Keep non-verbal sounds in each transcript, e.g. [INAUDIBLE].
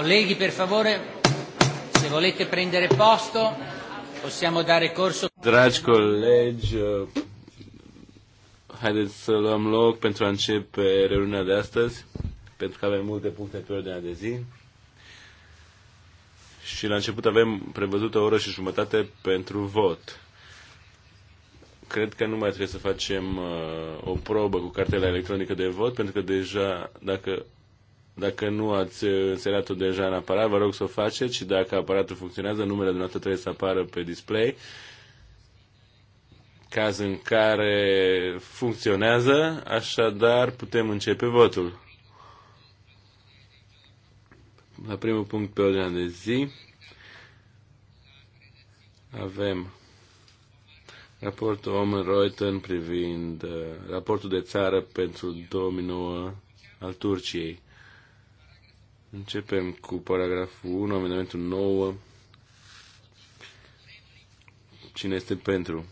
Colleghi, per favore, se volete prendere posto, possiamo dare corso. Dragi colegi, uh, haideți să luăm loc pentru a începe reuniunea de astăzi, pentru că avem multe puncte pe ordinea de zi. Și la început avem prevăzut o oră și jumătate pentru vot. Cred că nu mai trebuie să facem uh, o probă cu cartela electronică de vot, pentru că deja, dacă dacă nu ați uh, înserat-o deja în aparat, vă rog să o faceți și dacă aparatul funcționează, numele dumneavoastră trebuie să apară pe display. Caz în care funcționează, așadar putem începe votul. La primul punct pe ordinea de zi avem raportul Omen Reuten privind uh, raportul de țară pentru 2009 al Turciei. Începem cu paragraful 1, amendamentul 9. Cine este pentru?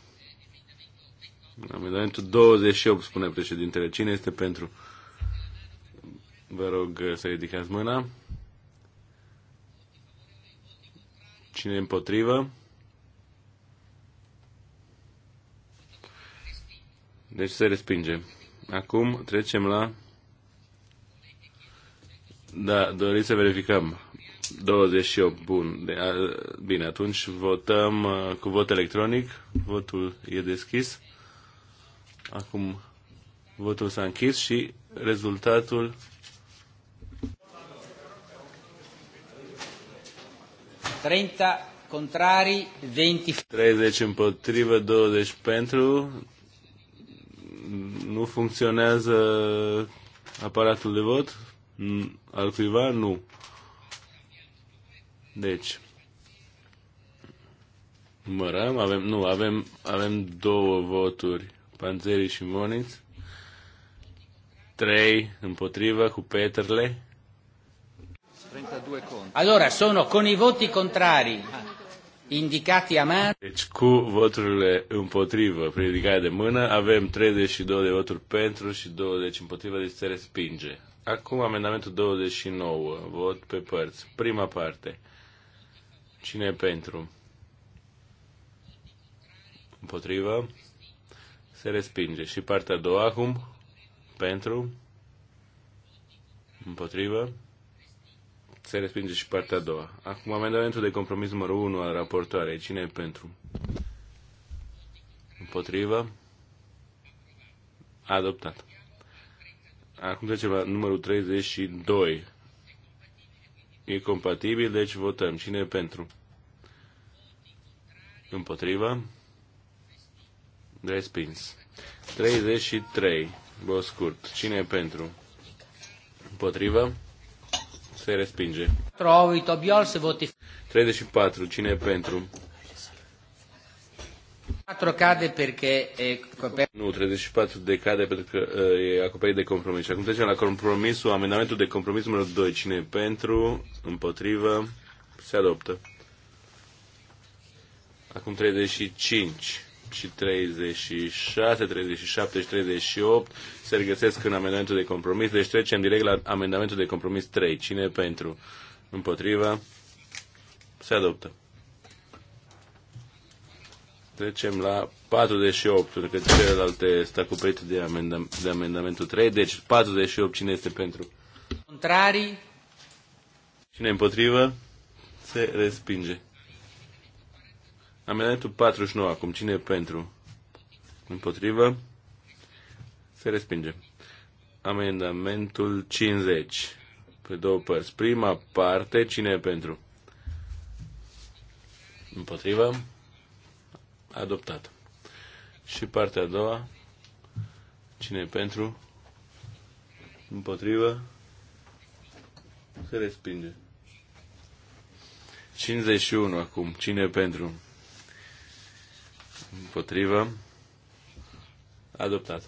Amendamentul 28, spune președintele. Cine este pentru? Vă rog să ridicați mâna. Cine e împotrivă? Deci se respinge. Acum trecem la da, doriți să verificăm. 28, bun. De, a, bine, atunci votăm uh, cu vot electronic. Votul e deschis. Acum votul s-a închis și rezultatul Trenta contrari, 20... 30 împotrivă, 20 pentru. Nu funcționează aparatul de vot? Mm, al cuiva nu. Deci, mărăm, avem, nu, avem, avem două voturi, Panzeri și Moniț, trei împotriva cu Peterle. 32 Allora, sono con i voti contrari indicati a mano. Deci cu voturile împotrivă, prin de mână, avem 32 de voturi pentru și 20 împotrivă, de deci se respinge. Acum amendamentul 29. Vot pe părți. Prima parte. Cine e pentru? Împotrivă. Se respinge. Și partea a doua acum. Pentru. Împotrivă. Se respinge și partea a doua. Acum amendamentul de compromis numărul 1 al raportoarei. Cine e pentru? Împotrivă. Adoptat. Acum trecem la numărul 32. E compatibil, deci votăm. Cine e pentru? Împotriva? Respins. 33. Vot scurt. Cine e pentru? Împotriva? Se respinge. Trovi, Tobiol, se voti. 34. Cine e pentru? 4 cade perché è coperto. Nu, 34 decade pentru că e acoperit de compromis. Acum trecem la compromisul, amendamentul de compromis numărul 2. Cine e pentru, împotrivă, se adoptă. Acum 35 și 36, 37 și 38 se regăsesc în amendamentul de compromis. Deci trecem direct la amendamentul de compromis 3. Cine e pentru? împotrivă, Se adoptă. Trecem la 48, pentru că celelalte este acoperite de, amendam- de amendamentul 3. Deci 48, cine este pentru? Contrarii. Cine împotrivă? Se respinge. Amendamentul 49, acum cine e pentru? Împotrivă? Se respinge. Amendamentul 50, pe două părți. Prima parte, cine e pentru? Împotrivă? adoptat. Și partea a doua, cine e pentru, împotrivă, se respinge. 51 acum, cine e pentru, împotrivă, adoptat.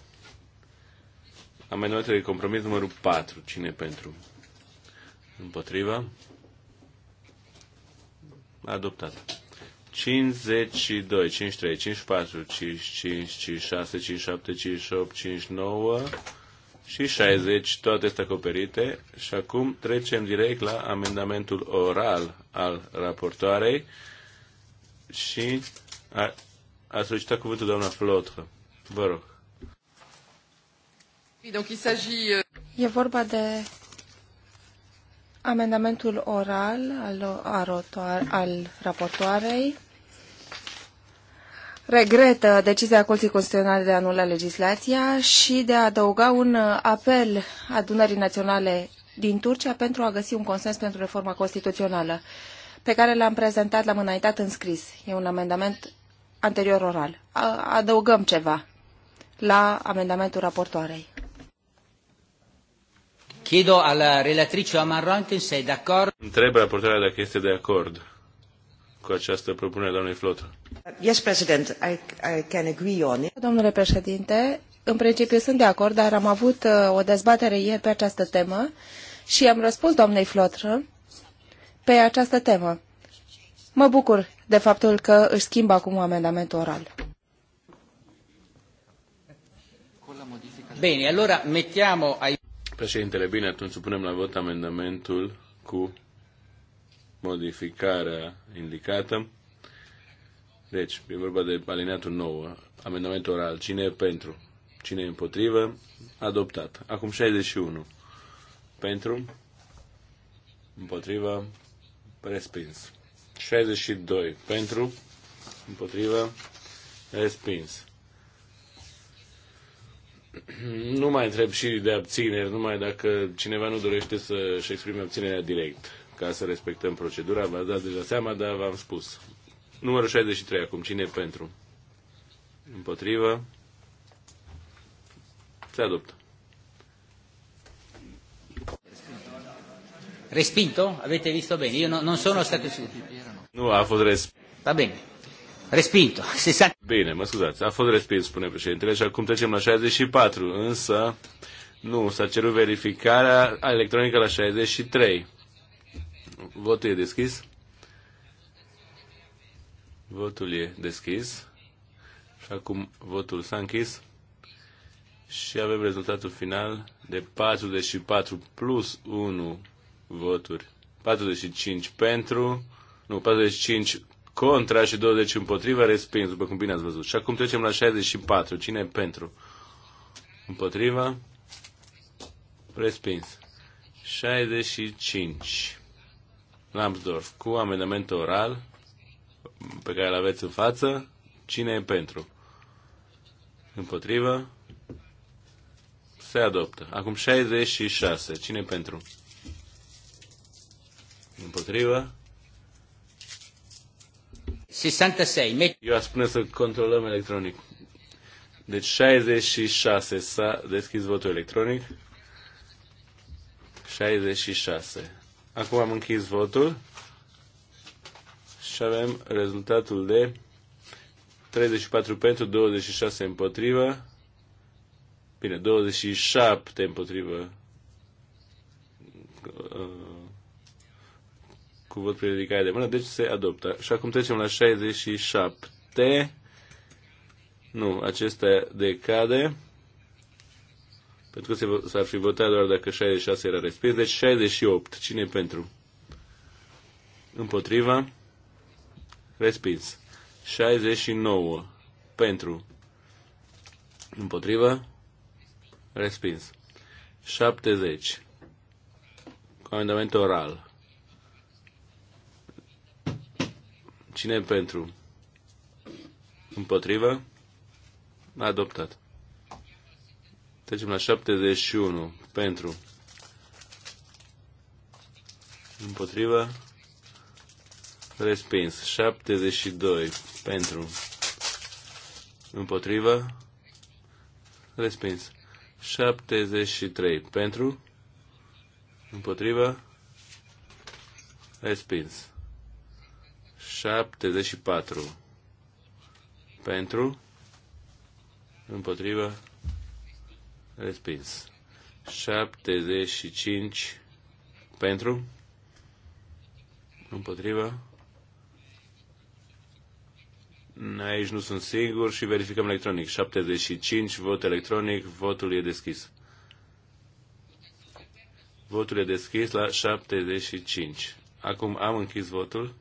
Amendamentul de compromis numărul 4, cine e pentru, împotrivă, adoptat. 52, 53, 54, 55, 56, 57, 58, 59 și 60, toate sunt acoperite. Și acum trecem direct la amendamentul oral al raportoarei și a, a solicitat cuvântul doamna Flotră. Vă rog. Euh, e vorba de Amendamentul oral al, al raportoarei regretă decizia Curții Constituționale de a anula legislația și de a adăuga un apel adunării naționale din Turcia pentru a găsi un consens pentru reforma constituțională, pe care l-am prezentat, l-am înaintat în scris. E un amendament anterior oral. Adăugăm ceva la amendamentul raportoarei. Chiedo alla relatrice Amarantin se è d'accordo. Întreb raportarea dacă este de acord cu această propunere, doamnei Flotă. Yes, President, I, I can agree on it. Domnule președinte, în principiu sunt de acord, dar am avut uh, o dezbatere ieri pe această temă și am răspuns doamnei Flotră pe această temă. Mă bucur de faptul că își schimbă acum amendamentul oral. Bine, allora mettiamo ai... Președintele, bine, atunci supunem la vot amendamentul cu modificarea indicată. Deci, e vorba de alineatul 9, Amendamentul oral. Cine e pentru? Cine e împotrivă? Adoptat. Acum 61. Pentru? Împotrivă? Respins. 62. Pentru? Împotrivă? Respins. [CLEARS THROAT] Nu mai întreb și de abțineri, numai dacă cineva nu dorește să-și exprime abținerea direct. Ca să respectăm procedura, v-ați dat deja seama, dar v-am spus. Numărul 63 acum, cine e pentru? Împotrivă? Se adoptă. Respinto? Avete visto bene? Io no, non sono stato... Nu, a fost respinto. Va bene. Respinto. [LAUGHS] Bine, mă scuzați, a fost respins, spune președintele, și acum trecem la 64, însă nu, s-a cerut verificarea electronică la 63. Votul e deschis? Votul e deschis. Și acum votul s-a închis. Și avem rezultatul final de 44 plus 1 voturi. 45 pentru, nu, 45 contra și 20 împotriva, respins, după cum bine ați văzut. Și acum trecem la 64. Cine e pentru? Împotriva? Respins. 65. Lambsdorff, cu amendament oral pe care îl aveți în față, cine e pentru? Împotrivă? Se adoptă. Acum 66. Cine e pentru? Împotrivă? 66. Eu aș spune să controlăm electronic. Deci 66 s-a deschis votul electronic. 66. Acum am închis votul și avem rezultatul de 34 pentru, 26 împotrivă. Bine, 27 împotrivă uh, cu vot prin ridicare de mână, deci se adoptă. Și acum trecem la 67. Nu, acesta decade. Pentru că s-ar fi votat doar dacă 66 era respins. Deci 68. Cine pentru? Împotriva. Respins. 69. Pentru. Împotriva. Respins. 70. Comandament oral. Cine e pentru? Împotrivă? Adoptat. Trecem la 71. Pentru. Împotrivă? Respins. 72. Pentru. Împotrivă? Respins. 73. Pentru? Împotrivă? Respins. 74. Pentru. Împotrivă. Respins. 75. Pentru. Împotrivă. Aici nu sunt sigur și verificăm electronic. 75, vot electronic, votul e deschis. Votul e deschis la 75. Acum am închis votul.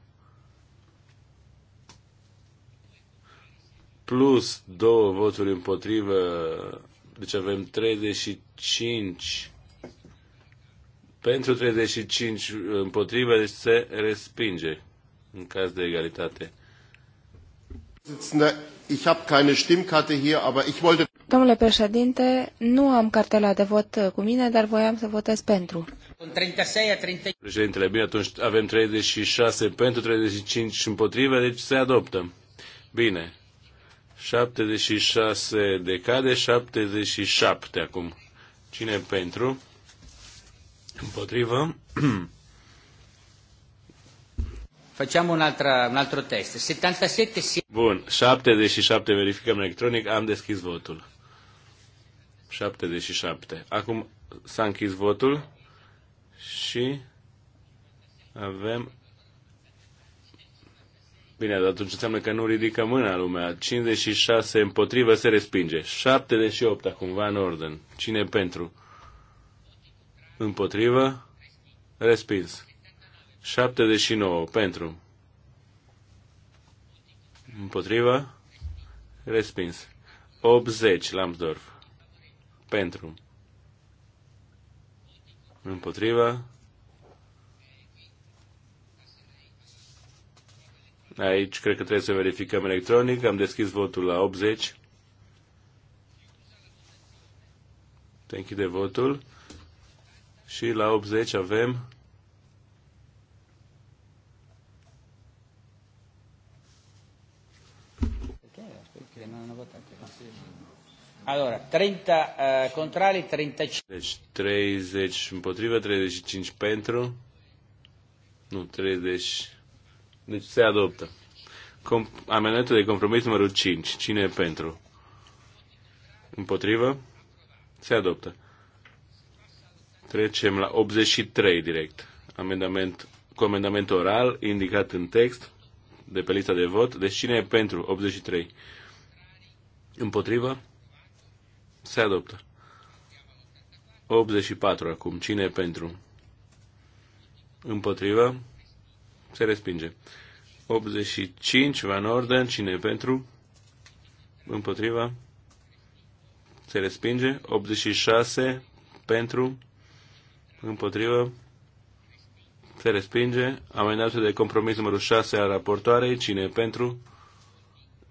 plus două voturi împotrivă, deci avem 35 pentru 35 împotrivă, deci se respinge în caz de egalitate. Domnule președinte, nu am cartela de vot cu mine, dar voiam să votez pentru. 36 Președintele, bine, atunci avem 36 pentru, 35 împotrivă, deci se adoptă. Bine. 76 de cade, 77 acum. Cine pentru? Împotrivă? [CLEARS THROAT] Facem un, altra, un altro test. 77 sì. Bun, 77 verificăm electronic, am deschis votul. 77. Acum s-a închis votul și avem Bine, dar atunci înseamnă că nu ridică mâna lumea. 56 împotrivă se respinge. 78 acum, în Orden. Cine pentru? Împotrivă? Respins. 79 pentru. Împotrivă? Respins. 80 Lambsdorff. Pentru. Împotrivă? Aici cred că trebuie să verificăm electronic. Am deschis votul la 80. Te închide votul. Și la 80 avem Allora, 30 uh, eh, contrari, 35. Deci 30 împotriva, 35 pentru. Nu, 30. Deci se adoptă. Com- amendamentul de compromis numărul 5. Cine e pentru? Împotrivă? Se adoptă. Trecem la 83 direct. Amendament, cu amendament oral indicat în text de pe lista de vot. Deci cine e pentru 83? Împotrivă? Se adoptă. 84 acum. Cine e pentru? Împotrivă? Se respinge. 85, Van Orden, cine pentru? Împotriva. Se respinge. 86, pentru? Împotriva. Se respinge. Amendatul de compromis numărul 6 al raportoarei, cine pentru?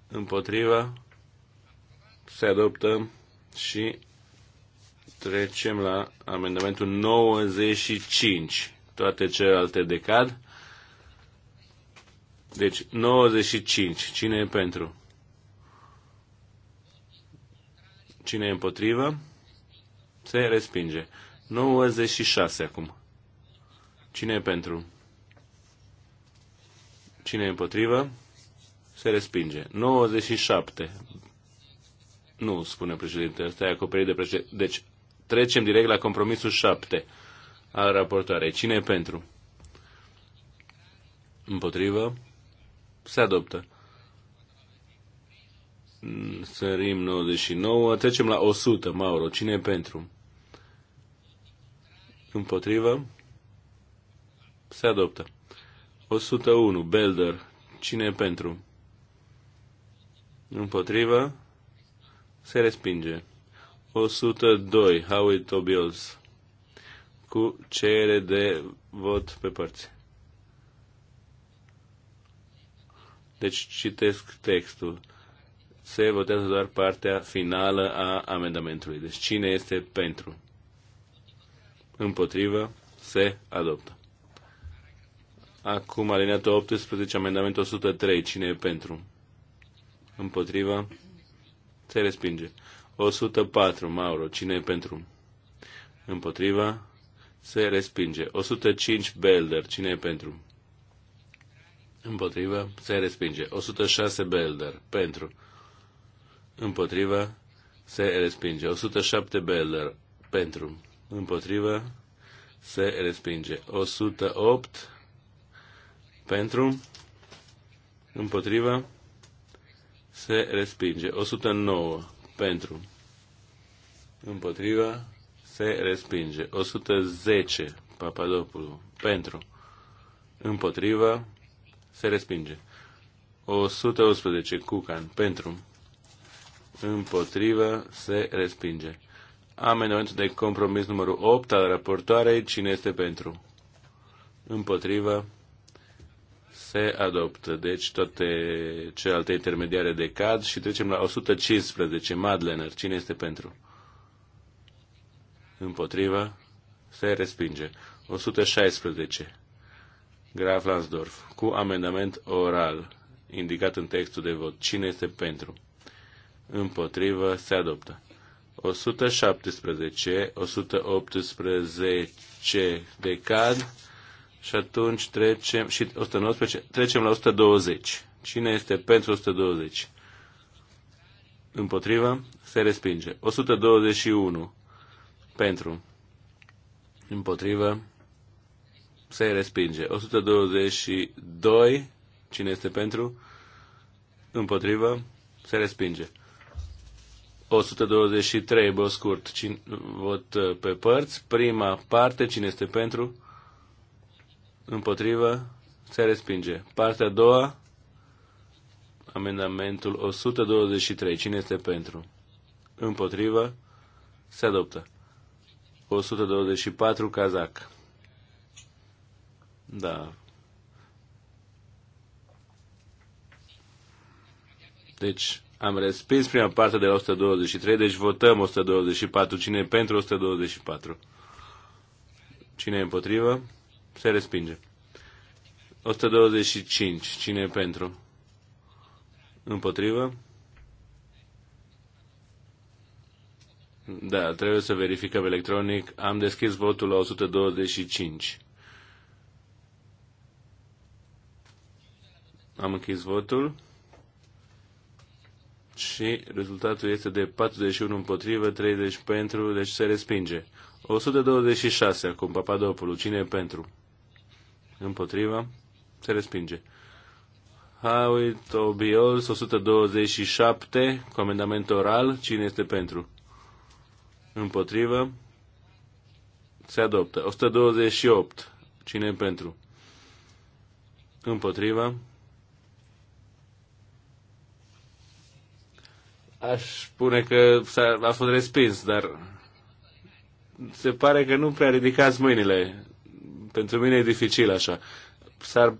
Împotriva. Se adoptă și trecem la amendamentul 95. Toate celelalte decad. Deci 95. Cine e pentru? Cine e împotrivă? Se respinge. 96 acum. Cine e pentru? Cine e împotrivă? Se respinge. 97. Nu, spune președintele, asta e acoperit de președinte. Deci, trecem direct la compromisul 7 al raportoarei. Cine e pentru? Împotrivă? Se adoptă. Sărim 99. Trecem la 100, Mauro. Cine e pentru? Împotrivă? Se adoptă. 101, Belder. Cine e pentru? Împotrivă? Se respinge. 102, Howie Tobios. Cu cere de vot pe părți. Deci citesc textul. Se votează doar partea finală a amendamentului. Deci cine este pentru? Împotrivă? Se adoptă. Acum alineatul 18, amendamentul 103. Cine e pentru? Împotriva? Se respinge. 104, Mauro. Cine e pentru? Împotriva? Se respinge. 105, Belder. Cine e pentru? Împotrivă. Se respinge. 106 Belder. Pentru. Împotrivă. Se respinge. 107 Belder. Pentru. Împotrivă. Se respinge. 108 pentru. Împotrivă. Se respinge. 109 pentru. Împotrivă. Se respinge. 110 Papadopoulou pentru. Împotrivă se respinge. 111 Cucan pentru împotrivă se respinge. Amendamentul de compromis numărul 8 al raportoarei cine este pentru? Împotrivă se adoptă. Deci toate celelalte intermediare decad și trecem la 115 Madlener. Cine este pentru? Împotrivă se respinge. 116 Graf Lansdorf, cu amendament oral indicat în textul de vot. Cine este pentru? Împotrivă se adoptă. 117, 118 decad și atunci trecem și 119, trecem la 120. Cine este pentru 120? Împotrivă se respinge. 121 pentru împotrivă se respinge. 122, cine este pentru? Împotrivă, se respinge. 123, bă scurt, cine, vot uh, pe părți. Prima parte, cine este pentru? Împotrivă, se respinge. Partea a doua, amendamentul 123, cine este pentru? Împotrivă, se adoptă. 124, cazac da. Deci, am respins prima parte de la 123, deci votăm 124. Cine e pentru 124? Cine e împotrivă? Se respinge. 125. Cine e pentru? Împotrivă? Da, trebuie să verificăm electronic. Am deschis votul la 125. Am închis votul și rezultatul este de 41 împotrivă, 30 pentru, deci se respinge. 126 acum, Papadopoulou. Cine e pentru? Împotriva? Se respinge. Howitt Obiols 127, comandament oral. Cine este pentru? Împotrivă? Se adoptă. 128. Cine e pentru? Împotriva? Aș spune că a a fost respins, dar se pare că nu prea ridicați mâinile. Pentru mine e dificil așa. S-ar,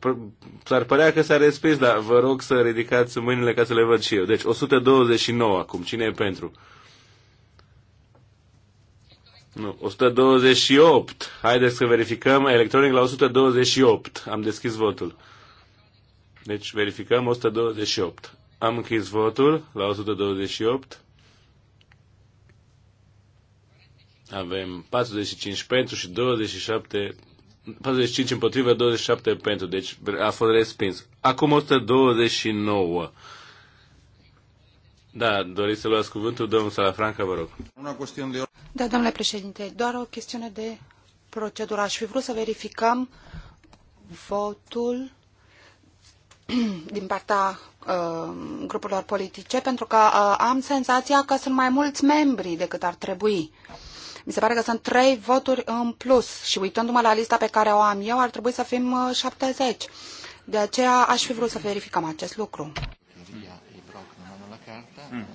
s-ar părea că s-a respins, dar vă rog să ridicați mâinile ca să le văd și eu. Deci 129 acum. Cine e pentru? Nu, 128. Haideți să verificăm electronic la 128. Am deschis votul. Deci verificăm 128. Am închis votul la 128. Avem 45 pentru și 27 45 împotrivă, 27 pentru. Deci a fost respins. Acum 129. Da, doriți să luați cuvântul, domnul Salafranca, vă rog. Una de... Da, domnule președinte, doar o chestiune de procedură. Aș fi vrut să verificăm votul [CLEARS THROAT] din partea uh, grupurilor politice, pentru că uh, am senzația că sunt mai mulți membri decât ar trebui. Mi se pare că sunt trei voturi în plus și uitându-mă la lista pe care o am eu, ar trebui să fim uh, 70. De aceea aș fi vrut să verificăm acest lucru. Mm.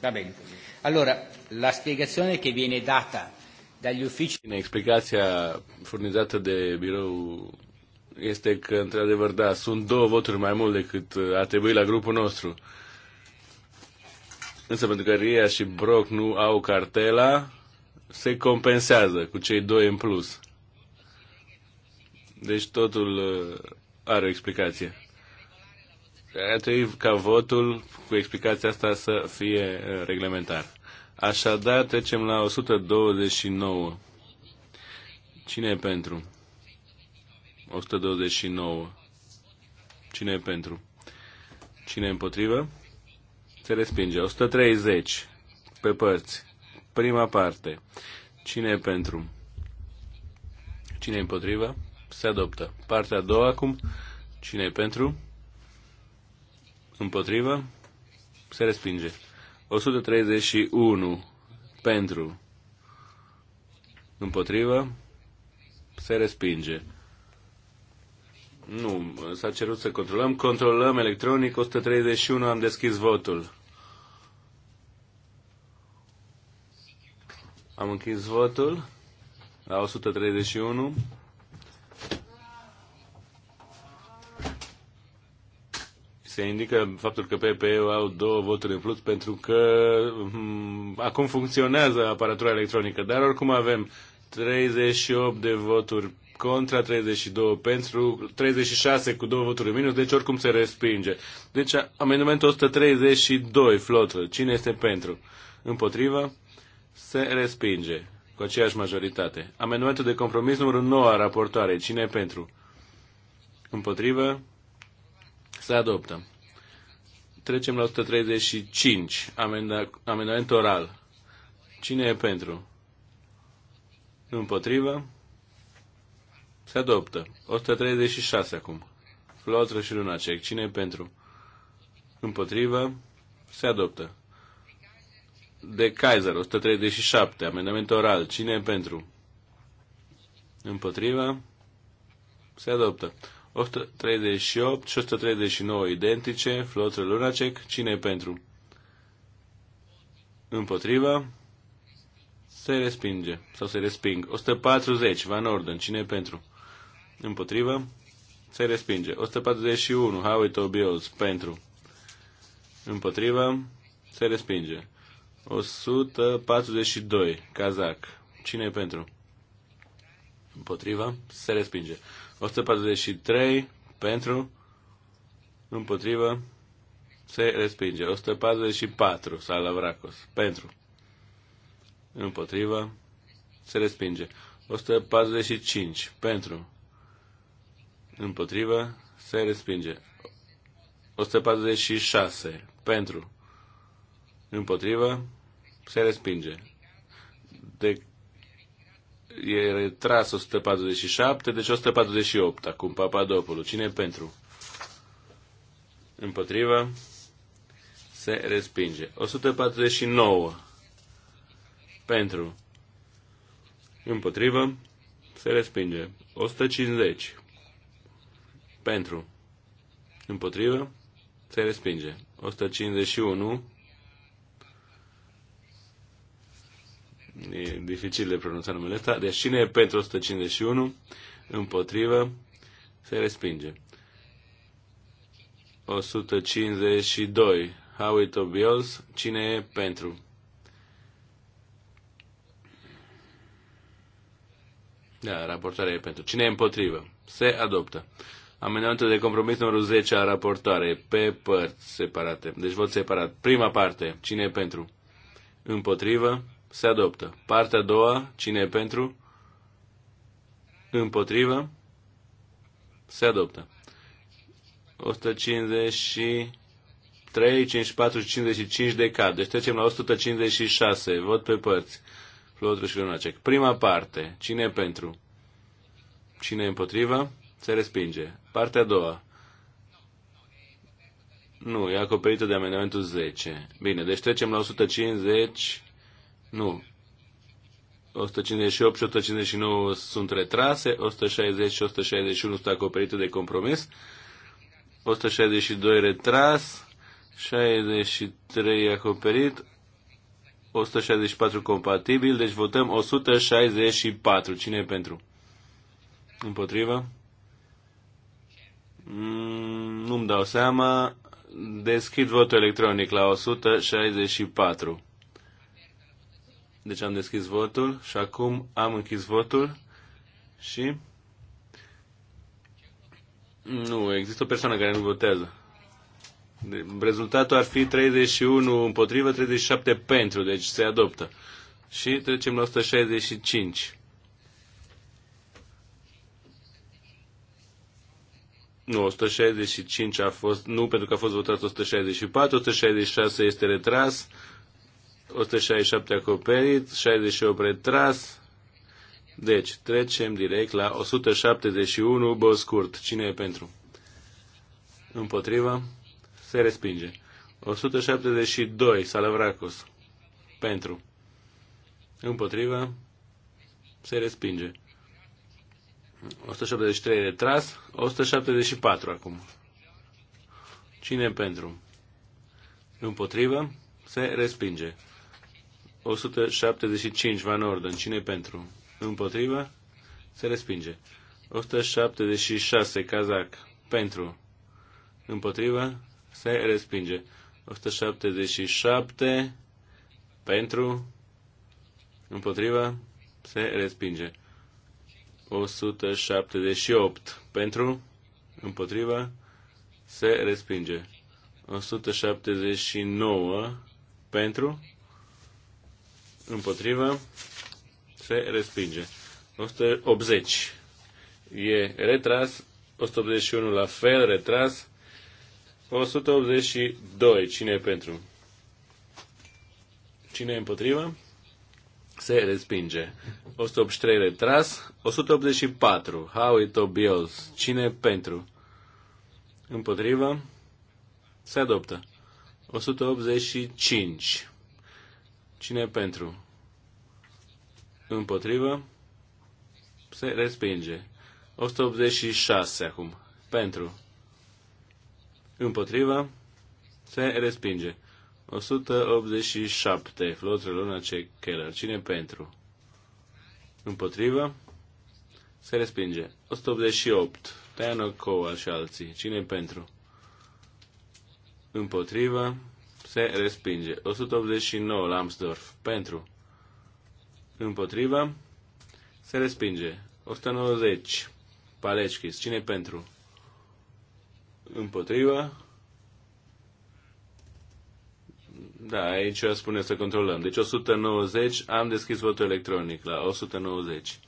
Va bene. Allora, la spiegazione che viene data dagli uffici... Explicația furnizată de birou este că, într-adevăr, da, sunt două voturi mai mult decât uh, a trebuit la grupul nostru. Însă pentru că Ria și Brock nu au cartela, se compensează cu cei doi în plus. Deci totul uh, are o explicație. Ar trebui ca votul cu explicația asta să fie uh, reglementar. Așadar, trecem la 129. Cine e pentru? 129. Cine e pentru? Cine e împotrivă? Se respinge. 130. Pe părți. Prima parte. Cine e pentru? Cine e împotrivă? Se adoptă. Partea a doua acum. Cine e pentru? Împotrivă? Se respinge. 131. Pentru. Împotrivă? Se respinge. Nu, s-a cerut să controlăm. Controlăm electronic 131, am deschis votul. Am închis votul la 131. se indică faptul că PPE-ul au două voturi în plus pentru că mm, acum funcționează aparatura electronică, dar oricum avem 38 de voturi contra 32 pentru, 36 cu două voturi minus, deci oricum se respinge. Deci amendamentul 132, flotă, cine este pentru? Împotrivă, se respinge cu aceeași majoritate. Amendamentul de compromis numărul 9 a raportoare, cine e pentru? Împotrivă, se adoptă. Trecem la 135, amendament oral. Cine e pentru? Împotrivă? Se adoptă. 136 acum. Flotră și Lunacek. Cine e pentru? Împotrivă. Se adoptă. De Kaiser. 137. Amendament oral. Cine e pentru? Împotrivă. Se adoptă. 138 și 139 identice. Flotră Lunacek. Cine e pentru? Împotrivă. Se respinge. Sau se resping. 140. Van Orden. Cine e pentru? Împotrivă. Se respinge. 141. it obios. Pentru. Împotrivă. Se respinge. 142. Kazak. Cine e pentru? Împotrivă. Se respinge. 143. Pentru. Împotrivă. Se respinge. 144. Salavracos. Pentru. Împotrivă. Se respinge. 145. Pentru împotrivă, se respinge. 146 pentru, împotrivă, se respinge. De, e retras 147, deci 148 acum Papadopoulou. Cine e pentru? Împotrivă, se respinge. 149 pentru, împotrivă, se respinge. 150 pentru. Împotrivă. Se respinge. 151. E dificil de pronunțat numele ăsta. Deci cine e pentru 151? Împotrivă. Se respinge. 152. it obvious? Cine e pentru? Da, raportarea e pentru. Cine e împotrivă? Se adoptă. Amendamentul de compromis numărul 10 a raportoare, pe părți separate. Deci vot separat. Prima parte, cine e pentru? Împotrivă, se adoptă. Partea a doua, cine e pentru? Împotrivă, se adoptă. 153, 54 și 55 de cad. Deci trecem la 156. Vot pe părți. Flotru și Lunacek. Prima parte. Cine e pentru? Cine e împotrivă? Se respinge. Partea a doua. Nu, e acoperită de amendamentul 10. Bine, deci trecem la 150. Nu. 158 și 159 sunt retrase, 160 și 161 sunt acoperite de compromis, 162 retras, 63 acoperit, 164 compatibil, deci votăm 164. Cine e pentru? Împotrivă? Mm, nu-mi dau seama. Deschid votul electronic la 164. Deci am deschis votul și acum am închis votul și... Nu, există o persoană care nu votează. Rezultatul ar fi 31 împotrivă, 37 pentru, deci se adoptă. Și trecem la 165. nu, 165 a fost, nu pentru că a fost votat 164, 166 este retras, 167 acoperit, 68 retras. Deci, trecem direct la 171, bă scurt. Cine e pentru? Împotriva? Se respinge. 172, Salavracos. Pentru. Împotriva? Se respinge. 173 retras. 174 acum. Cine pentru? Împotrivă. Se respinge. 175 Van Orden. Cine pentru? Împotrivă. Se respinge. 176 Kazak. Pentru. Împotrivă. Se respinge. 177 pentru, împotriva, se respinge. 178 pentru, împotriva, se respinge. 179 pentru, împotriva, se respinge. 180 e retras, 181 la fel, retras, 182, cine e pentru? Cine e împotriva? se respinge. 183 retras, 184, Howie Tobios, cine pentru? Împotrivă, se adoptă. 185, cine pentru? Împotrivă, se respinge. 186 acum, pentru. Împotrivă, se respinge. 187. Flotre Luna ce Keller. Cine pentru? Împotrivă? Se respinge. 188. Teano Coal și alții. Cine pentru? Împotrivă? Se respinge. 189. Lambsdorff. Pentru? Împotrivă? Se respinge. 190. Paleschis. Cine pentru? Împotrivă? Da, aici spune să controlăm. Deci 190, am deschis votul electronic la 190.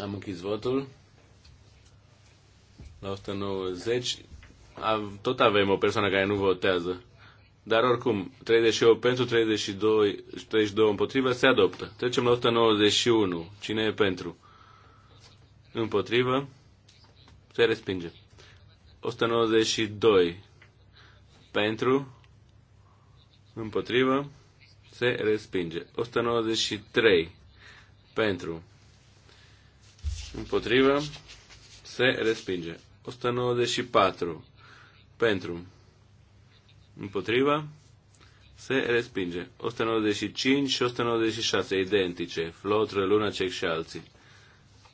Am închis votul. La 190, tot avem o persoană care nu votează. Dar oricum, 38 pentru, 32, 32 împotrivă, se adoptă. Trecem la 191. Cine e pentru? Împotrivă, se respinge. 192 pentru. Împotrivă. Se respinge. 193. Pentru. Împotrivă. Se respinge. 194. Pentru. Împotrivă. Se respinge. 195 și 196. Identice. Flotră, Lunacek și alții.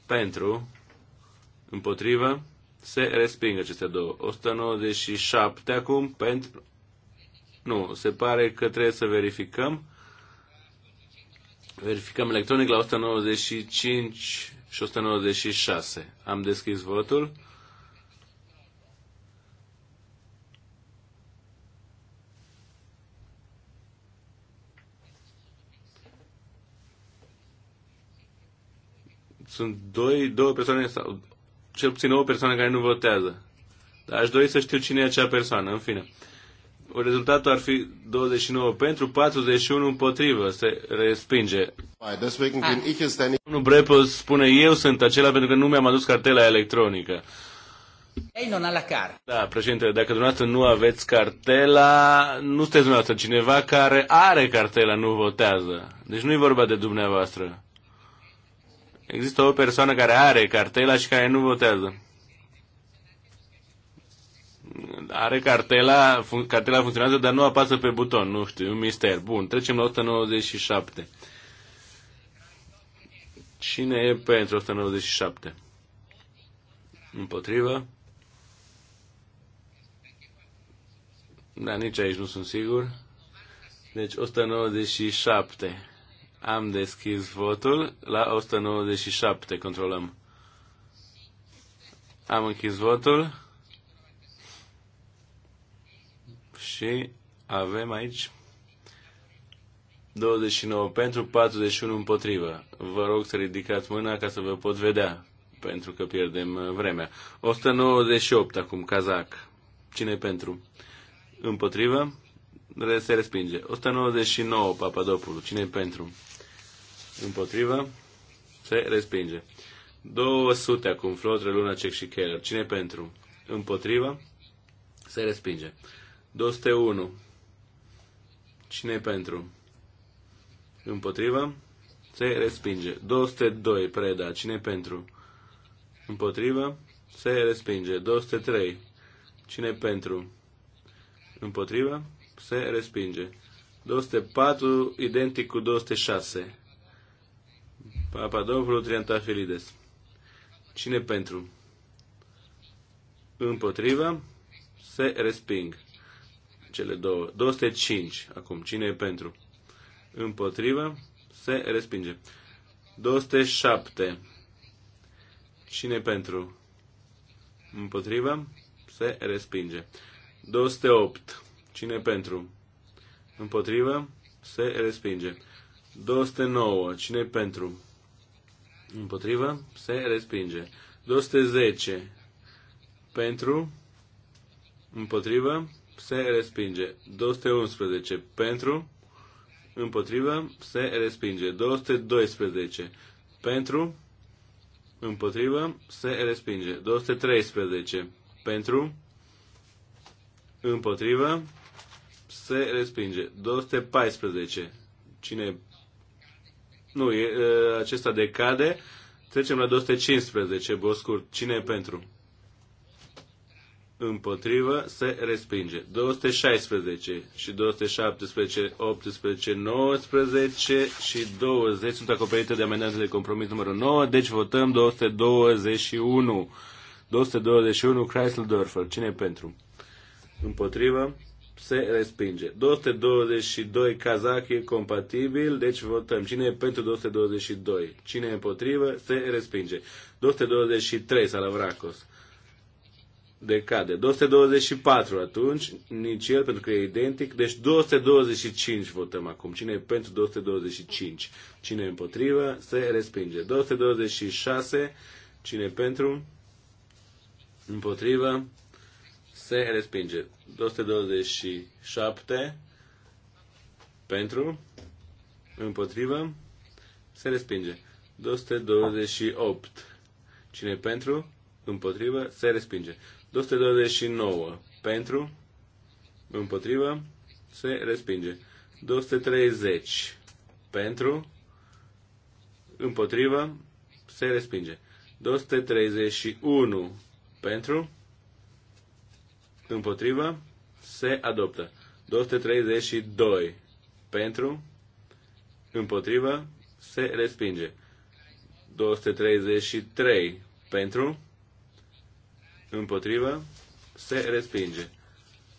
Pentru. Împotrivă. Se resping aceste două. 197 acum pentru... Nu, se pare că trebuie să verificăm. Verificăm electronic la 195 și 196. Am deschis votul. Sunt doi, două persoane sau cel puțin o persoană care nu votează. Dar aș dori să știu cine e acea persoană, în fine. Rezultatul ar fi 29 pentru, 41 împotrivă, se respinge. Ah. Domnul Brepo spune, eu sunt acela pentru că nu mi-am adus cartela electronică. Ei nu la car. Da, președinte, dacă dumneavoastră nu aveți cartela, nu sunteți dumneavoastră. Cineva care are cartela nu votează. Deci nu e vorba de dumneavoastră există o persoană care are cartela și care nu votează. Are cartela, fun- cartela funcționează, dar nu apasă pe buton, nu știu, un mister. Bun, trecem la 197. Cine e pentru 197? Împotrivă? Da, nici aici nu sunt sigur. Deci 197. Am deschis votul la 197, controlăm. Am închis votul și avem aici 29 pentru, 41 împotrivă. Vă rog să ridicați mâna ca să vă pot vedea, pentru că pierdem uh, vremea. 198 acum, Cazac. Cine pentru? Împotrivă? se respinge. 199 Papadopoulou, cine e pentru? Împotrivă, se respinge. 200 acum, Flotre, Luna, Cec și Keller, cine e pentru? Împotrivă, se respinge. 201, cine e pentru? Împotrivă, se respinge. 202, Preda, cine e pentru? Împotrivă, se respinge. 203, cine e pentru? Împotrivă, se respinge. 204, identic cu 206. Papadopoulou Triantafilides. Cine pentru? Împotriva, se resping cele două. 205, acum, cine e pentru? Împotriva, se respinge. 207, cine e pentru? Împotriva, se respinge. 208, Cine pentru? Împotrivă? Se respinge. 209. Cine pentru? Împotrivă? Se respinge. 210. Pentru? Împotrivă? Se respinge. 211. Pentru? Împotrivă? Se respinge. 212. Pentru? Împotrivă? Se respinge. 213. Pentru? Împotrivă? Se respinge. 214. Cine... Nu, e, acesta decade. Trecem la 215. Boscur, Cine e pentru? Împotrivă. Se respinge. 216 și 217, 18, 19 și 20 sunt acoperite de amendează de compromis numărul 9. Deci votăm 221. 221 Chrysler Dörfer. Cine e pentru? Împotrivă se respinge. 222 Kazak e compatibil, deci votăm. Cine e pentru 222? Cine e împotrivă? Se respinge. 223 Salavracos. Decade. 224 atunci, nici el pentru că e identic. Deci 225 votăm acum. Cine e pentru 225? Cine e împotrivă? Se respinge. 226. Cine e pentru? Împotrivă? se respinge. 227 pentru, împotrivă, se respinge. 228. Cine pentru, împotrivă, se respinge. 229. Pentru, împotrivă, se respinge. 230. Pentru, împotrivă, se respinge. 231. Pentru, împotrivă, se adoptă. 232 pentru, împotrivă, se respinge. 233 pentru, împotrivă, se respinge.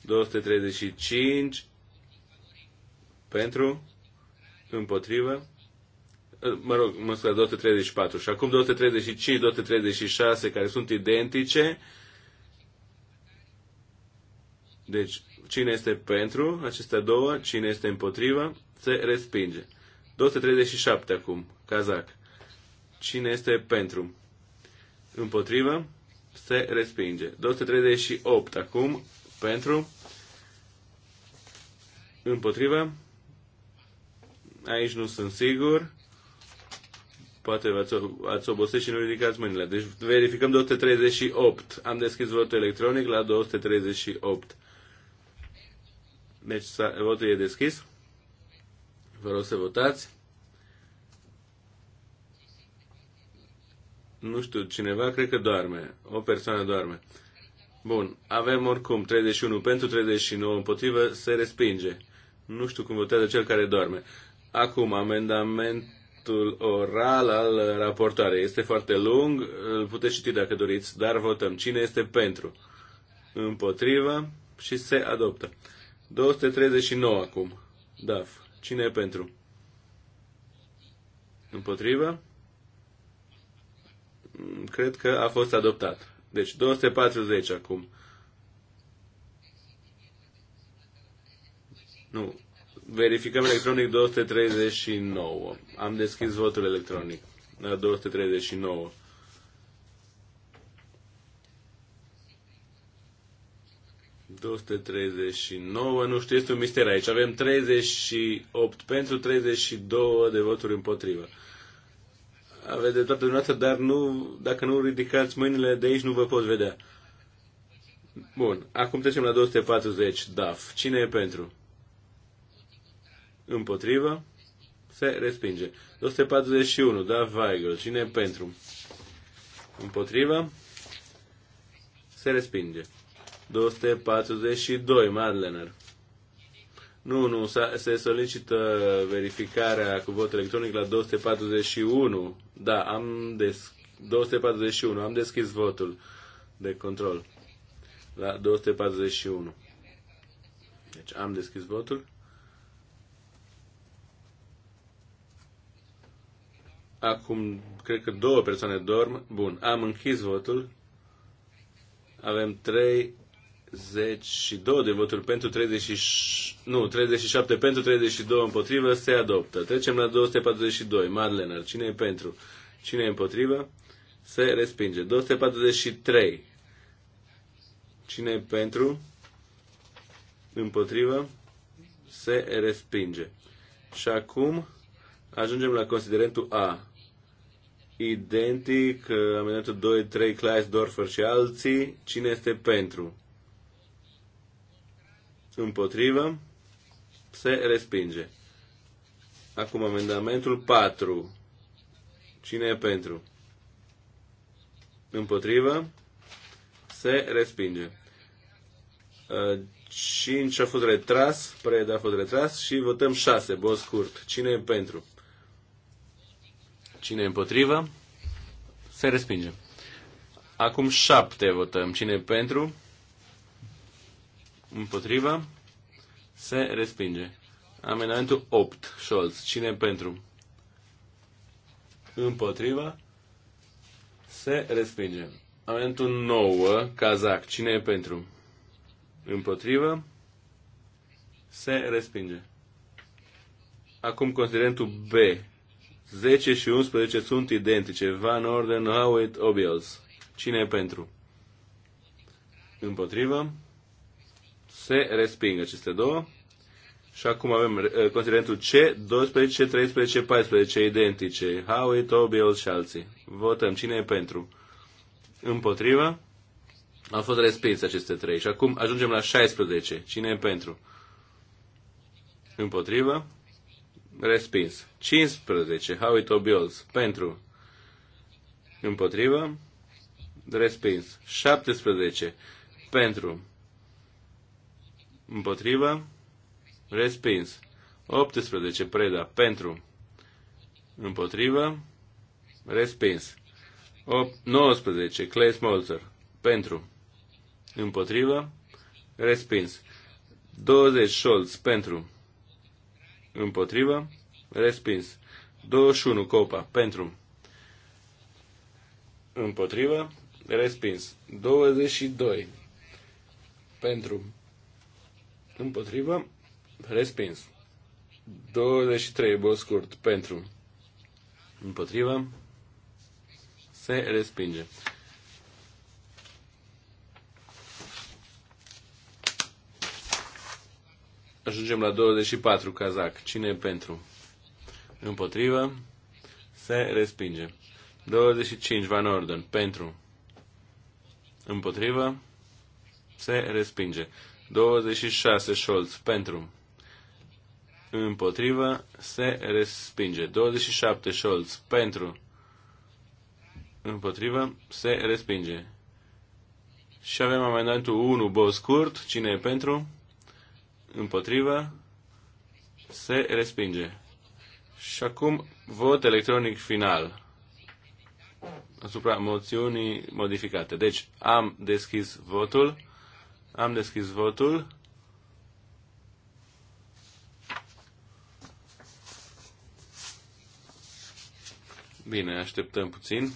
235 pentru, împotrivă, eh, mă rog, mă scuze, 234 și acum 235, 236 care sunt identice, deci, cine este pentru acestea două, cine este împotriva, se respinge. 237 acum, cazac. Cine este pentru? Împotriva, se respinge. 238 acum, pentru, împotriva, aici nu sunt sigur, poate ați obosit și nu ridicați mâinile. Deci verificăm 238. Am deschis votul electronic la 238. Deci votul e deschis. Vă rog să votați. Nu știu, cineva cred că doarme. O persoană doarme. Bun, avem oricum 31 pentru, 39 împotrivă, se respinge. Nu știu cum votează cel care doarme. Acum, amendamentul oral al raportoarei este foarte lung, îl puteți citi dacă doriți, dar votăm cine este pentru, împotrivă și se adoptă. 239 acum. DAF. Cine e pentru? Împotrivă? Mm, cred că a fost adoptat. Deci 240 acum. Nu. Verificăm electronic 239. Am deschis votul electronic. La 239. 239, nu știu, este un mister aici. Avem 38 pentru, 32 de voturi împotrivă. Aveți de toată dumneavoastră, dar nu, dacă nu ridicați mâinile de aici, nu vă pot vedea. Bun, acum trecem la 240, DAF. Cine e pentru? Împotrivă? Se respinge. 241, DAF Weigel. Cine e pentru? Împotrivă? Se respinge. 242, Madlener. Nu, nu, se solicită verificarea cu vot electronic la 241. Da, am des 241, am deschis votul de control la 241. Deci am deschis votul. Acum, cred că două persoane dorm. Bun, am închis votul. Avem trei 32 de voturi pentru 30, nu, 37 pentru 32 împotrivă se adoptă. Trecem la 242. Madlener, cine e pentru? Cine e împotrivă? Se respinge. 243. Cine e pentru? Împotrivă? Se respinge. Și acum ajungem la considerentul A. Identic, amendamentul 2, 3, Kleisdorfer și alții. Cine este pentru? împotrivă, se respinge. Acum amendamentul 4. Cine e pentru? Împotrivă, se respinge. 5 uh, a fost retras, preda a fost retras și votăm 6, bot scurt. Cine e pentru? Cine e împotrivă? Se respinge. Acum 7 votăm. Cine e pentru? Împotrivă. Se respinge. Amendamentul 8. Scholz. Cine pentru? Împotrivă. Se respinge. Amendamentul 9. Kazak. Cine e pentru? Împotrivă. Se respinge. Acum considerentul B. 10 și 11 sunt identice. Van Orden, Howitt, Obios. Cine e pentru? Împotrivă. Se resping aceste două. Și acum avem eh, considerentul C, 12, 13, 14, identice. Howie, Tobiel și alții. Votăm cine e pentru. Împotriva. Au fost respinse aceste trei. Și acum ajungem la 16. Cine e pentru? Împotriva. Respins. 15. Howie Tobiols. Pentru. Împotriva. Respins. 17. Pentru. Împotrivă. Respins. 18. Preda. Pentru. Împotrivă. Respins. 19. Clay Smolzer. Pentru. Împotrivă. Respins. 20. Scholz. Pentru. Împotrivă. Respins. 21. Copa. Pentru. Împotrivă. Respins. 22. Pentru împotrivă, respins. 23, bă, scurt, pentru, împotrivă, se respinge. Ajungem la 24, cazac. Cine e pentru? Împotrivă, se respinge. 25, Van Orden, pentru, împotrivă, se respinge. 26 Scholz pentru. Împotrivă se respinge. 27 Scholz pentru. Împotrivă se respinge. Și avem amendamentul 1 Bo scurt. Cine e pentru? Împotrivă se respinge. Și acum vot electronic final asupra moțiunii modificate. Deci am deschis votul. Am deschis votul. Bine, așteptăm puțin.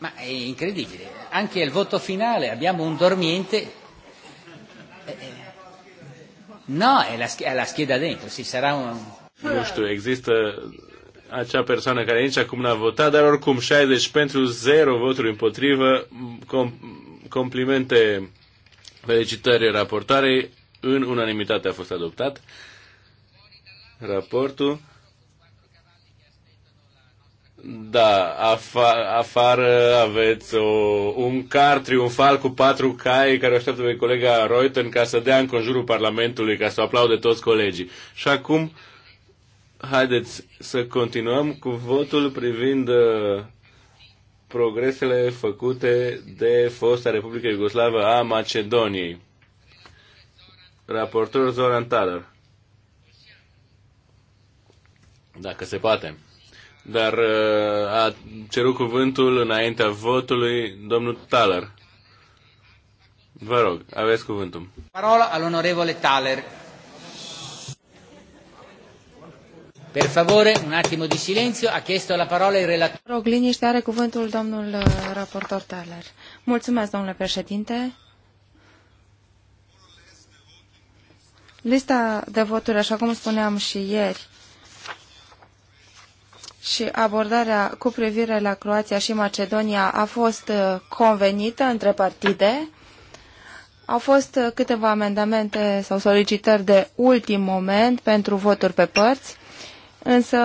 Ma è incredibile, anche il voto finale abbiamo un dormiente. Eh, eh, no, è la, la scheda dentro, si sarà un... Nu so, esiste acea persoană care nici acum n-a votat, dar oricum 60 pentru 0 voturi împotrivă, com- complimente, felicitări raportare în unanimitate a fost adoptat raportul. Da, afa- afară aveți o, un car triunfal cu patru cai care o așteaptă pe colega Reuten ca să dea în conjurul Parlamentului, ca să o aplaude toți colegii. Și acum Haideți să continuăm cu votul privind uh, progresele făcute de fosta Republică Iugoslavă a Macedoniei. Raportor Zoran Tadar. Dacă se poate. Dar uh, a cerut cuvântul înaintea votului domnul Taler. Vă rog, aveți cuvântul. Parola al onorevole Taler. Per favore, un attimo di silenzio. Ha chiesto la parola il relatore. Rog, liniște are cuvântul domnul uh, raportor Thaler. Mulțumesc, domnule președinte. Lista de voturi, așa cum spuneam și ieri, și abordarea cu privire la Croația și Macedonia a fost uh, convenită între partide. Au fost uh, câteva amendamente sau solicitări de ultim moment pentru voturi pe părți. Însă,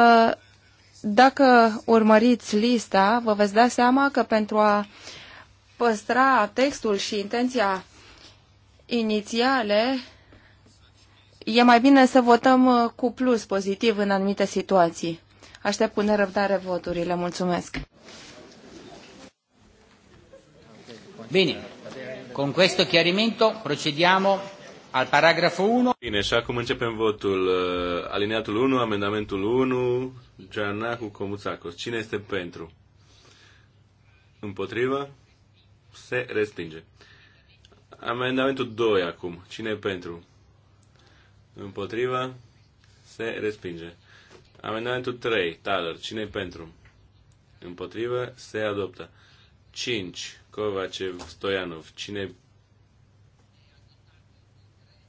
dacă urmăriți lista, vă veți da seama că pentru a păstra textul și intenția inițiale, e mai bine să votăm uh, cu plus pozitiv în anumite situații. Aștept cu nerăbdare voturile. Mulțumesc! Bine, con questo chiarimento procediamo al paragrafo 1. Bine, și acum începem votul. Uh, alineatul 1, amendamentul 1, Gianacu Comuțacos. Cine este pentru? Împotrivă? Se respinge. Amendamentul 2 acum. Cine e pentru? Împotrivă? Se respinge. Amendamentul 3. Taler. Cine e pentru? Împotrivă? Se adoptă. 5. Covacev Stoianov. Cine e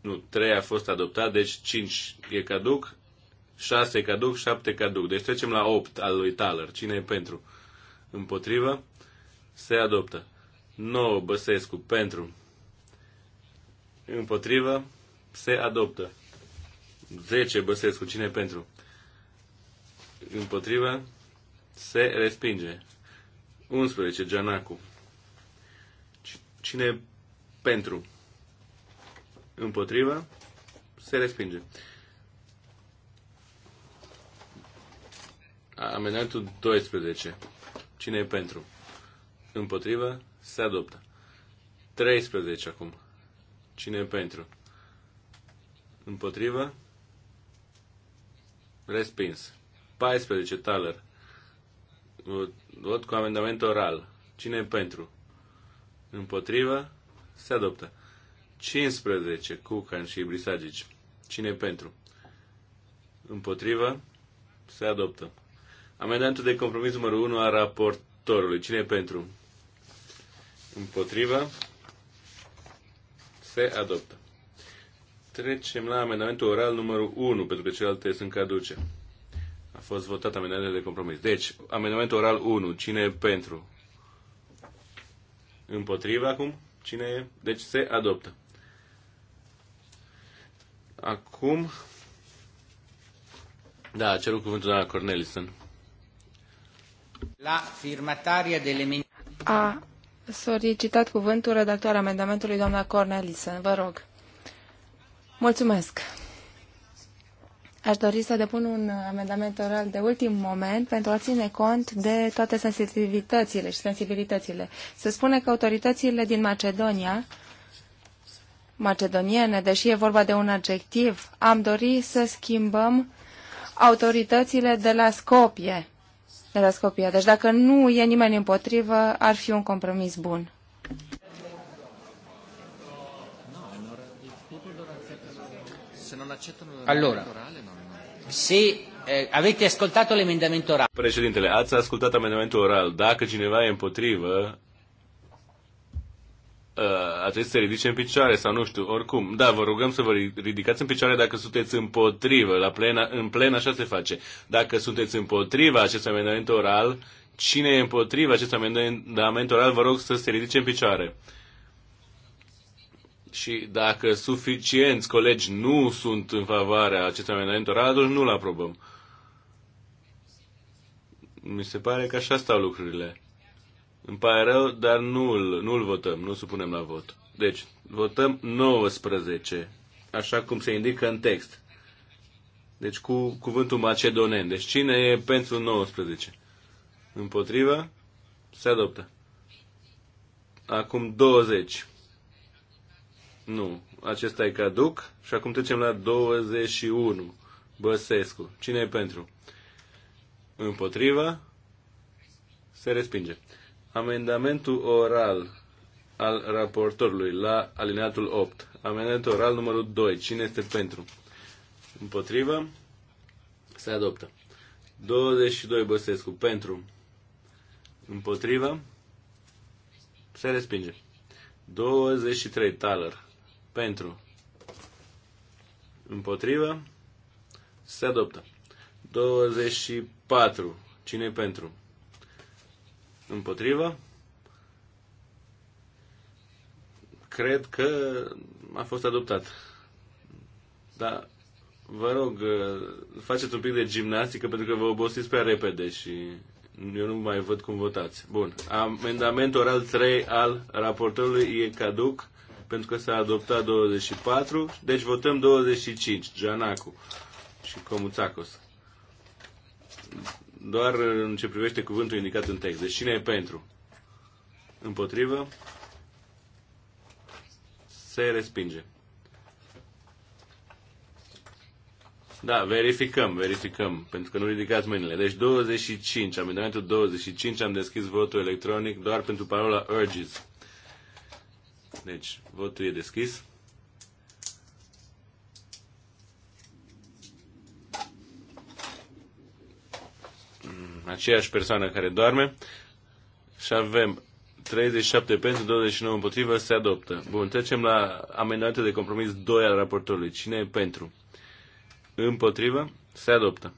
nu, 3 a fost adoptat, deci 5 e caduc, 6 e caduc, 7 e caduc. Deci trecem la 8 al lui Taler. Cine e pentru? Împotrivă? Se adoptă. 9 Băsescu pentru. Împotrivă? Se adoptă. 10 Băsescu. Cine e pentru? Împotrivă? Se respinge. 11 Gianacu. Cine e pentru? Împotriva? Se respinge. Amendamentul 12. Cine e pentru? Împotriva? Se adoptă. 13 acum. Cine e pentru? Împotriva? Respins. 14. Taler. Vot cu amendament oral. Cine e pentru? Împotriva? Se adoptă. 15, Cucan și Brisagici. Cine e pentru? Împotrivă? Se adoptă. Amendamentul de compromis numărul 1 a raportorului. Cine e pentru? Împotrivă? Se adoptă. Trecem la amendamentul oral numărul 1, pentru că celelalte sunt caduce. A fost votat amendamentul de compromis. Deci, amendamentul oral 1. Cine e pentru? Împotrivă acum? Cine e? Deci se adoptă. Acum, da, cerul cerut cuvântul doamna Cornelison. La firmataria de lemin... A solicitat cuvântul redactoarea amendamentului doamna Cornelison. Vă rog. Mulțumesc. Aș dori să depun un amendament oral de ultim moment pentru a ține cont de toate sensibilitățile și sensibilitățile. Se spune că autoritățile din Macedonia macedoniene, deși e vorba de un adjectiv, am dorit să schimbăm autoritățile de la Scopie. De la Scopie. Deci dacă nu e nimeni împotrivă, ar fi un compromis bun. Allora, se eh, avete ascoltato l'emendamento orale. Președintele, ați ascultat amendamentul oral. Dacă cineva e împotrivă, Uh, ar trebui să se ridice în picioare sau nu știu, oricum. Da, vă rugăm să vă ridicați în picioare dacă sunteți împotrivă. La plena, în plen așa se face. Dacă sunteți împotriva acest amendament oral, cine e împotriva acest amendament oral, vă rog să se ridice în picioare. Și dacă suficienți colegi nu sunt în favoarea acestui amendament oral, atunci nu-l aprobăm. Mi se pare că așa stau lucrurile. Îmi pare rău, dar nu-l, nu-l votăm, nu supunem la vot. Deci, votăm 19, așa cum se indică în text. Deci cu cuvântul macedonen. Deci cine e pentru 19? Împotriva? Se adoptă. Acum 20. Nu. Acesta e caduc. Și acum trecem la 21. Băsescu. Cine e pentru? Împotriva? Se respinge. Amendamentul oral al raportorului la alineatul 8. Amendamentul oral numărul 2. Cine este pentru? Împotrivă? Se adoptă. 22 Băsescu pentru. Împotrivă? Se respinge. 23 Taler pentru. Împotrivă? Se adoptă. 24. Cine pentru? Împotrivă? Cred că a fost adoptat. Dar vă rog, uh, faceți un pic de gimnastică pentru că vă obosiți prea repede și eu nu mai văd cum votați. Bun. Amendamentul oral 3 al raportorului e caduc pentru că s-a adoptat 24, deci votăm 25, Gianacu și Comuțacos doar în ce privește cuvântul indicat în text. Deci cine e pentru? Împotrivă? Se respinge. Da, verificăm, verificăm, pentru că nu ridicați mâinile. Deci 25, amendamentul 25, am deschis votul electronic doar pentru parola urges. Deci, votul e deschis. aceeași persoană care doarme și avem 37 pentru, 29 împotrivă, se adoptă. Bun, trecem la amendamente de compromis 2 al raportorului. Cine e pentru? Împotrivă, se adoptă.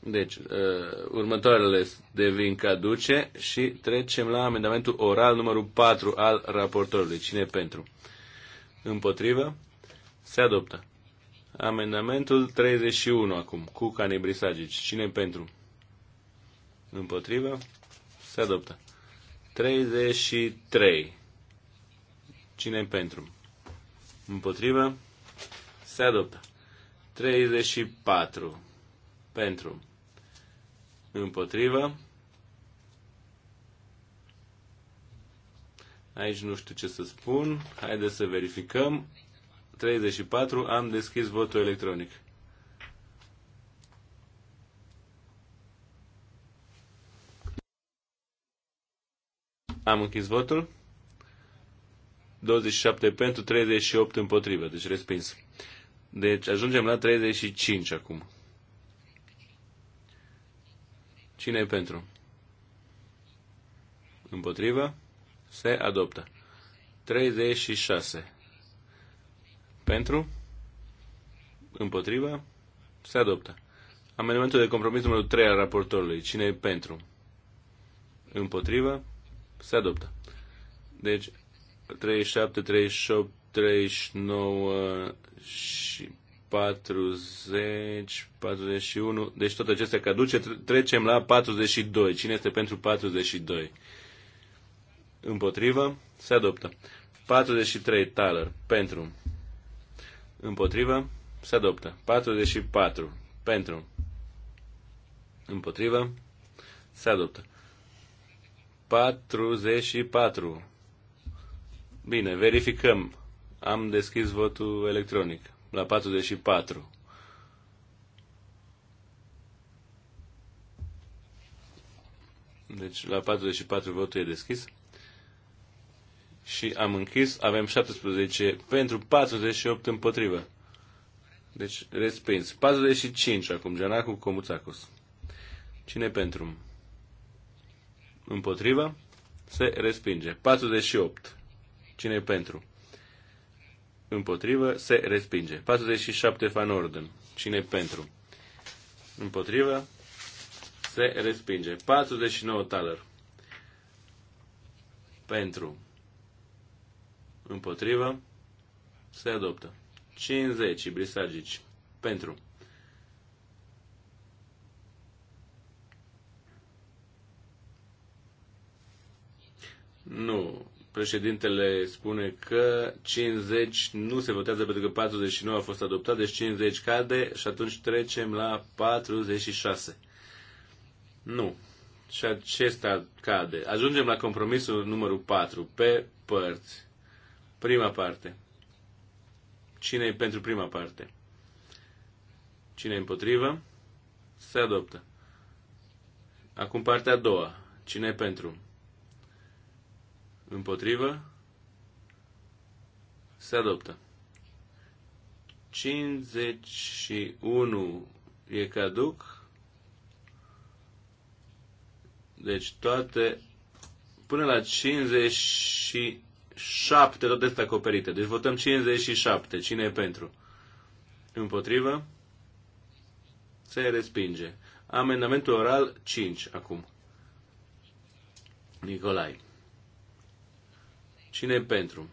Deci, uh, următoarele devin caduce și trecem la amendamentul oral numărul 4 al raportorului. Cine e pentru? Împotrivă, se adoptă. Amendamentul 31 acum, cu canibrisagici. Cine e pentru? Împotrivă? Se adoptă. 33. cine pentru? Împotrivă? Se adoptă. 34. Pentru. Împotrivă? Aici nu știu ce să spun. Haideți să verificăm. 34. Am deschis votul electronic. Am închis votul. 27 pentru, 38 împotrivă, deci respins. Deci ajungem la 35 acum. Cine e pentru? Împotrivă? Se adoptă. 36. Pentru? Împotrivă? Se adoptă. Amendamentul de compromis numărul 3 al raportorului. Cine e pentru? Împotrivă? Se adoptă. Deci 37, 38, 39 și 40, 41. Deci tot acestea caduce. Trecem la 42. Cine este pentru 42? Împotrivă. Se adoptă. 43. Taler. Pentru. Împotrivă. Se adoptă. 44. Pentru. Împotrivă. Se adoptă. 44. Bine, verificăm. Am deschis votul electronic la 44. Deci la 44 votul e deschis. Și am închis, avem 17 pentru 48 împotrivă. Deci respins. 45 acum, Gianacu Comuțacos. Cine pentru? Împotrivă? Se respinge. 48. Cine e pentru? Împotrivă? Se respinge. 47. Van Orden. Cine e pentru? Împotrivă? Se respinge. 49. Taler. Pentru. Împotrivă? Se adoptă. 50. Brisagici. Pentru. Nu. Președintele spune că 50 nu se votează pentru că 49 a fost adoptat, deci 50 cade și atunci trecem la 46. Nu. Și acesta cade. Ajungem la compromisul numărul 4, pe părți. Prima parte. Cine e pentru prima parte? Cine e împotrivă? Se adoptă. Acum partea a doua. Cine e pentru? Împotrivă? Se adoptă. 51 e caduc. Deci toate până la 57 toate sunt acoperite. Deci votăm 57. Cine e pentru? Împotrivă? Se respinge. Amendamentul oral 5 acum. Nicolai. Cine e pentru?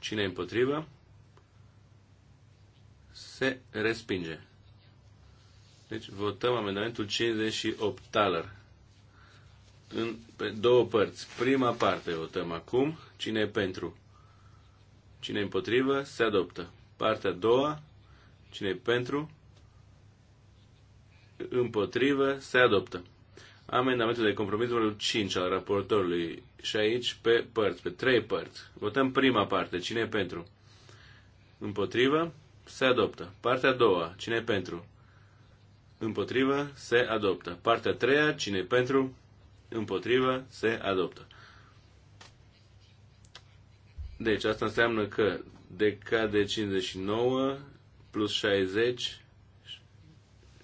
Cine e împotrivă? Se respinge. Deci votăm amendamentul 58 Taler. În pe două părți. Prima parte votăm acum. Cine e pentru? Cine e împotrivă? Se adoptă. Partea a doua. Cine e pentru? Împotrivă? Se adoptă. Amendamentul de compromis numărul 5 al raportorului și aici pe părți, pe trei părți. Votăm prima parte. Cine e pentru? Împotrivă? Se adoptă. Partea a doua. Cine e pentru? Împotrivă? Se adoptă. Partea a treia. Cine e pentru? Împotrivă? Se adoptă. Deci asta înseamnă că decade 59 plus 60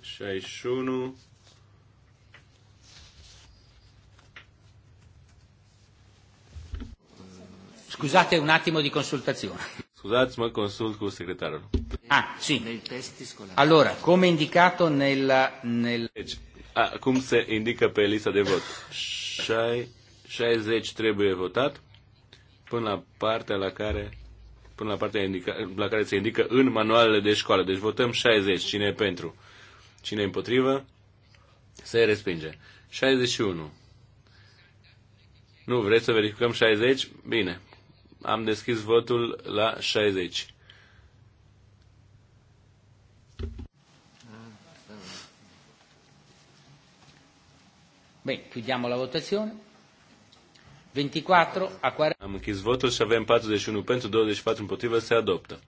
61 Scusate un attimo di consultazione. Scusate, ma consulto con il segretario. Ah, sì. Allora, come indicato nel... nel... Deci, ah, come si indica per lista di voto? 60 trebuie votat până la partea la care până la partea indica, la care se indică în manualele de școală. Deci votăm 60. Cine e pentru? Cine e împotrivă? Se respinge. 61. Nu, vreți să verificăm 60? Bine. Am deschis votul la 60. Bine, chiudiamo la votazione. 24 a 40. Am închis votul și avem 41 pentru, 24 împotrivă, se adoptă.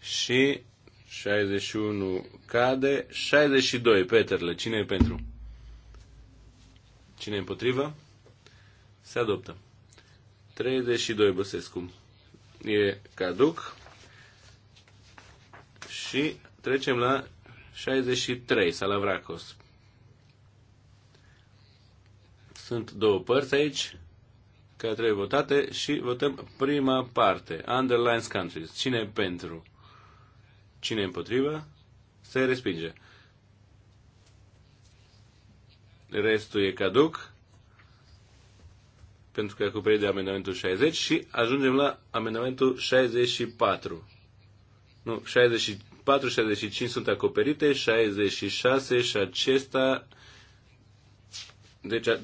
Și 61 cade, 62, Peterle, cine e pentru? Cine e împotrivă? Se adoptă. 32 Băsescu e caduc. Și trecem la 63 Salavracos. Sunt două părți aici care trebuie votate și votăm prima parte. Underlines countries. Cine pentru? Cine împotrivă? Se respinge. Restul e caduc pentru că e acoperit de amendamentul 60 și ajungem la amendamentul 64. Nu, 64, 65 sunt acoperite, 66 și acesta. Deci, a,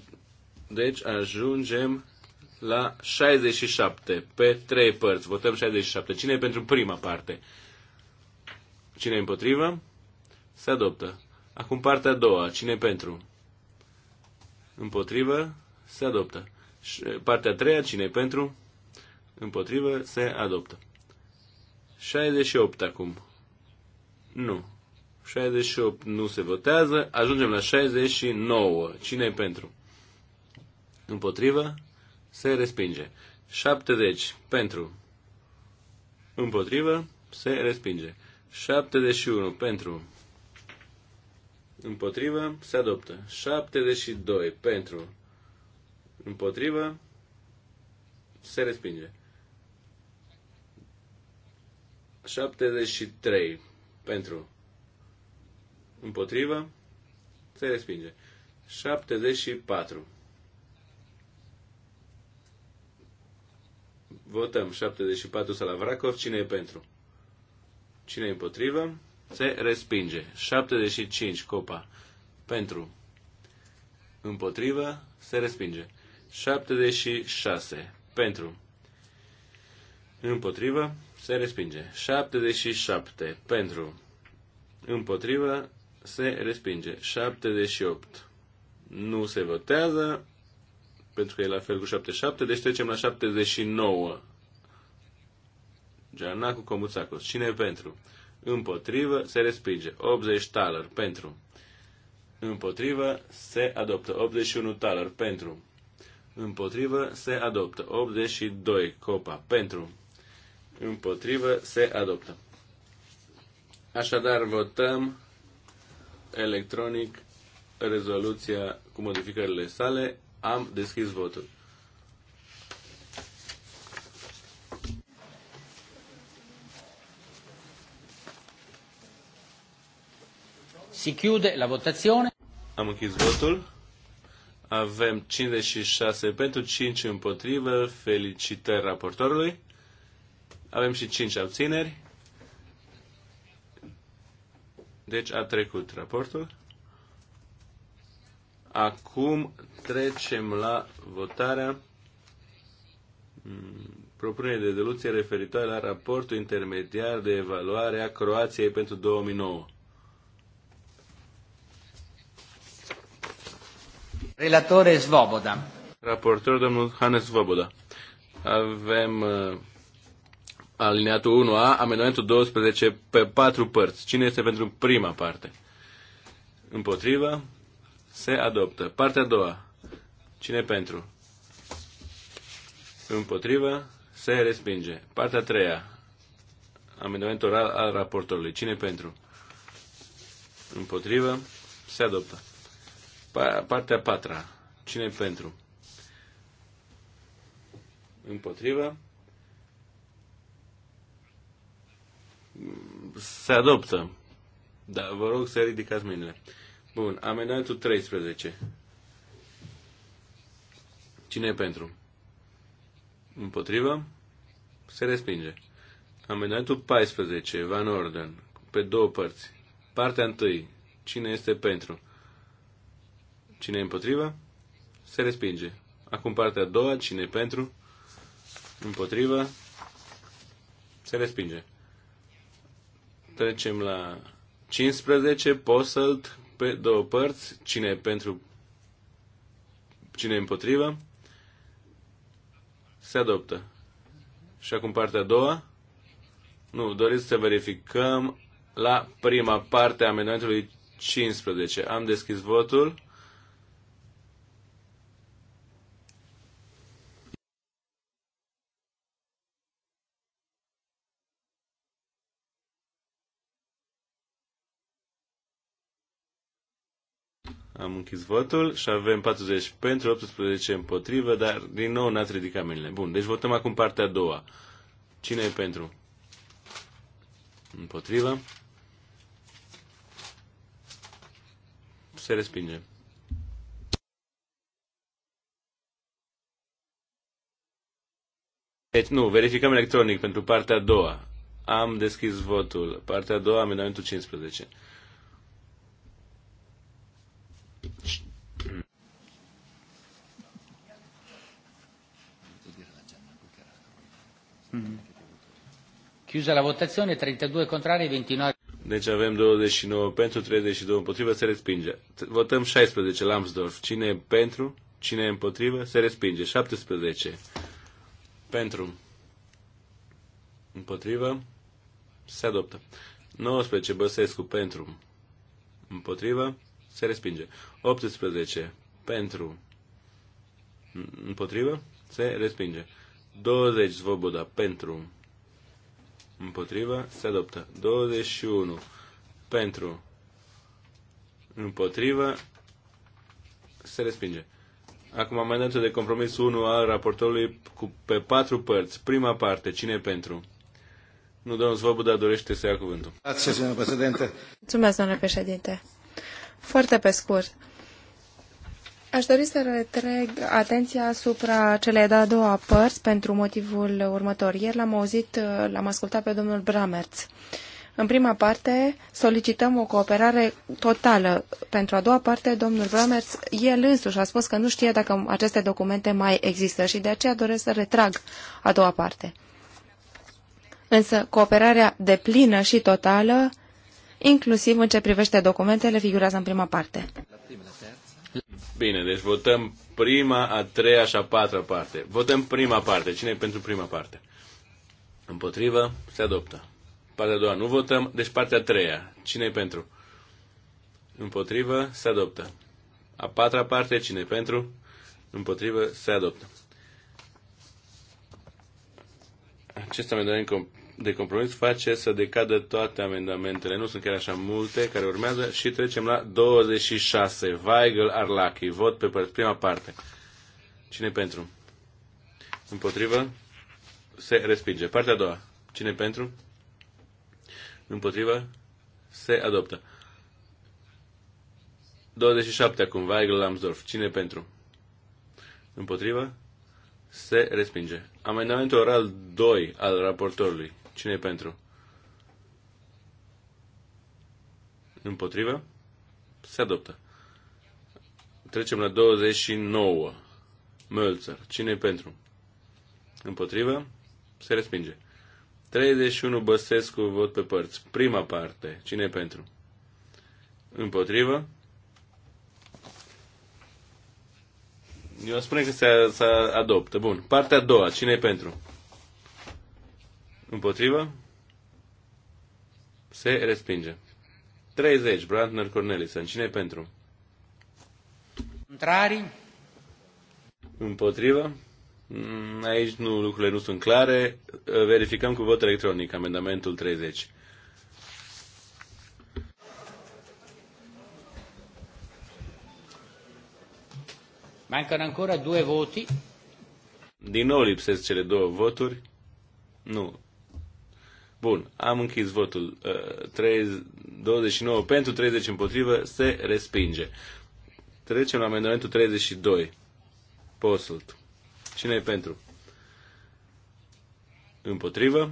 deci ajungem la 67 pe trei părți. Votăm 67. Cine e pentru prima parte? Cine e împotrivă? Se adoptă. Acum partea a doua. Cine e pentru? Împotrivă? Se adoptă. Și partea a treia, cine pentru? Împotrivă, se adoptă. 68 acum. Nu. 68 nu se votează. Ajungem la 69. Cine pentru? Împotrivă, se respinge. 70 pentru. Împotrivă, se respinge. 71 pentru. Împotrivă, se adoptă. 72 pentru. Împotrivă. Se respinge. 73 pentru. Împotrivă. Se respinge. 74. Votăm 74 Salavracov. Cine e pentru? Cine e împotrivă? Se respinge. 75 Copa. Pentru. Împotrivă. Se respinge. 76. Pentru. Împotrivă. Se respinge. 77. Pentru. Împotrivă. Se respinge. 78. Nu se votează. Pentru că e la fel cu 77. Deci trecem la 79. Giannacu Comuțacos. Cine pentru? Împotrivă. Se respinge. 80 taler. Pentru. Împotrivă. Se adoptă. 81 taler. Pentru împotrivă, se adoptă. 82, copa, pentru, împotrivă, se adoptă. Așadar, votăm electronic rezoluția cu modificările sale. Am deschis votul. Si chiude la votazione. Am închis votul. Avem 56 pentru, 5 împotrivă. Felicitări raportorului. Avem și 5 abțineri. Deci a trecut raportul. Acum trecem la votarea mm, propunerii de deluție referitoare la raportul intermediar de evaluare a Croației pentru 2009. Relatore Svoboda. Raportor domnul Hannes Svoboda. Avem uh, alineatul 1A, amendamentul 12 pe patru părți. Cine este pentru prima parte? Împotrivă? Se adoptă. Partea a doua. Cine pentru? Împotrivă? Se respinge. Partea a treia. Amendamentul al raportorului. Cine pentru? Împotrivă? Se adoptă. Partea a patra. Cine pentru? Împotrivă. Se adoptă. Da, vă rog să ridicați mâinile. Bun, amendamentul 13. Cine e pentru? Împotrivă? Se respinge. Amendamentul 14, Van Orden, pe două părți. Partea întâi, cine este pentru? Cine e împotrivă? Se respinge. Acum partea a doua, cine e pentru? Împotrivă? Se respinge. Trecem la 15, posălt, pe două părți, cine e pentru, cine e împotrivă? Se adoptă. Și acum partea a doua. Nu, doriți să verificăm la prima parte a amendamentului 15. Am deschis votul. închis votul și avem 40 pentru, 18 împotrivă, dar din nou n-ați ridicat mâinile. Bun, deci votăm acum partea a doua. Cine e pentru? Împotrivă. Se respinge. Deci nu, verificăm electronic pentru partea a doua. Am deschis votul. Partea a doua, amendamentul 15. Mhm. Chiusa la votazione, 32 contrari, 29. Deci avem 29 pentru, 32 împotrivă, se respinge. Votăm 16, Lambsdorff. Cine e pentru, cine e împotrivă, se respinge. 17. Pentru. Împotrivă, se adoptă. 19, Băsescu, pentru. Împotrivă, se respinge. 18, pentru. Împotrivă, se respinge. 20 Svoboda pentru. Împotriva se adoptă. 21 pentru. Împotriva se respinge. Acum amendamentul de compromis 1 al raportorului cu, pe patru părți. Prima parte, cine e pentru? Nu, domnul Svoboda dorește să ia cuvântul. Mulțumesc, domnule președinte. Foarte pe scurt. Aș dori să retrag atenția asupra celei de-a doua părți pentru motivul următor. Ieri l-am auzit, l-am ascultat pe domnul Bramerț. În prima parte solicităm o cooperare totală. Pentru a doua parte, domnul Bramerț, el însuși a spus că nu știe dacă aceste documente mai există și de aceea doresc să retrag a doua parte. Însă cooperarea deplină și totală, inclusiv în ce privește documentele, figurează în prima parte. La Bine, deci votăm prima, a treia și a patra parte. Votăm prima parte. Cine e pentru prima parte? Împotrivă, se adoptă. Partea a doua nu votăm, deci partea a treia. Cine e pentru? Împotrivă, se adoptă. A patra parte, cine e pentru? Împotrivă, se adoptă. Acest amendament de compromis face să decadă toate amendamentele. Nu sunt chiar așa multe care urmează și trecem la 26. Weigel Arlachi. Vot pe prima parte. Cine pentru? Împotrivă? Se respinge. Partea a doua. Cine pentru? Împotrivă? Se adoptă. 27 acum. Weigel Lambsdorff. Cine pentru? Împotrivă? Se respinge. Amendamentul oral 2 al raportorului. Cine e pentru? Împotrivă? Se adoptă. Trecem la 29. Mölzer. Cine e pentru? Împotrivă? Se respinge. 31 Băsescu vot pe părți. Prima parte. Cine e pentru? Împotrivă? Eu spune că se, se adoptă. Bun. Partea a doua. Cine e pentru? Împotrivă? Se respinge. 30. Brandner Cornelison. Cine e pentru? Contrari. Împotrivă? Mm, aici nu, lucrurile nu sunt clare. Verificăm cu vot electronic amendamentul 30. Mancano ancora due voti. Din nou lipsesc cele două voturi. Nu, Bun, am închis votul. 3, uh, 29 pentru, 30 împotrivă, se respinge. Trecem la amendamentul 32. postul. Cine e pentru? Împotrivă?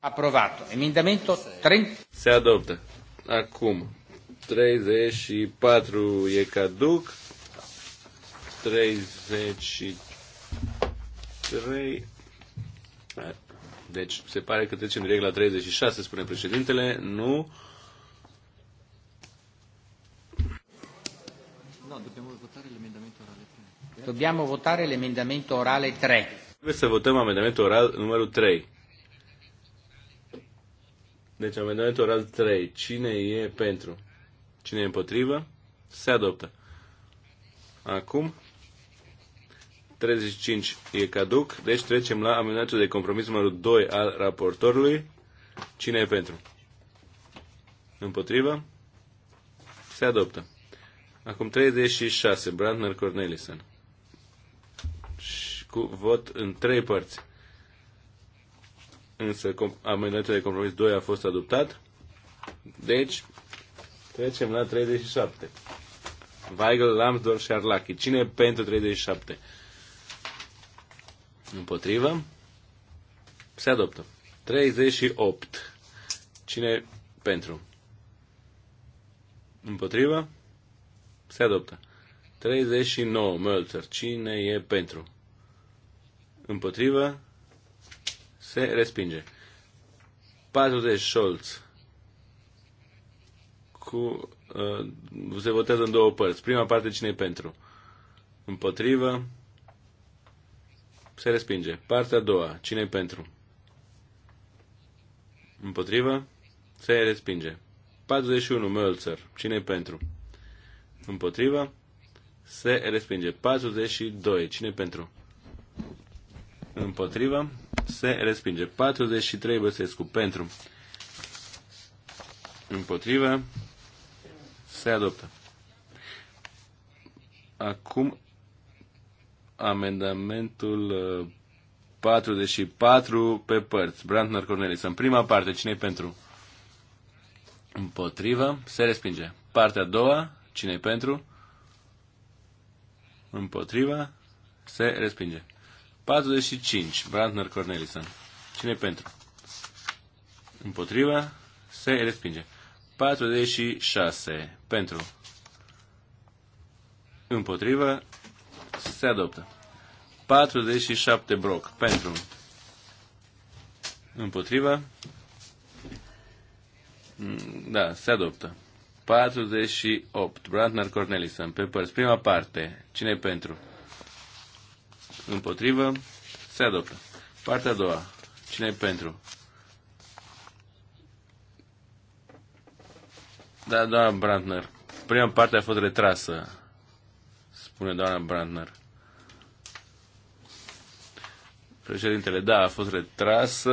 Aprovato. Emendamentul 30. Se adoptă. Acum, 34 e caduc, 33 deci se pare că trecem direct la 36, spune președintele. Nu. No, dobbiamo votare l'emendamento orale 3. Dobbiamo votare l'emendamento orale 3. Trebuie să votăm amendamentul oral numărul 3. Deci amendamentul oral 3. Cine e pentru? Cine e împotrivă? Se adoptă. Acum 35 e caduc, deci trecem la amendamentul de compromis numărul 2 al raportorului. Cine e pentru? Împotrivă? Se adoptă. Acum 36, Brandner Cornelison. cu vot în trei părți. Însă amendamentul de compromis 2 a fost adoptat. Deci, trecem la 37. Weigel, Lambsdorff și Arlachi. Cine e pentru 37? Împotrivă. Se adoptă. 38. Cine pentru? Împotrivă. Se adoptă. 39. Mölzer. Cine e pentru? Împotrivă. Se respinge. 40. Scholz. Cu, uh, se votează în două părți. Prima parte cine e pentru? Împotrivă se respinge. Partea a doua. Cine-i pentru? Împotrivă? Se respinge. 41. Mölzer. Cine-i pentru? Împotrivă? Se respinge. 42. cine pentru? Împotrivă? Se respinge. 43. Băsescu. Pentru. Împotrivă? Se adoptă. Acum amendamentul 44 uh, pe părți. Brandner Cornelis. În prima parte, cine pentru? Împotrivă. Se respinge. Partea a doua, cine pentru? Împotrivă. Se respinge. 45. Brandner Cornelison. cine pentru? Împotrivă. Se respinge. 46. Pentru. Împotrivă se adoptă. 47 Broc pentru împotriva. Mm, da, se adoptă. 48. Brandner Cornelison. Pe părți. Prima parte. Cine pentru? Împotrivă. Se adoptă. Partea a doua. Cine pentru? Da, doamna Brandner. Prima parte a fost retrasă spune doamna Brandner. Președintele, da, a fost retrasă.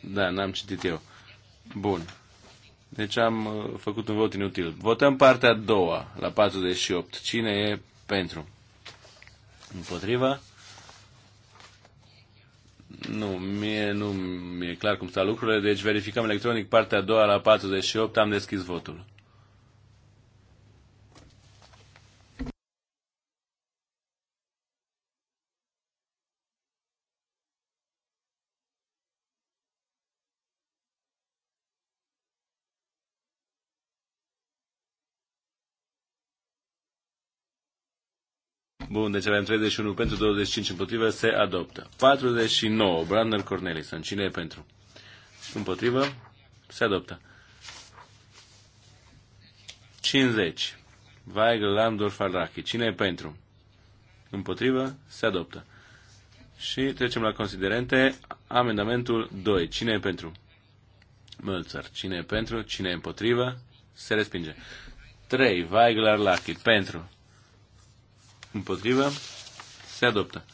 Da, n-am citit eu. Bun. Deci am uh, făcut un vot inutil. Votăm partea a doua, la 48. Cine e pentru? Împotriva? Nu, mie nu mi-e clar cum stau lucrurile, deci verificăm electronic partea a doua la 48, am deschis votul. Bun, deci avem 31 pentru, 25 împotrivă, se adoptă. 49, Brandner Cornelison. Cine e pentru? Împotrivă, se adoptă. 50, Weigl, Lambdorf, Farrachi, Cine e pentru? Împotrivă, se adoptă. Și trecem la considerente. Amendamentul 2. Cine e pentru? Mălțăr. Cine e pentru? Cine e împotrivă? Se respinge. 3. Weigler Lachi. Pentru. Împotrivă. Se adoptă.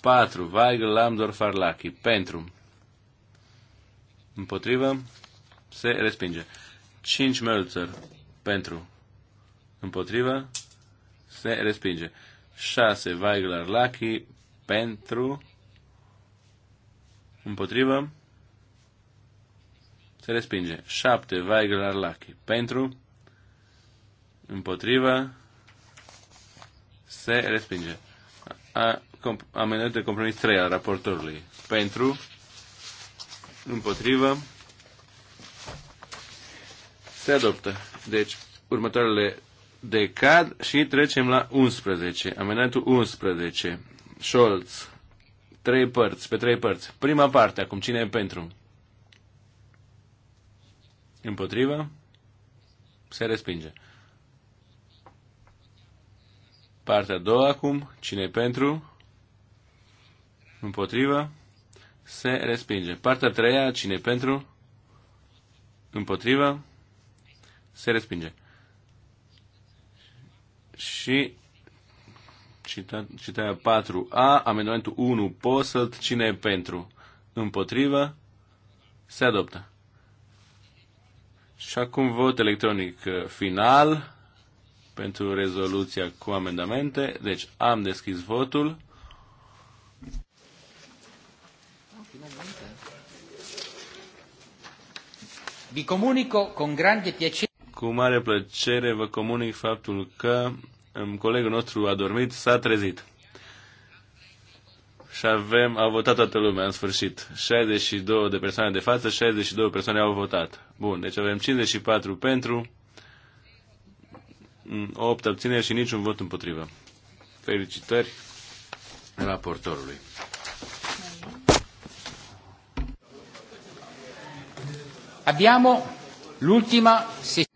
4. Weigel, Lambdor, Farlachi. Pentru. Împotrivă. Se respinge. 5. Mölzer. Pentru. Împotrivă. Se respinge. 6. Weigel, Arlachi. Pentru. Împotrivă. Se respinge. 7. Weigel, Arlachi. Pentru. Împotrivă se respinge. A, amendament de compromis 3 al raportorului. Pentru. Împotrivă. Se adoptă. Deci, următoarele decad și trecem la 11. Amendamentul 11. Scholz. Trei părți, pe trei părți. Prima parte, acum cine e pentru? Împotrivă? Se respinge. Partea a doua acum, cine e pentru? Împotrivă? Se respinge. Partea a treia, cine e pentru? Împotrivă? Se respinge. Și citarea 4a, amendamentul 1, posălt, cine e pentru? Împotrivă? Se adoptă. Și acum vot electronic uh, final pentru rezoluția cu amendamente. Deci am deschis votul. Vi comunico con grande piacere. Cu mare plăcere vă comunic faptul că um, colegul nostru a dormit, s-a trezit. Și avem, a votat toată lumea, în sfârșit. 62 de persoane de față, 62 persoane au votat. Bun, deci avem 54 pentru, 8 abțineri și niciun vot împotrivă. Felicitări raportorului. Abbiamo l'ultima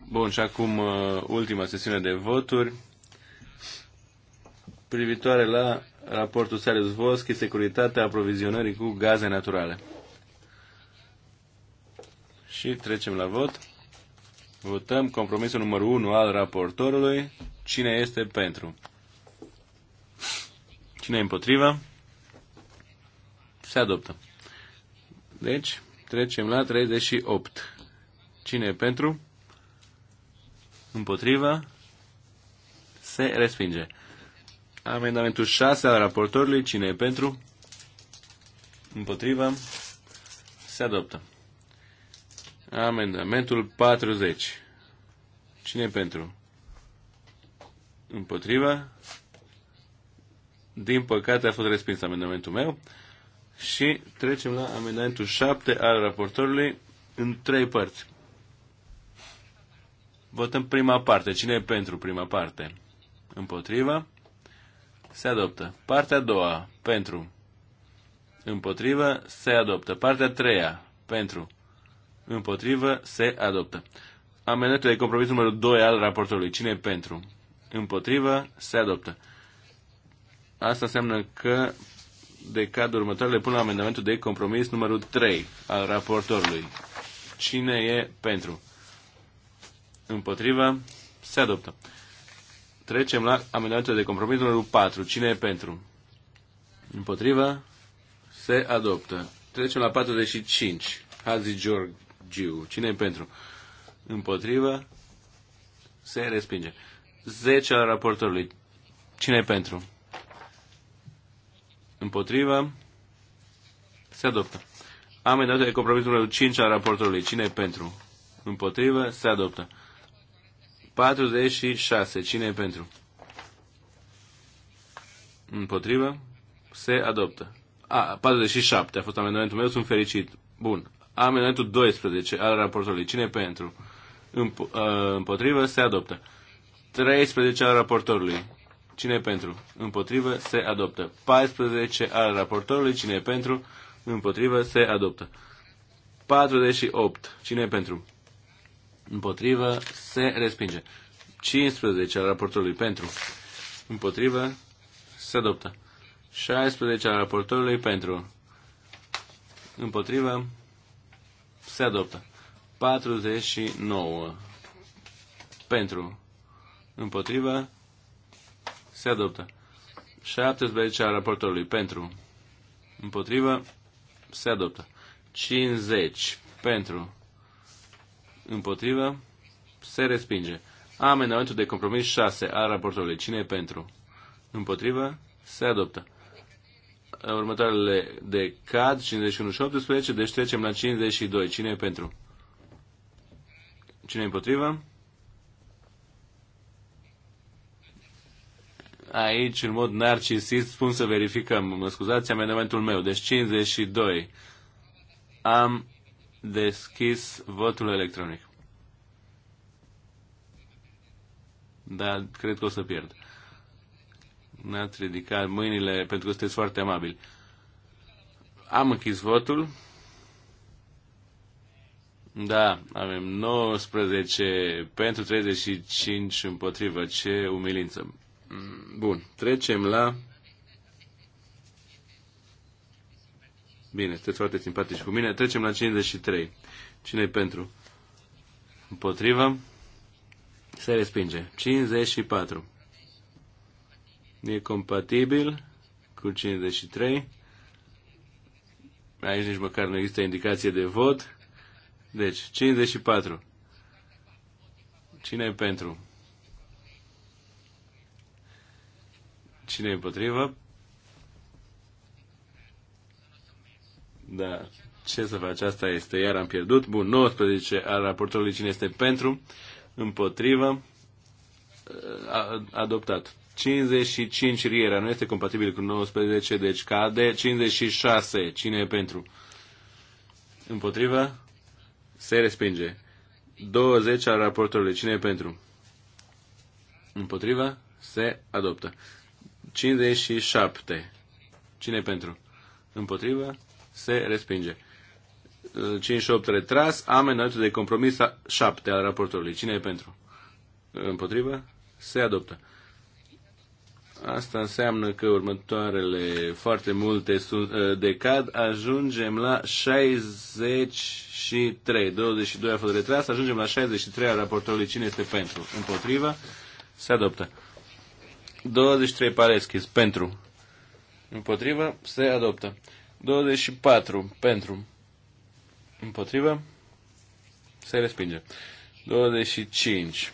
Bun, și acum uh, ultima sesiune de voturi privitoare la raportul Sarius Voschi, securitatea aprovizionării cu gaze naturale. Și trecem la vot. Votăm compromisul numărul 1 al raportorului. Cine este pentru? Cine e împotriva? Se adoptă. Deci, trecem la 38. Cine e pentru? Împotriva? Se respinge. Amendamentul 6 al raportorului. Cine e pentru? Împotriva? Se adoptă. Amendamentul 40. Cine pentru? Împotriva? Din păcate a fost respins amendamentul meu. Și trecem la amendamentul 7 al raportorului în trei părți. Votăm prima parte. Cine e pentru prima parte? Împotriva? Se adoptă. Partea a doua. Pentru. Împotriva? Se adoptă. Partea a treia. Pentru. Împotrivă. Se adoptă. Amendamentul de compromis numărul 2 al raportului. Cine e pentru? Împotrivă. Se adoptă. Asta înseamnă că următor le pun la amendamentul de compromis numărul 3 al raportorului. Cine e pentru? Împotrivă? Se adoptă. Trecem la amendamentul de compromis numărul 4. Cine e pentru? Împotrivă? Se adoptă. Trecem la 45. Hazi George. Giu. Cine e pentru? Împotrivă? Se respinge. 10 al raportorului. Cine e pentru? Împotrivă? Se adoptă. Amendate de compromisul numărul 5 al raportorului. Cine e pentru? Împotrivă? Se adoptă. 46. Cine e pentru? Împotrivă? Se adoptă. A, 47 a fost amendamentul meu, sunt fericit. Bun. Amendamentul 12 al raportului. Cine uh, pentru? Împotrivă se adoptă. 13 al raportorului. Cine pentru? Împotrivă se adoptă. 14 al raportorului. Cine pentru? Împotrivă se adoptă. 48. Cine pentru? Împotrivă se respinge. 15 al raportorului pentru. Împotrivă se adoptă. 16 al raportorului pentru. Împotrivă se adoptă. 49. Pentru. Împotrivă. Se adoptă. 17 a raportorului. Pentru. Împotrivă. Se adoptă. 50. Pentru. Împotrivă. Se respinge. Amendamentul de compromis 6 a raportorului. Cine e pentru? Împotrivă. Se adoptă următoarele CAD 51 18, deci trecem la 52. Cine e pentru? Cine e împotrivă? Aici, în mod narcisist, spun să verificăm. Mă scuzați, amendamentul meu. Deci 52. Am deschis votul electronic. Dar cred că o să pierd n-ați ridicat mâinile pentru că sunteți foarte amabili. Am închis votul. Da, avem 19 pentru 35 împotrivă. Ce umilință. Bun, trecem la... Bine, sunteți foarte simpatici cu mine. Trecem la 53. Cine e pentru? Împotrivă? Se respinge. 54. E compatibil cu 53. Aici nici măcar nu există indicație de vot. Deci, 54. Cine e pentru? Cine e împotrivă? Da, ce să fac? asta este, iar am pierdut. Bun, 19 al raportorului cine este pentru, împotrivă, a, adoptat. 55 riera nu este compatibil cu 19, deci cade. 56, cine e pentru? Împotrivă? Se respinge. 20 al raportorului, cine e pentru? Împotrivă? Se adoptă. 57. Cine e pentru? Împotrivă? Se respinge. 58 retras, Amenat de compromis 7 al raportorului. Cine e pentru? Împotrivă? Se adoptă. Asta înseamnă că următoarele foarte multe ă, decad ajungem la 63. 22 a fost retras, ajungem la 63 a raportorului. Cine este pentru? Împotriva? Se adoptă. 23 Paleschis, pentru. Împotriva. se adoptă. 24, pentru. Împotriva. se respinge. 25,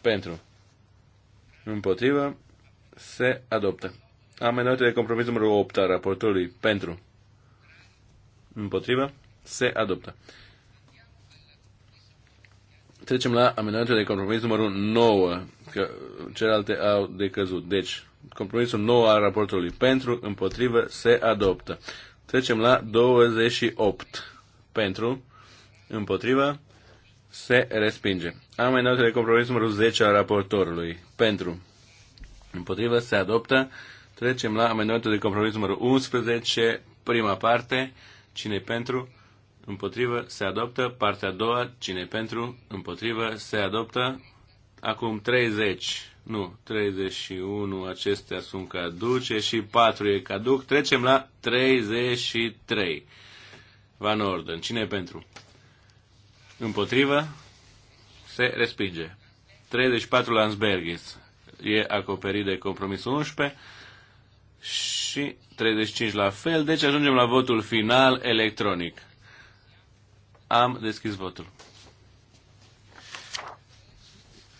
pentru. Împotriva se adoptă. Amendamentul de compromis numărul 8 a raportului pentru împotrivă se adoptă. Trecem la amendamentul de compromis numărul 9, că celelalte au decăzut. Deci, compromisul 9 al raportului pentru, împotrivă, se adoptă. Trecem la 28. Pentru, împotrivă, se respinge. Amendamentul de compromis numărul 10 al raportorului. Pentru, Împotrivă se adoptă. Trecem la amendamentul de compromis numărul 11, prima parte. Cine pentru? Împotrivă se adoptă. Partea a doua. Cine pentru? Împotrivă se adoptă. Acum 30. Nu, 31 acestea sunt caduce și 4 e caduc. Trecem la 33. Van Orden. Cine pentru? Împotrivă se respinge. 34 Lansbergis e acoperit de compromisul 11 și 35 la fel, deci ajungem la votul final electronic. Am deschis votul.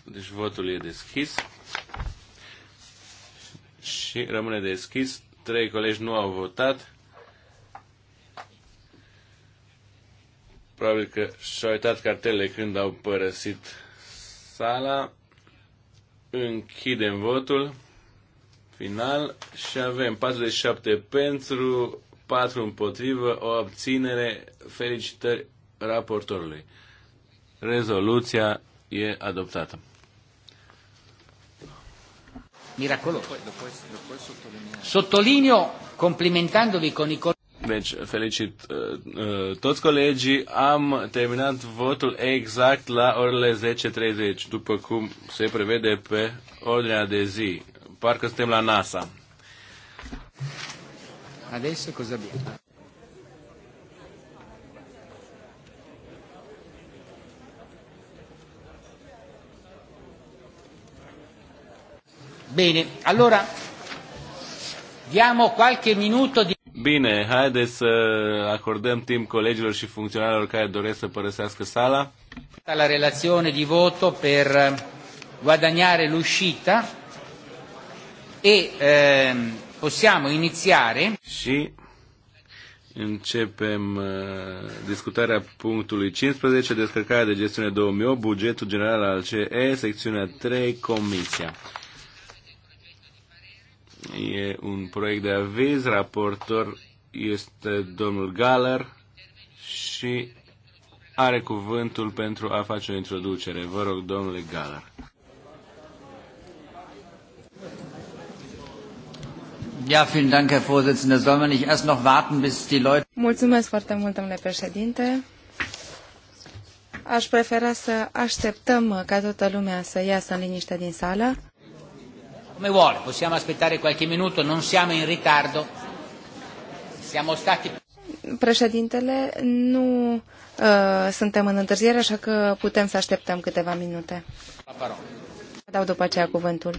Deci votul e deschis și rămâne deschis. Trei colegi nu au votat. Probabil că și-au uitat cartele când au părăsit sala. Închidem votul final și avem 47 pentru, 4 împotrivă, o abținere. Felicitări raportorului. Rezoluția e adoptată. Miracolo. Sottolineo, complimentandovi con i deci, felicit uh, uh, toți colegii. Am terminat votul exact la orele 10.30, după cum se prevede pe ordinea de zi. Parcă suntem la NASA. Adesso cosa abbiamo? Bene, allora diamo qualche minuto di Bine, haideți să acordăm timp colegilor și funcționarilor care doresc să părăsească sala. La relazione di voto per eh, guadagnare l'uscita e eh, possiamo iniziare. Și începem eh, discutarea punctului 15, descărcarea de gestiune 2008, bugetul general al CE, secțiunea 3, Comisia. E un proiect de aviz, raportor este domnul Galler și are cuvântul pentru a face o introducere. Vă rog, domnule Galler. Ja, vielen Dank, Herr Vorsitzende. Sollen wir nicht erst noch warten, bis die Leute... Mulțumesc foarte mult, domnule președinte. Aș prefera să așteptăm ca toată lumea să iasă în liniște din sală. Come vuole, possiamo aspettare qualche minuto, non siamo in ritardo. Siamo stati... Președintele, nu uh, suntem în întârziere, așa că putem să așteptăm câteva minute. La parola. Dau după aceea cuvântul.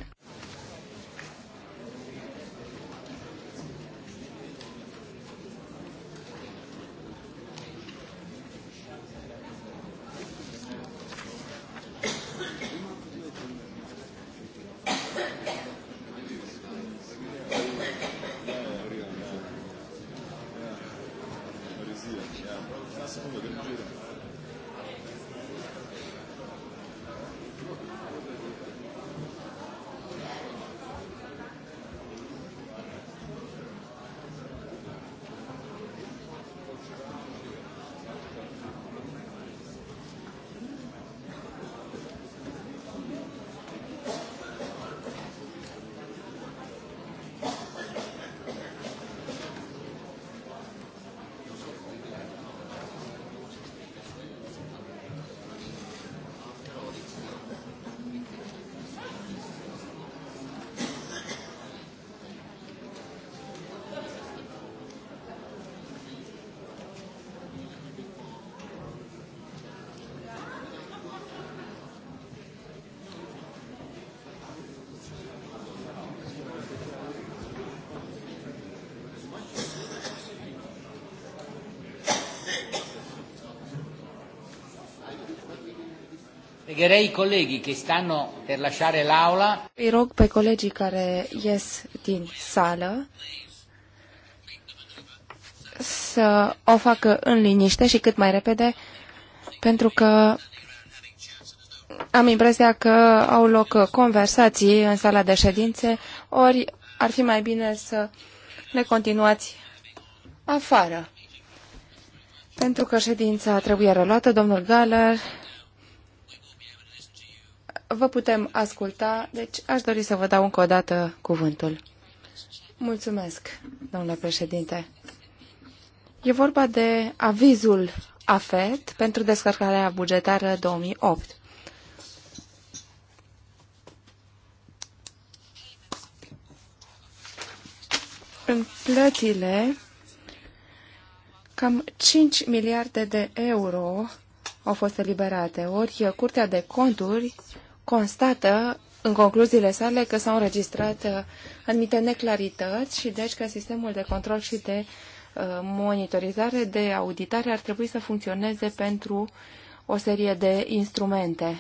pregherei colegii che stanno per lasciare l'aula. Îi rog pe colegii care ies din sală să o facă în liniște și cât mai repede, pentru că am impresia că au loc conversații în sala de ședințe, ori ar fi mai bine să le continuați afară. Pentru că ședința trebuie reluată, domnul Galler vă putem asculta, deci aș dori să vă dau încă o dată cuvântul. Mulțumesc, domnule președinte. E vorba de avizul AFET pentru descărcarea bugetară 2008. În plățile, cam 5 miliarde de euro au fost eliberate, ori Curtea de Conturi constată în concluziile sale că s-au înregistrat uh, anumite neclarități și deci că sistemul de control și de uh, monitorizare, de auditare ar trebui să funcționeze pentru o serie de instrumente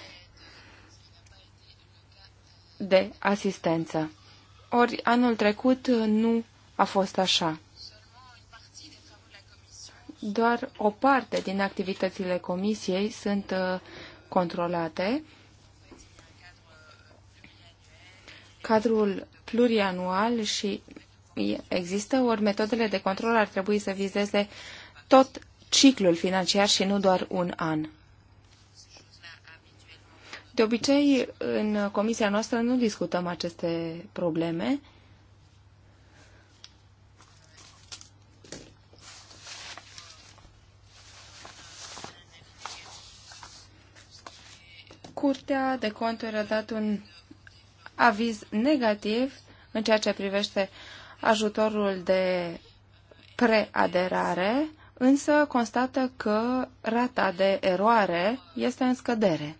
de asistență. Ori anul trecut nu a fost așa. Doar o parte din activitățile comisiei sunt uh, controlate cadrul plurianual și există, ori metodele de control ar trebui să vizeze tot ciclul financiar și nu doar un an. De obicei, în comisia noastră nu discutăm aceste probleme. Curtea de conturi a dat un aviz negativ în ceea ce privește ajutorul de preaderare, însă constată că rata de eroare este în scădere.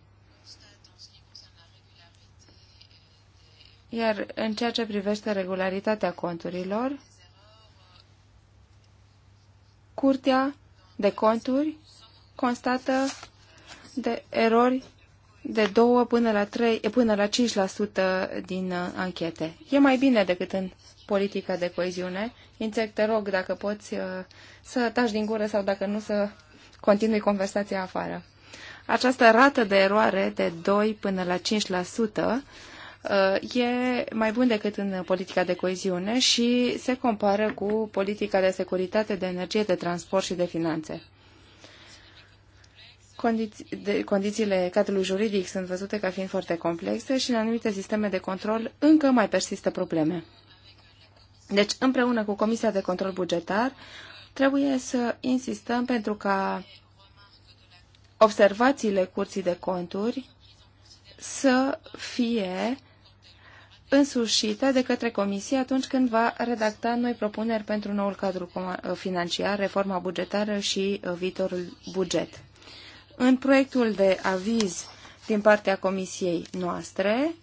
Iar în ceea ce privește regularitatea conturilor, Curtea de Conturi constată de erori de 2 până la, 3, eh, până la 5% din eh, anchete. E mai bine decât în politica de coeziune. Insect, te rog dacă poți eh, să taci din gură sau dacă nu să continui conversația afară. Această rată de eroare de 2 până la 5% e mai bun decât în politica de coeziune și se compară cu politica de securitate, de energie, de transport și de finanțe de, condițiile cadrului juridic sunt văzute ca fiind foarte complexe și în anumite sisteme de control încă mai persistă probleme. Deci, împreună cu Comisia de Control Bugetar, trebuie să insistăm pentru ca observațiile curții de conturi să fie însușită de către Comisie atunci când va redacta noi propuneri pentru noul cadru financiar, reforma bugetară și uh, viitorul buget. În proiectul de aviz din partea comisiei noastre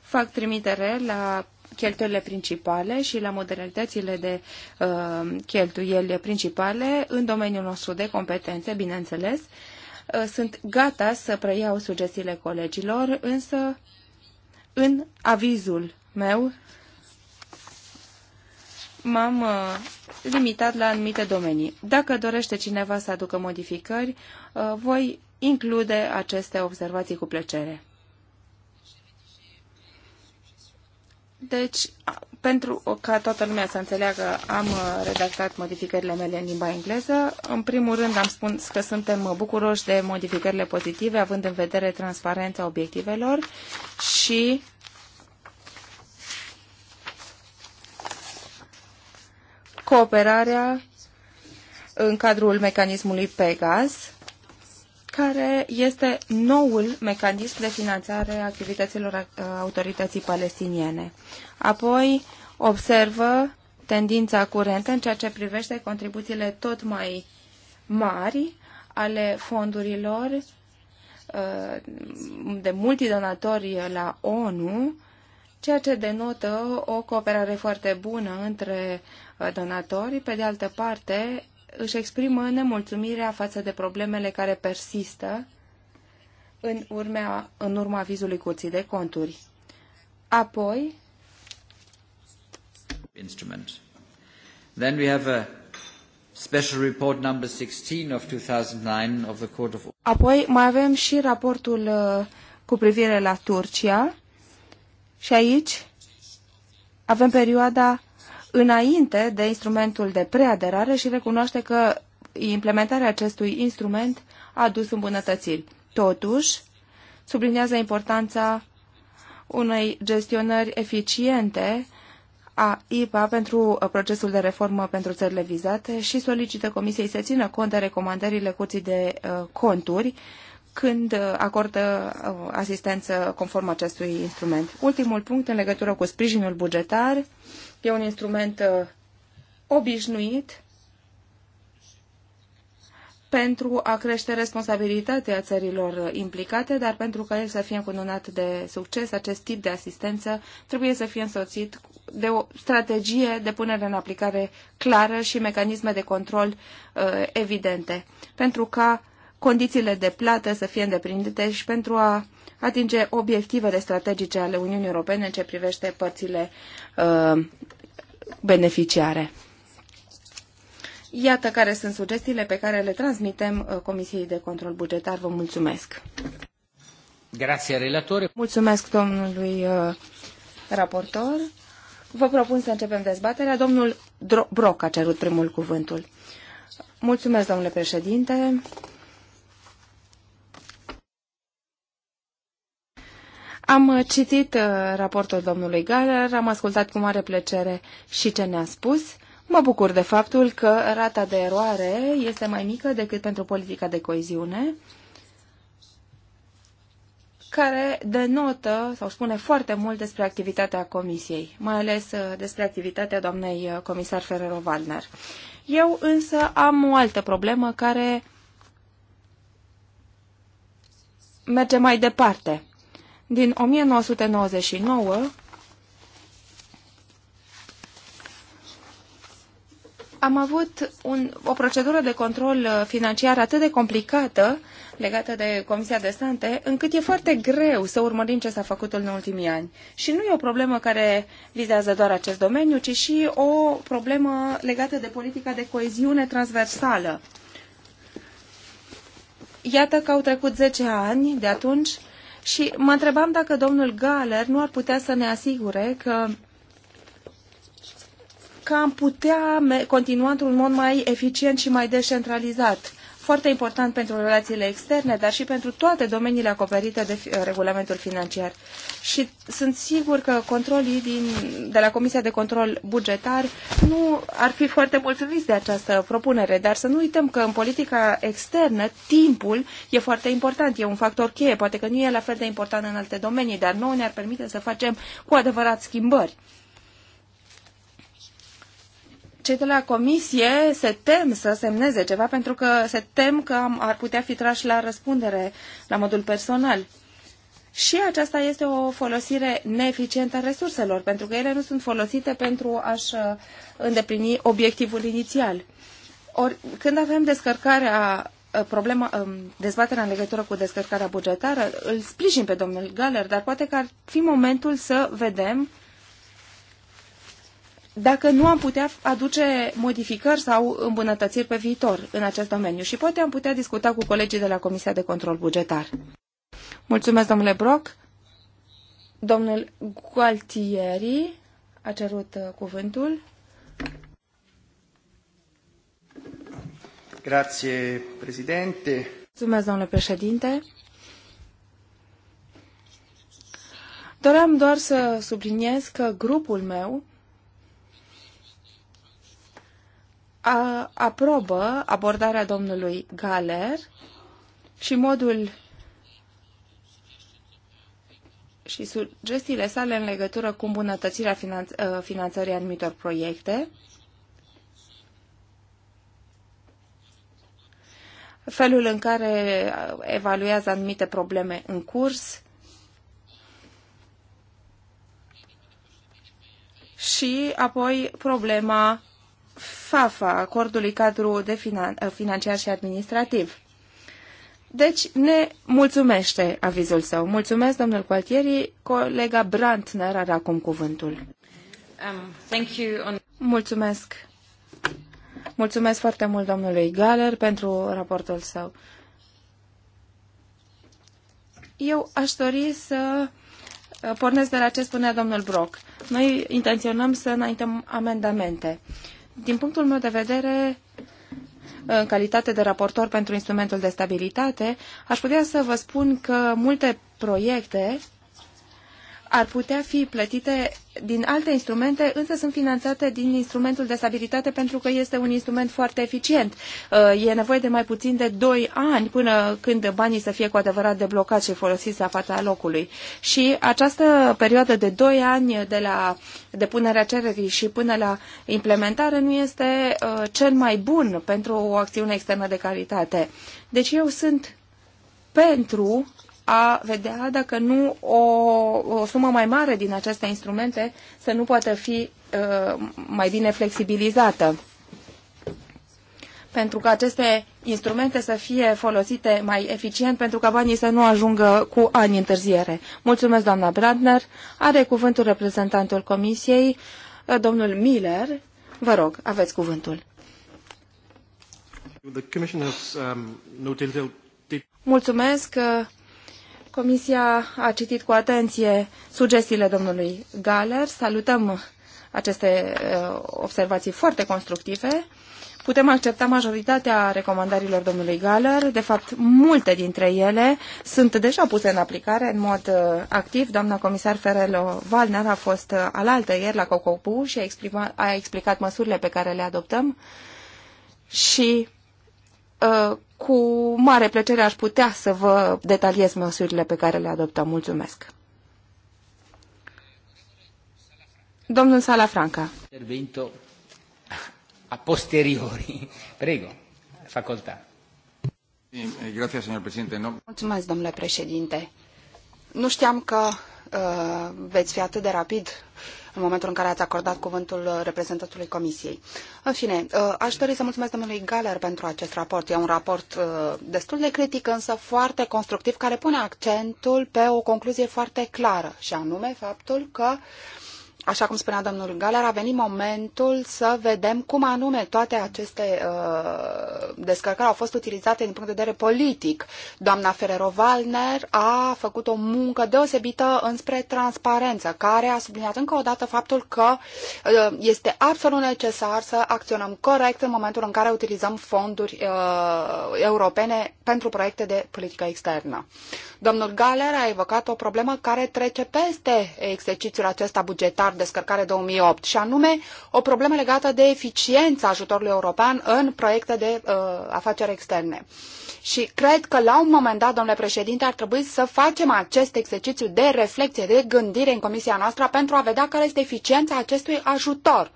fac trimitere la cheltuielile principale și la modalitățile de uh, cheltuieli principale în domeniul nostru de competențe, bineînțeles. Uh, sunt gata să preiau sugestiile colegilor, însă în avizul meu m-am uh, limitat la anumite domenii. Dacă dorește cineva să aducă modificări, uh, voi include aceste observații cu plăcere. Deci, pentru ca toată lumea să înțeleagă, am uh, redactat modificările mele în limba engleză. În primul rând am spus că suntem bucuroși de modificările pozitive, având în vedere transparența obiectivelor și cooperarea în cadrul mecanismului PEGAS, care este noul mecanism de finanțare a activităților autorității palestiniene. Apoi observă tendința curentă în ceea ce privește contribuțiile tot mai mari ale fondurilor uh, de multidonatori la ONU, ceea ce denotă o cooperare foarte bună între donatori, pe de altă parte, își exprimă nemulțumirea față de problemele care persistă în, urmea, în urma vizului curții de conturi. Apoi, instrument. Then we have a special report number 16 of 2009 of the Court of Apoi mai avem și raportul uh, cu privire la Turcia și aici avem perioada înainte de instrumentul de preaderare și recunoaște că implementarea acestui instrument a dus îmbunătățiri. Totuși, subliniază importanța unei gestionări eficiente a IPA pentru uh, procesul de reformă pentru țările vizate și solicită Comisiei să țină cont de recomandările Curții de uh, Conturi când uh, acordă asistență conform acestui instrument. Ultimul punct în legătură cu sprijinul bugetar E un instrument uh, obișnuit pentru a crește responsabilitatea țărilor uh, implicate, dar pentru ca el să fie încununat de succes, acest tip de asistență trebuie să fie însoțit de o strategie de punere în aplicare clară și mecanisme de control uh, evidente, pentru ca condițiile de plată să fie îndeplinite și pentru a atinge obiectivele strategice ale Uniunii Europene în ce privește părțile uh, beneficiare. Iată care sunt sugestiile pe care le transmitem uh, Comisiei de Control Bugetar. Vă mulțumesc. Grazie, relatore. Mulțumesc domnului uh, raportor. Vă propun să începem dezbaterea. Domnul Broc a cerut primul cuvântul. Mulțumesc, domnule președinte. Am uh, citit uh, raportul domnului Galer, am ascultat cu mare plăcere și ce ne-a spus. Mă bucur de faptul că rata de eroare este mai mică decât pentru politica de coeziune, care denotă sau spune foarte mult despre activitatea Comisiei, mai ales uh, despre activitatea doamnei comisar Ferrero-Waldner. Eu însă am o altă problemă care merge mai departe din 1999 am avut un, o procedură de control financiar atât de complicată legată de Comisia de Sante, încât e foarte greu să urmărim ce s-a făcut în ultimii ani. Și nu e o problemă care vizează doar acest domeniu, ci și o problemă legată de politica de coeziune transversală. Iată că au trecut 10 ani de atunci și mă întrebam dacă domnul Galer nu ar putea să ne asigure că că am putea continua într-un mod mai eficient și mai descentralizat foarte important pentru relațiile externe, dar și pentru toate domeniile acoperite de uh, regulamentul financiar. Și sunt sigur că controlii din, de la Comisia de Control Bugetar nu ar fi foarte mulțumiți de această propunere, dar să nu uităm că în politica externă timpul e foarte important, e un factor cheie, poate că nu e la fel de important în alte domenii, dar nouă ne-ar permite să facem cu adevărat schimbări cei de la comisie se tem să semneze ceva pentru că se tem că ar putea fi trași la răspundere la modul personal. Și aceasta este o folosire neeficientă a resurselor, pentru că ele nu sunt folosite pentru a-și uh, îndeplini obiectivul inițial. Or, când avem descărcarea uh, problema, um, dezbaterea în legătură cu descărcarea bugetară, îl sprijin pe domnul Galer, dar poate că ar fi momentul să vedem dacă nu am putea aduce modificări sau îmbunătățiri pe viitor în acest domeniu și poate am putea discuta cu colegii de la Comisia de Control Bugetar. Mulțumesc, domnule Broc. Domnul Gualtieri a cerut uh, cuvântul. Grazie, președinte. Mulțumesc, domnule președinte. Doream doar să subliniez că grupul meu a, aprobă abordarea domnului Galer și modul și sugestiile sale în legătură cu îmbunătățirea finanț- finanțării anumitor proiecte, felul în care evaluează anumite probleme în curs și apoi problema FAFA, acordului cadru de finan- eh, financiar și administrativ. Deci ne mulțumește avizul său. Mulțumesc, domnul Gualtieri. Colega Brantner are acum cuvântul. Um, thank you on... Mulțumesc. Mulțumesc foarte mult domnului Galer pentru raportul său. Eu aș dori să eh, pornesc de la ce spunea domnul Brock. Noi intenționăm să înaintăm amendamente. Uh, din punctul meu de vedere, în calitate de raportor pentru instrumentul de stabilitate, aș putea să vă spun că multe proiecte ar putea fi plătite din alte instrumente, însă sunt finanțate din instrumentul de stabilitate pentru că este un instrument foarte eficient. Uh, e nevoie de mai puțin de 2 ani până când banii să fie cu adevărat deblocați și folosiți la fața locului. Și această perioadă de 2 ani de la depunerea cererii și până la implementare nu este uh, cel mai bun pentru o acțiune externă de calitate. Deci eu sunt pentru a vedea dacă nu o, o sumă mai mare din aceste instrumente să nu poată fi uh, mai bine flexibilizată. Pentru că aceste instrumente să fie folosite mai eficient, pentru ca banii să nu ajungă cu ani întârziere. Mulțumesc, doamna Brandner. Are cuvântul reprezentantul Comisiei, uh, domnul Miller. Vă rog, aveți cuvântul. Um, Mulțumesc. Uh, Comisia a citit cu atenție sugestiile domnului Galer. Salutăm aceste uh, observații foarte constructive. Putem accepta majoritatea recomandărilor domnului Galer. De fapt, multe dintre ele sunt deja puse în aplicare în mod uh, activ. Doamna comisar Ferelo Valner a fost uh, alaltă ieri la Cocopu și a, exprima, a explicat măsurile pe care le adoptăm și Uh, cu mare plăcere aș putea să vă detaliez măsurile pe care le adoptăm. Mulțumesc! Domnul Salafranca. Intervento a posteriori. Prego, Facultă. Eh, Mulțumesc, domnule președinte. Nu știam că uh, veți fi atât de rapid în momentul în care ați acordat cuvântul uh, reprezentantului Comisiei. În fine, uh, aș dori să mulțumesc domnului Galer pentru acest raport. E un raport uh, destul de critic, însă foarte constructiv, care pune accentul pe o concluzie foarte clară, și anume faptul că uh, așa cum spunea domnul Galar, a venit momentul să vedem cum anume toate aceste uh, descărcări au fost utilizate din punct de vedere politic. Doamna Ferrero-Valner a făcut o muncă deosebită înspre transparență, care a subliniat încă o dată faptul că uh, este absolut necesar să acționăm corect în momentul în care utilizăm fonduri uh, europene pentru proiecte de politică externă. Domnul Galer a evocat o problemă care trece peste exercițiul acesta bugetar descărcare 2008, și anume o problemă legată de eficiența ajutorului european în proiecte de uh, afaceri externe. Și cred că la un moment dat, domnule președinte, ar trebui să facem acest exercițiu de reflexie, de gândire în comisia noastră pentru a vedea care este eficiența acestui ajutor.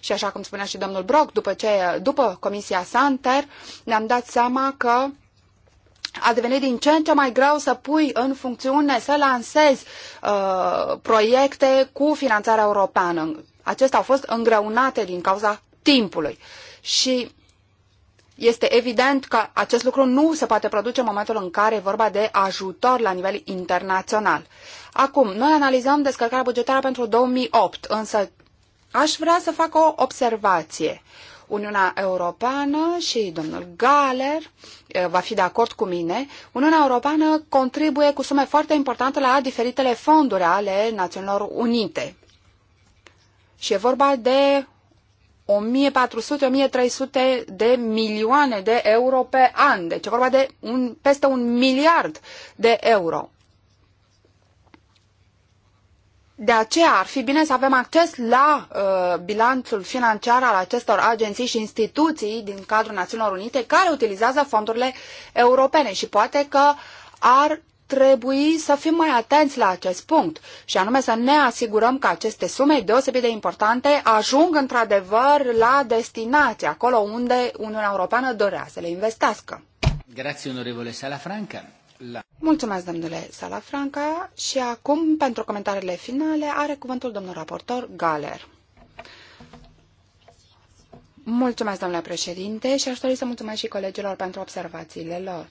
Și așa cum spunea și domnul Brock, după, ce, după comisia Santer, ne-am dat seama că a devenit din ce în ce mai greu să pui în funcțiune, să lansezi uh, proiecte cu finanțarea europeană. Acestea au fost îngreunate din cauza timpului. Și este evident că acest lucru nu se poate produce în momentul în care e vorba de ajutor la nivel internațional. Acum, noi analizăm descărcarea bugetară pentru 2008, însă aș vrea să fac o observație. Uniunea Europeană și domnul Galer eh, va fi de acord cu mine, Uniunea Europeană contribuie cu sume foarte importante la diferitele fonduri ale Națiunilor Unite. Și e vorba de 1400-1300 de milioane de euro pe an. Deci e vorba de un, peste un miliard de euro. De aceea ar fi bine să avem acces la uh, bilanțul financiar al acestor agenții și instituții din cadrul Națiunilor Unite care utilizează fondurile europene și poate că ar trebui să fim mai atenți la acest punct și anume să ne asigurăm că aceste sume deosebit de importante ajung într-adevăr la destinație, acolo unde Uniunea Europeană dorea să le investească. Grazie, onorevole Salafranca la... Mulțumesc, domnule Salafranca. Și acum, pentru comentariile finale, are cuvântul domnul raportor Galer. Mulțumesc, domnule președinte, și aș dori să mulțumesc și colegilor pentru observațiile lor.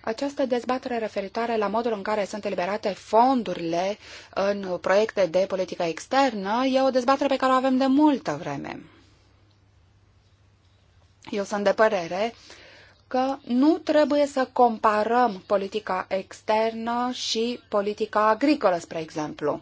Această dezbatere referitoare la modul în care sunt eliberate fondurile în proiecte de politică externă e o dezbatere pe care o avem de multă vreme. Eu sunt de părere că nu trebuie să comparăm politica externă și politica agricolă, spre exemplu.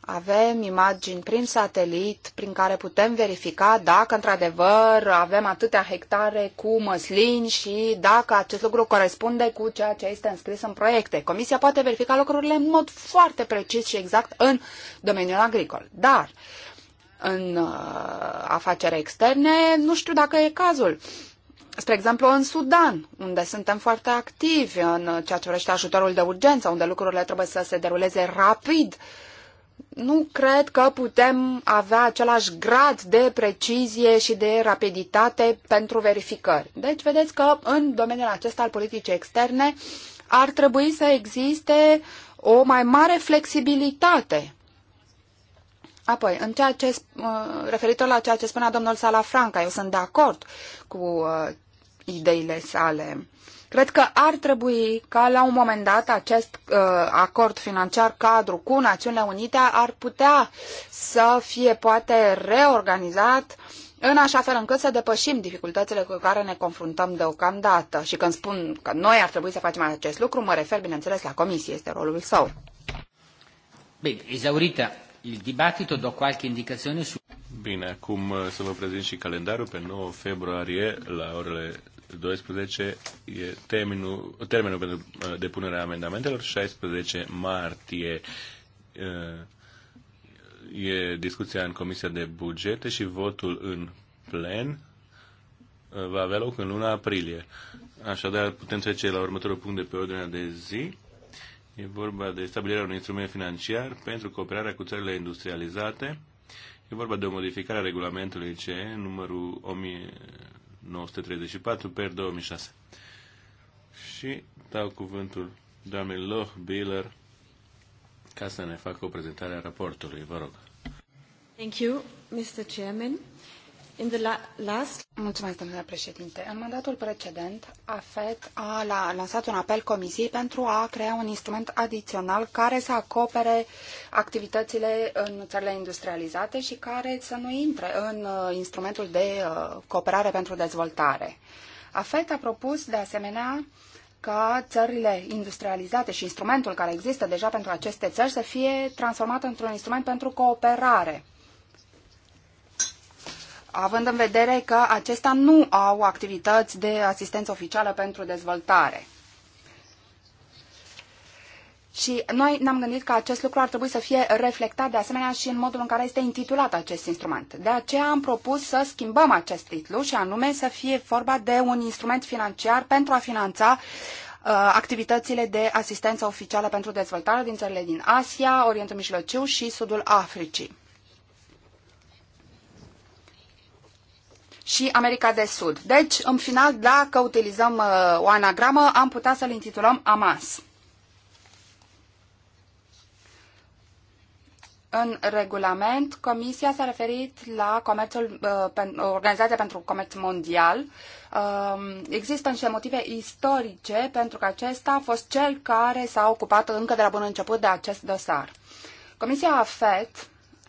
Avem imagini prin satelit prin care putem verifica dacă într-adevăr avem atâtea hectare cu măslini și dacă acest lucru corespunde cu ceea ce este înscris în proiecte. Comisia poate verifica lucrurile în mod foarte precis și exact în domeniul agricol. Dar în uh, afaceri externe, nu știu dacă e cazul spre exemplu, în Sudan, unde suntem foarte activi în ceea ce vrește ajutorul de urgență, unde lucrurile trebuie să se deruleze rapid, nu cred că putem avea același grad de precizie și de rapiditate pentru verificări. Deci, vedeți că în domeniul acesta al politicii externe ar trebui să existe o mai mare flexibilitate Apoi, în ceea ce, uh, referitor la ceea ce spunea domnul Salafranca, eu sunt de acord cu uh, ideile sale. Cred că ar trebui ca la un moment dat acest uh, acord financiar cadru cu Națiunile Unite ar putea să fie poate reorganizat în așa fel încât să depășim dificultățile cu care ne confruntăm deocamdată. Și când spun că noi ar trebui să facem acest lucru, mă refer, bineînțeles, la comisie, este rolul său. Bine, ezaurită il dibattito, do qualche indicazione su... Bine, acum uh, să vă prezint și calendarul. Pe 9 februarie, la orele 12 e termenul, termenul pentru uh, depunerea amendamentelor, 16 martie uh, e discuția în Comisia de Bugete și votul în plen uh, va avea loc în luna aprilie. Așadar, putem trece la următorul punct de pe ordinea de zi. E vorba de stabilirea unui instrument financiar pentru cooperarea cu țările industrializate. E vorba de o modificare a regulamentului CE numărul 1000 934 per 2006. Și dau cuvântul doamnei Loh Biller ca să ne facă o prezentare a raportului. Vă rog. Thank you, Mr. Chairman. In the la last... Mulțumesc, domnule președinte. În mandatul precedent, AFET a lansat un apel comisiei pentru a crea un instrument adițional care să acopere activitățile în țările industrializate și care să nu intre în uh, instrumentul de uh, cooperare pentru dezvoltare. AFET a propus, de asemenea, ca țările industrializate și instrumentul care există deja pentru aceste țări să fie transformat într-un instrument pentru cooperare având în vedere că acestea nu au activități de asistență oficială pentru dezvoltare. Și noi ne-am gândit că acest lucru ar trebui să fie reflectat de asemenea și în modul în care este intitulat acest instrument. De aceea am propus să schimbăm acest titlu și anume să fie vorba de un instrument financiar pentru a finanța uh, activitățile de asistență oficială pentru dezvoltare din țările din Asia, Orientul Mijlociu și Sudul Africii. și America de Sud. Deci, în final, dacă utilizăm uh, o anagramă, am putea să-l intitulăm AMAS. În regulament, Comisia s-a referit la comerțul, uh, pen, Organizația pentru Comerț Mondial. Uh, există niște motive istorice pentru că acesta a fost cel care s-a ocupat încă de la bun început de acest dosar. Comisia AFET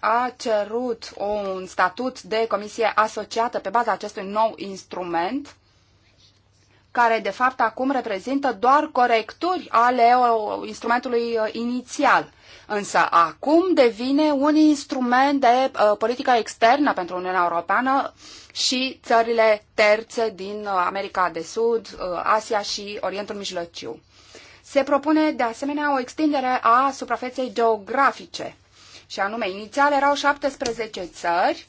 a cerut un statut de comisie asociată pe baza acestui nou instrument, care de fapt acum reprezintă doar corecturi ale uh, instrumentului uh, inițial. Însă acum devine un instrument de uh, politică externă pentru Uniunea Europeană și țările terțe din uh, America de Sud, uh, Asia și Orientul Mijlociu. Se propune de asemenea o extindere a suprafeței geografice și anume, inițial erau 17 țări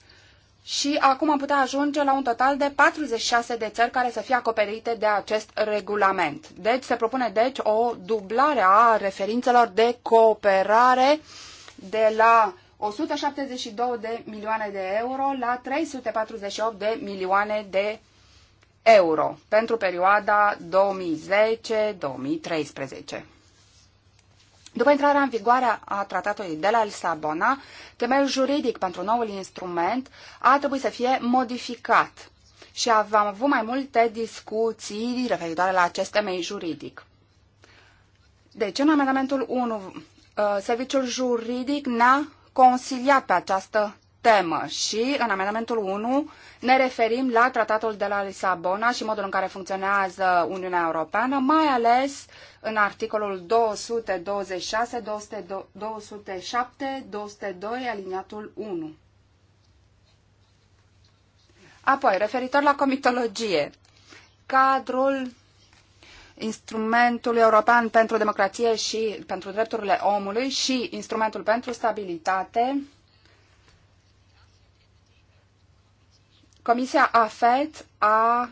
și acum am putea ajunge la un total de 46 de țări care să fie acoperite de acest regulament. Deci se propune deci o dublare a referințelor de cooperare de la 172 de milioane de euro la 348 de milioane de euro pentru perioada 2010-2013. După intrarea în vigoare a tratatului de la Lisabona, temeiul juridic pentru noul instrument a trebuit să fie modificat și am avut mai multe discuții referitoare la acest temei juridic. Deci, în amendamentul 1, uh, serviciul juridic ne-a consiliat pe această temă și în amendamentul 1 ne referim la tratatul de la Lisabona și modul în care funcționează Uniunea Europeană, mai ales în articolul 226, 200, 207, 202, aliniatul 1. Apoi, referitor la comitologie, cadrul instrumentul european pentru democrație și pentru drepturile omului și instrumentul pentru stabilitate Comisia AFET a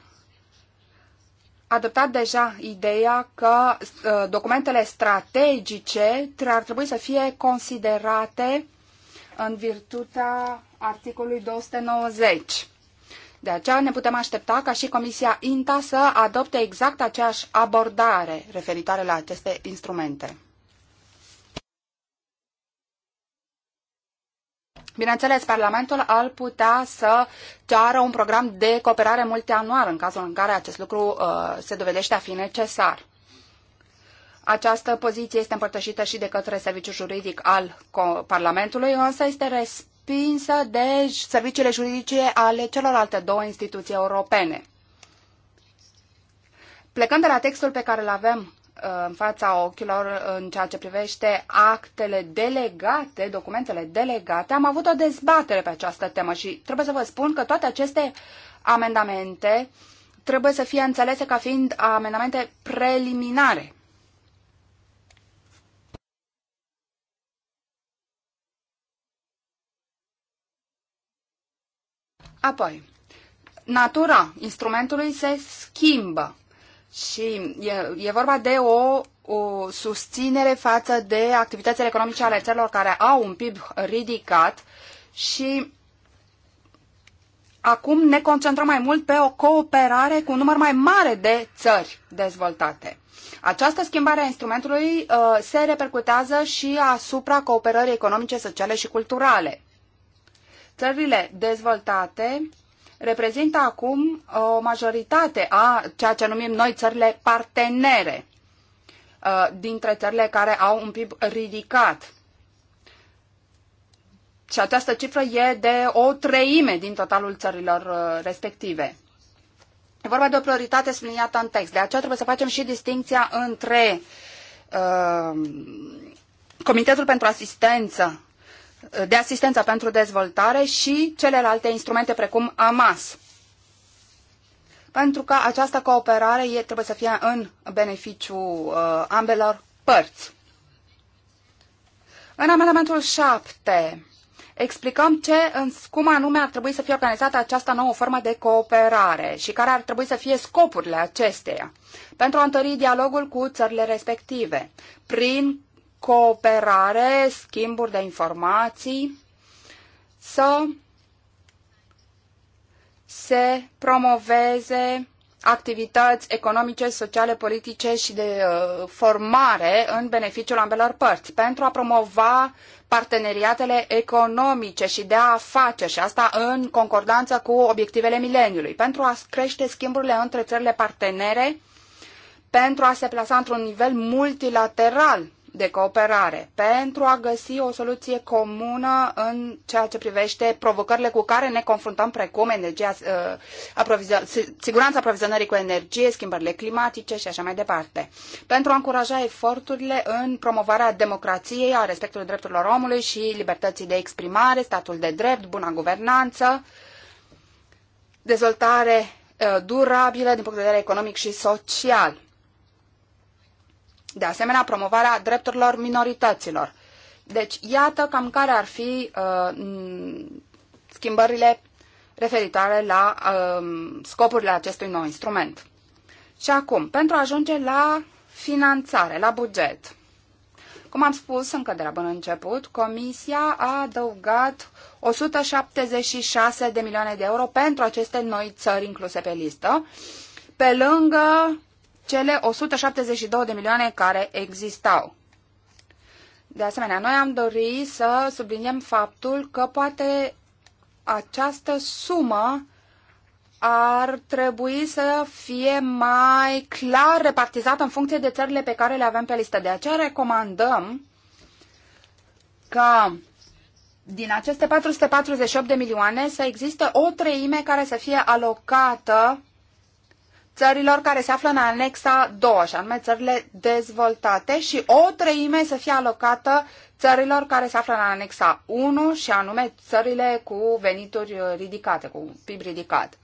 adoptat deja ideea că ă, documentele strategice ar trebui să fie considerate în virtutea articolului 290. De aceea ne putem aștepta ca și Comisia INTA să adopte exact aceeași abordare referitoare la aceste instrumente. Bineînțeles, Parlamentul ar putea să ceară un program de cooperare multianual în cazul în care acest lucru uh, se dovedește a fi necesar. Această poziție este împărtășită și de către serviciul juridic al Parlamentului, însă este respinsă de serviciile juridice ale celorlalte două instituții europene. Plecând de la textul pe care îl avem în fața ochilor în ceea ce privește actele delegate, documentele delegate. Am avut o dezbatere pe această temă și trebuie să vă spun că toate aceste amendamente trebuie să fie înțelese ca fiind amendamente preliminare. Apoi, natura instrumentului se schimbă și e, e vorba de o, o susținere față de activitățile economice ale țărilor care au un PIB ridicat și acum ne concentrăm mai mult pe o cooperare cu un număr mai mare de țări dezvoltate. Această schimbare a instrumentului uh, se repercutează și asupra cooperării economice, sociale și culturale. Țările dezvoltate reprezintă acum uh, o majoritate a ceea ce numim noi țările partenere uh, dintre țările care au un PIB ridicat. Și această cifră e de o treime din totalul țărilor uh, respective. E vorba de o prioritate subliniată în text. De aceea trebuie să facem și distinția între uh, Comitetul pentru Asistență de asistență pentru dezvoltare și celelalte instrumente precum AMAS. Pentru că această cooperare e, trebuie să fie în beneficiu uh, ambelor părți. În amendamentul 7 explicăm ce, cum anume ar trebui să fie organizată această nouă formă de cooperare și care ar trebui să fie scopurile acesteia pentru a întări dialogul cu țările respective prin cooperare, schimburi de informații, să se promoveze activități economice, sociale, politice și de uh, formare în beneficiul ambelor părți, pentru a promova parteneriatele economice și de face și asta în concordanță cu obiectivele mileniului, pentru a crește schimburile între țările partenere, pentru a se plasa într-un nivel multilateral de cooperare pentru a găsi o soluție comună în ceea ce privește provocările cu care ne confruntăm, precum energia, uh, siguranța aprovizionării cu energie, schimbările climatice și așa mai departe. Pentru a încuraja eforturile în promovarea democrației, a respectului drepturilor omului și libertății de exprimare, statul de drept, buna guvernanță, dezvoltare uh, durabilă din punct de vedere economic și social de asemenea promovarea drepturilor minorităților. Deci, iată cam care ar fi uh, schimbările referitoare la uh, scopurile acestui nou instrument. Și acum, pentru a ajunge la finanțare, la buget. Cum am spus încă de la bun început, Comisia a adăugat 176 de milioane de euro pentru aceste noi țări incluse pe listă, pe lângă cele 172 de milioane care existau. De asemenea, noi am dorit să subliniem faptul că poate această sumă ar trebui să fie mai clar repartizată în funcție de țările pe care le avem pe listă. De aceea recomandăm ca din aceste 448 de milioane să existe o treime care să fie alocată țărilor care se află în anexa 2, și anume țările dezvoltate, și o treime să fie alocată țărilor care se află în anexa 1, și anume țările cu venituri ridicate, cu PIB ridicat.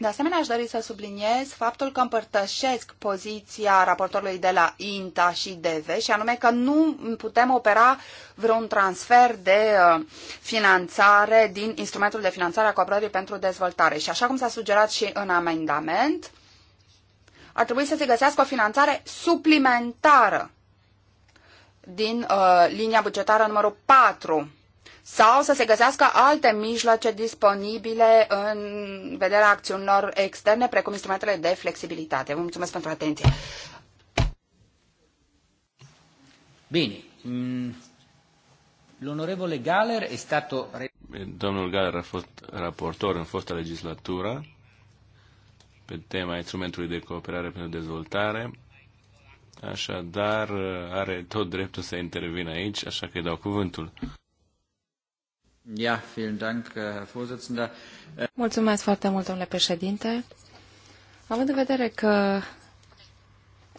De asemenea, aș dori să subliniez faptul că împărtășesc poziția raportorului de la INTA și DV, și anume că nu putem opera vreun transfer de uh, finanțare din instrumentul de finanțare a cooperării pentru dezvoltare. Și așa cum s-a sugerat și în amendament, ar trebui să se găsească o finanțare suplimentară din uh, linia bugetară numărul 4 sau să se găsească alte mijloace disponibile în vederea acțiunilor externe, precum instrumentele de flexibilitate. Vă mulțumesc pentru atenție. Bine. Mm, l'onorevole Galer è stato... Domnul Galer a fost raportor în fosta legislatură pe tema instrumentului de cooperare pentru dezvoltare. Așadar, are tot dreptul să intervină aici, așa că îi dau cuvântul. Äh, äh, Mulțumesc foarte mult, domnule președinte. Având în vedere că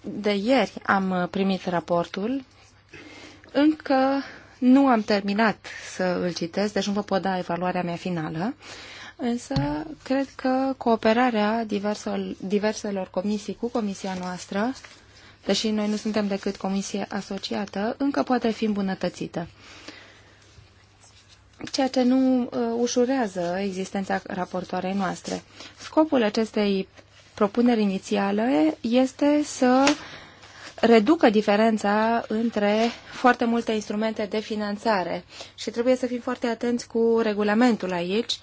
de ieri am primit raportul, încă nu am terminat să îl citesc, deci nu vă pot da evaluarea mea finală, însă cred că cooperarea diverselor comisii cu comisia noastră, deși noi nu suntem decât comisie asociată, încă poate fi îmbunătățită ceea ce nu uh, ușurează existența raportoarei noastre. Scopul acestei propuneri inițiale este să reducă diferența între foarte multe instrumente de finanțare și trebuie să fim foarte atenți cu regulamentul aici,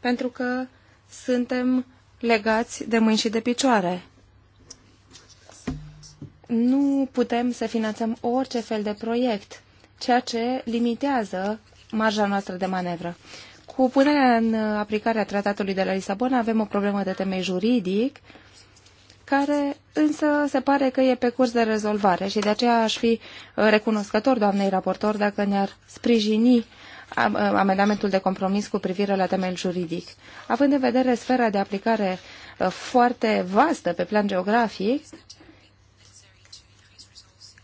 pentru că suntem legați de mâini și de picioare. Nu putem să finanțăm orice fel de proiect ceea ce limitează marja noastră de manevră. Cu punerea în aplicare a tratatului de la Lisabona avem o problemă de temei juridic, care însă se pare că e pe curs de rezolvare și de aceea aș fi uh, recunoscător doamnei raportor dacă ne-ar sprijini uh, amendamentul de compromis cu privire la temel juridic. Având în vedere sfera de aplicare uh, foarte vastă pe plan geografic,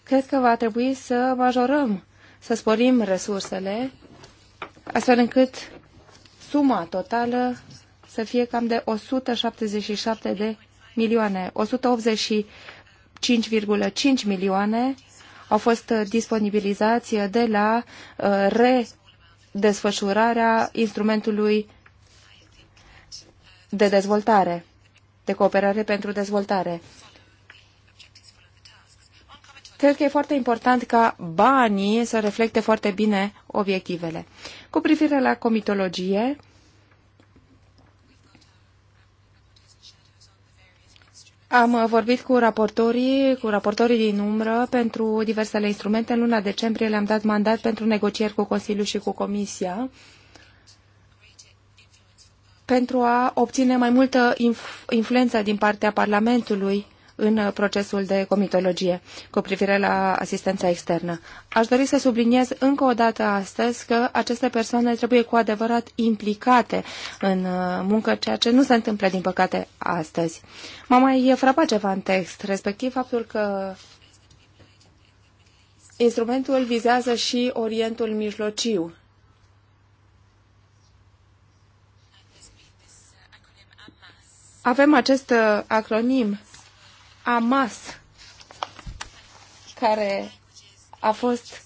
cred că va trebui să majorăm să sporim resursele, astfel încât suma totală să fie cam de 177 de milioane, 185,5 milioane au fost disponibilizați de la uh, redesfășurarea instrumentului de dezvoltare, de cooperare pentru dezvoltare. Cred că e foarte important ca banii să reflecte foarte bine obiectivele. Cu privire la comitologie, Am vorbit cu raportorii, cu raportorii din umbră pentru diversele instrumente. În luna decembrie le-am dat mandat pentru negocieri cu Consiliul și cu Comisia pentru a obține mai multă influență din partea Parlamentului în procesul de comitologie cu privire la asistența externă. Aș dori să subliniez încă o dată astăzi că aceste persoane trebuie cu adevărat implicate în uh, muncă, ceea ce nu se întâmplă, din păcate, astăzi. M-a mai frapat ceva în text, respectiv faptul că instrumentul vizează și Orientul Mijlociu, Avem acest uh, acronim Amas, care a fost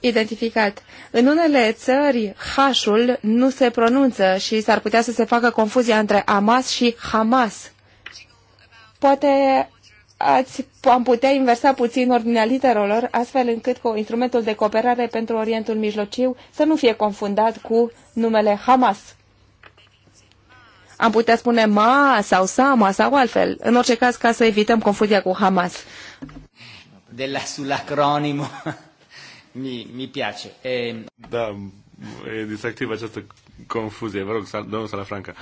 identificat. În unele țări, hașul nu se pronunță și s-ar putea să se facă confuzia între Amas și Hamas. Poate ați, am putea inversa puțin ordinea literelor, astfel încât cu instrumentul de cooperare pentru Orientul Mijlociu să nu fie confundat cu numele Hamas. Am putea spune MA sau SAMA sau altfel. În orice caz, ca să evităm confuzia cu Hamas. De la sulacronimo. [LAUGHS] mi, mi piace. E... Da, e distractivă această confuzie. Vă rog, domnul Salafranca.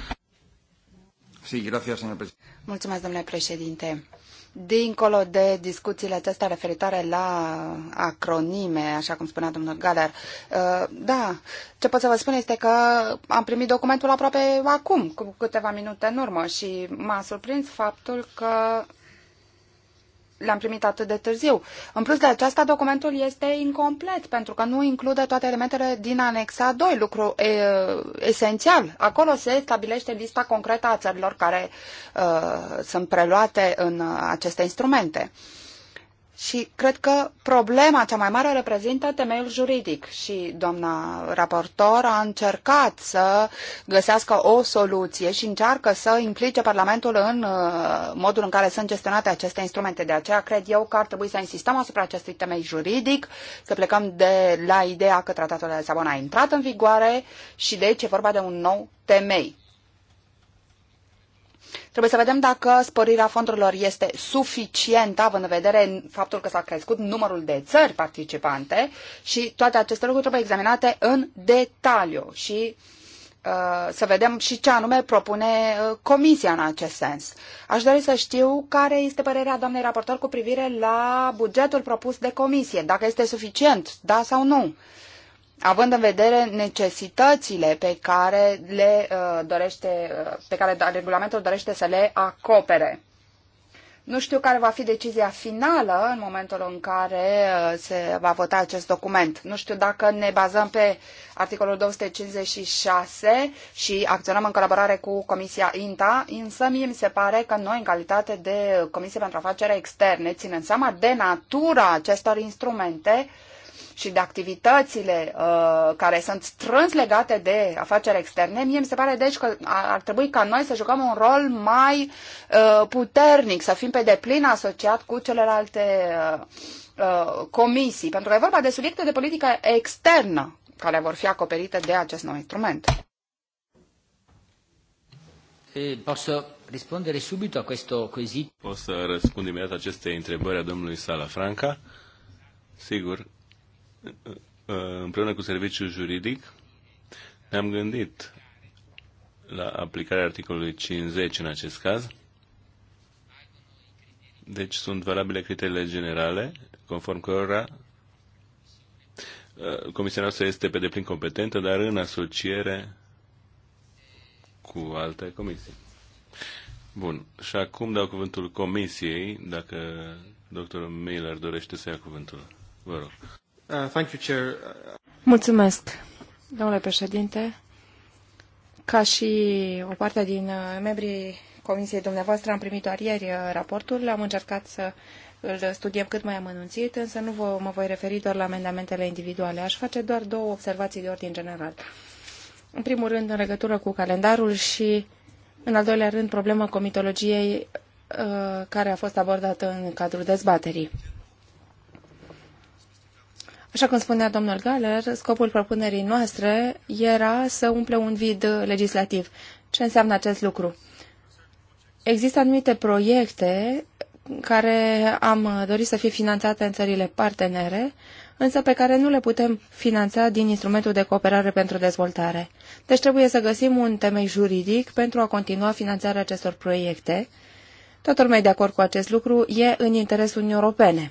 Sí, gracias, señor presidente. Mulțumesc, domnule președinte. Dincolo de discuțiile acestea referitoare la acronime, așa cum spunea domnul Galer, uh, da, ce pot să vă spun este că am primit documentul aproape acum, cu câteva minute în urmă și m-a surprins faptul că le-am primit atât de târziu. În plus de aceasta, documentul este incomplet, pentru că nu include toate elementele din anexa 2, lucru e, esențial. Acolo se stabilește lista concretă a țărilor care uh, sunt preluate în uh, aceste instrumente. Uh, și cred că problema cea mai mare reprezintă temeiul juridic și doamna raportor a încercat să găsească o soluție și încearcă să implice Parlamentul în uh, modul în care sunt gestionate aceste instrumente. De aceea cred eu că ar trebui să insistăm asupra acestui temei juridic, să plecăm de la ideea că tratatul de Lisabona a intrat în vigoare și deci e vorba de un nou temei. Trebuie să vedem dacă sporirea fondurilor este suficientă, având în vedere faptul că s-a crescut numărul de țări participante și toate aceste lucruri trebuie examinate în detaliu și uh, să vedem și ce anume propune uh, Comisia în acest sens. Aș dori să știu care este părerea doamnei raportor cu privire la bugetul propus de Comisie, dacă este suficient, da sau nu. Uh, având în vedere necesitățile pe care le uh, dorește, uh, pe care regulamentul dorește să le acopere. Nu știu care va fi decizia finală în momentul în care uh, se va vota acest document. Nu știu dacă ne bazăm pe articolul 256 și acționăm în colaborare cu Comisia INTA, însă mie mi se pare că noi, în calitate de Comisie pentru Afaceri Externe, ținând seama de natura acestor instrumente, și de activitățile uh, care sunt strâns legate de afaceri externe, mie mi se pare deci că ar trebui ca noi să jucăm un rol mai uh, puternic, să fim pe deplin asociat cu celelalte uh, uh comisii, pentru că e vorba de subiecte de politică externă care vor fi acoperite de acest nou instrument. E, posso rispondere subito a questo quesito? Posso rispondere a întrebări a domnului Franca, Sigur, împreună cu serviciul juridic, ne-am gândit la aplicarea articolului 50 în acest caz. Deci sunt valabile criteriile generale, conform cărora uh, Comisia noastră este pe deplin competentă, dar în asociere cu alte comisii. Bun. Și acum dau cuvântul comisiei, dacă doctorul Miller dorește să ia cuvântul. Vă rog. Uh, Mulțumesc, domnule președinte. Ca și o parte din uh, membrii comisiei dumneavoastră, am primit doar ieri uh, raportul. Am încercat să îl studiem cât mai amănunțit, însă nu vă, mă voi referi doar la amendamentele individuale. Aș face doar două observații de ordin general. În primul rând, în legătură cu calendarul și, în al doilea rând, problema comitologiei care a fost abordată în cadrul dezbaterii. Așa cum spunea domnul Galer, scopul propunerii noastre era să umple un vid legislativ. Ce înseamnă acest lucru? Există anumite proiecte care am dorit să fie finanțate în țările partenere, însă pe care nu le putem finanța din instrumentul de cooperare pentru dezvoltare. Deci trebuie să găsim un temei juridic pentru a continua finanțarea acestor proiecte. Toată lumea e de acord cu acest lucru, e în interesul Uniunii Europene.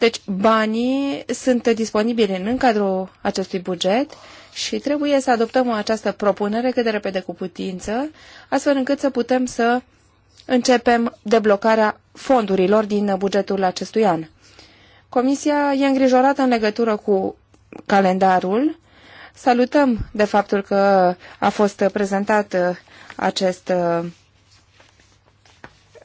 Deci banii sunt disponibili în cadrul acestui buget și trebuie să adoptăm această propunere cât de repede cu putință, astfel încât să putem să începem deblocarea fondurilor din bugetul acestui an. Comisia e îngrijorată în legătură cu calendarul. Salutăm de faptul că a fost prezentat uh, acest uh,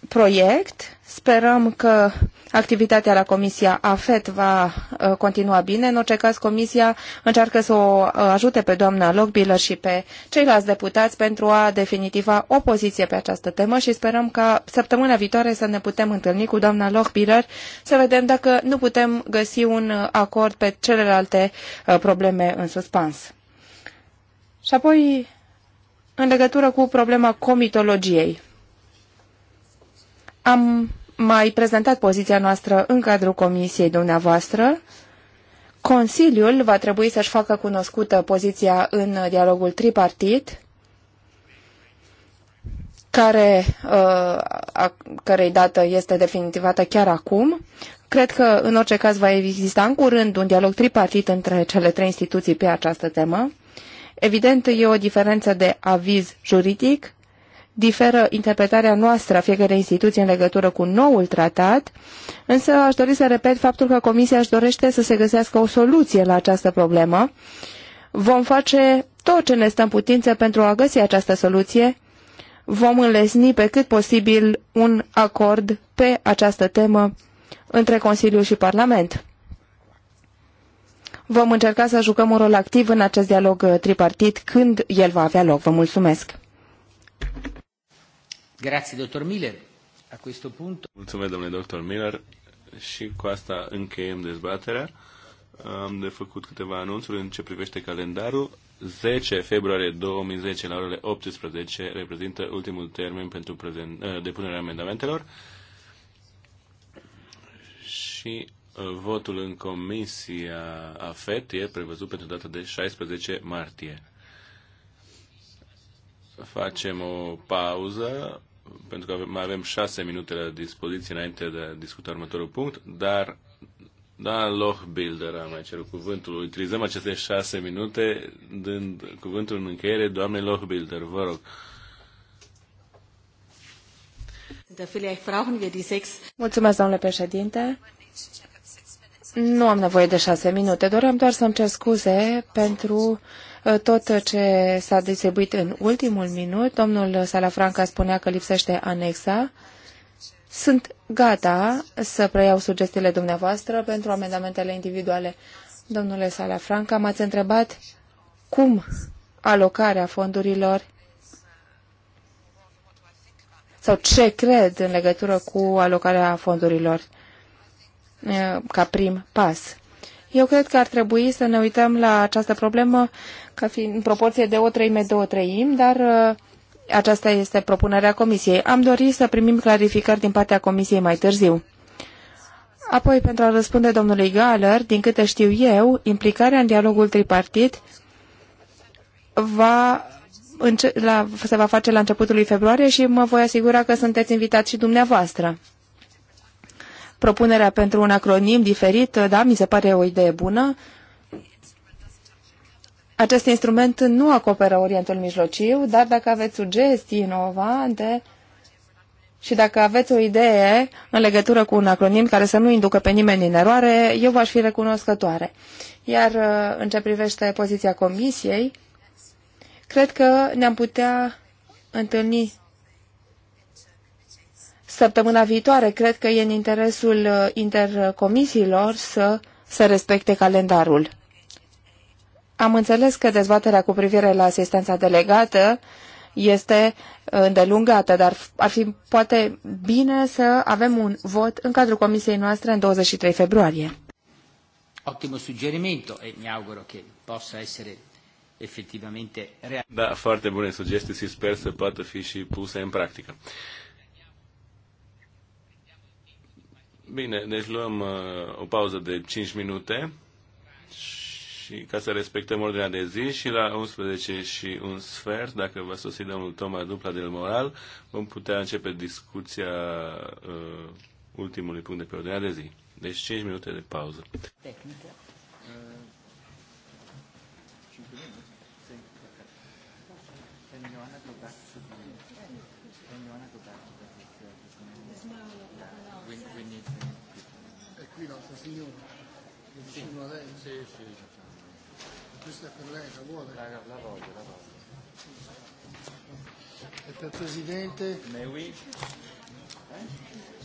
proiect Sperăm că activitatea la Comisia AFET va uh, continua bine. În orice caz, Comisia încearcă să o uh, ajute pe doamna Logbiller și pe ceilalți deputați pentru a definitiva o poziție pe această temă și sperăm ca săptămâna viitoare să ne putem întâlni cu doamna Logbiller să vedem dacă nu putem găsi un acord pe celelalte uh, probleme în suspans. Și apoi, în legătură cu problema comitologiei. Am mai prezentat poziția noastră în cadrul comisiei dumneavoastră. Consiliul va trebui să-și facă cunoscută poziția în dialogul tripartit, care, uh, a cărei dată este definitivată chiar acum. Cred că, în orice caz, va exista în curând un dialog tripartit între cele trei instituții pe această temă. Evident, e o diferență de aviz juridic diferă interpretarea noastră a fiecărei instituții în legătură cu noul tratat, însă aș dori să repet faptul că Comisia își dorește să se găsească o soluție la această problemă. Vom face tot ce ne stă în putință pentru a găsi această soluție. Vom înlesni pe cât posibil un acord pe această temă între Consiliu și Parlament. Vom încerca să jucăm un rol activ în acest dialog uh, tripartit când el va avea loc. Vă mulțumesc! Grazie, dottor Miller. A questo punto... Mulțumesc, domnule doctor Miller. Și cu asta încheiem dezbaterea. Am de făcut câteva anunțuri în ce privește calendarul. 10 februarie 2010 la orele 18 reprezintă ultimul termen pentru uh, depunerea amendamentelor și uh, votul în comisia AFET e prevăzut pentru data de 16 martie. Facem o pauză pentru că mai avem șase minute la dispoziție înainte de a discuta următorul punct, dar da, builder, am mai cerut cuvântul. Utilizăm aceste șase minute dând cuvântul în încheiere loch builder, Vă rog. Da, Mulțumesc, domnule președinte. Nu am nevoie de șase minute, doream doar să-mi cer scuze pentru uh, Uh, tot ce s-a distribuit în ultimul minut. Domnul Salafranca spunea că lipsește anexa. Sunt gata să preiau sugestiile dumneavoastră pentru amendamentele individuale. Domnule Salafranca, m-ați întrebat cum alocarea fondurilor sau ce cred în legătură cu alocarea fondurilor uh, ca prim pas. Eu cred că ar trebui să ne uităm la această problemă ca fiind în proporție de o treime, două treimi, dar uh, aceasta este propunerea Comisiei. Am dorit să primim clarificări din partea Comisiei mai târziu. Apoi, pentru a răspunde domnului Galer, din câte știu eu, implicarea în dialogul tripartit va la, se va face la începutul lui februarie și mă voi asigura că sunteți invitați și dumneavoastră propunerea pentru un acronim diferit, da, mi se pare o idee bună. Acest instrument nu acoperă Orientul Mijlociu, dar dacă aveți sugestii inovante și dacă aveți o idee în legătură cu un acronim care să nu inducă pe nimeni în eroare, eu v-aș fi recunoscătoare. Iar uh, în ce privește poziția Comisiei, cred că ne-am putea întâlni săptămâna viitoare. Cred că e în interesul uh, intercomisiilor să, să respecte calendarul. Am înțeles că dezbaterea cu privire la asistența delegată este uh, îndelungată, dar ar fi poate bine să avem un vot în cadrul comisiei noastre în 23 februarie. Ottimo suggerimento e mi auguro che possa essere efectivamente real. Da, foarte bune sugestii și sper să poată fi și puse în practică. Bine, deci luăm uh, o pauză de 5 minute și ca să respectăm ordinea de zi și la 11 și un sfert, dacă va sosi domnul Toma Dupla del Moral, vom putea începe discuția uh, ultimului punct de pe ordinea de zi. Deci 5 minute de pauză. Tehnică. con lei? Sì, sì. Questa è per lei, la vuole? La, la voglio, la voglio. E per Presidente? Ne oui. Eh?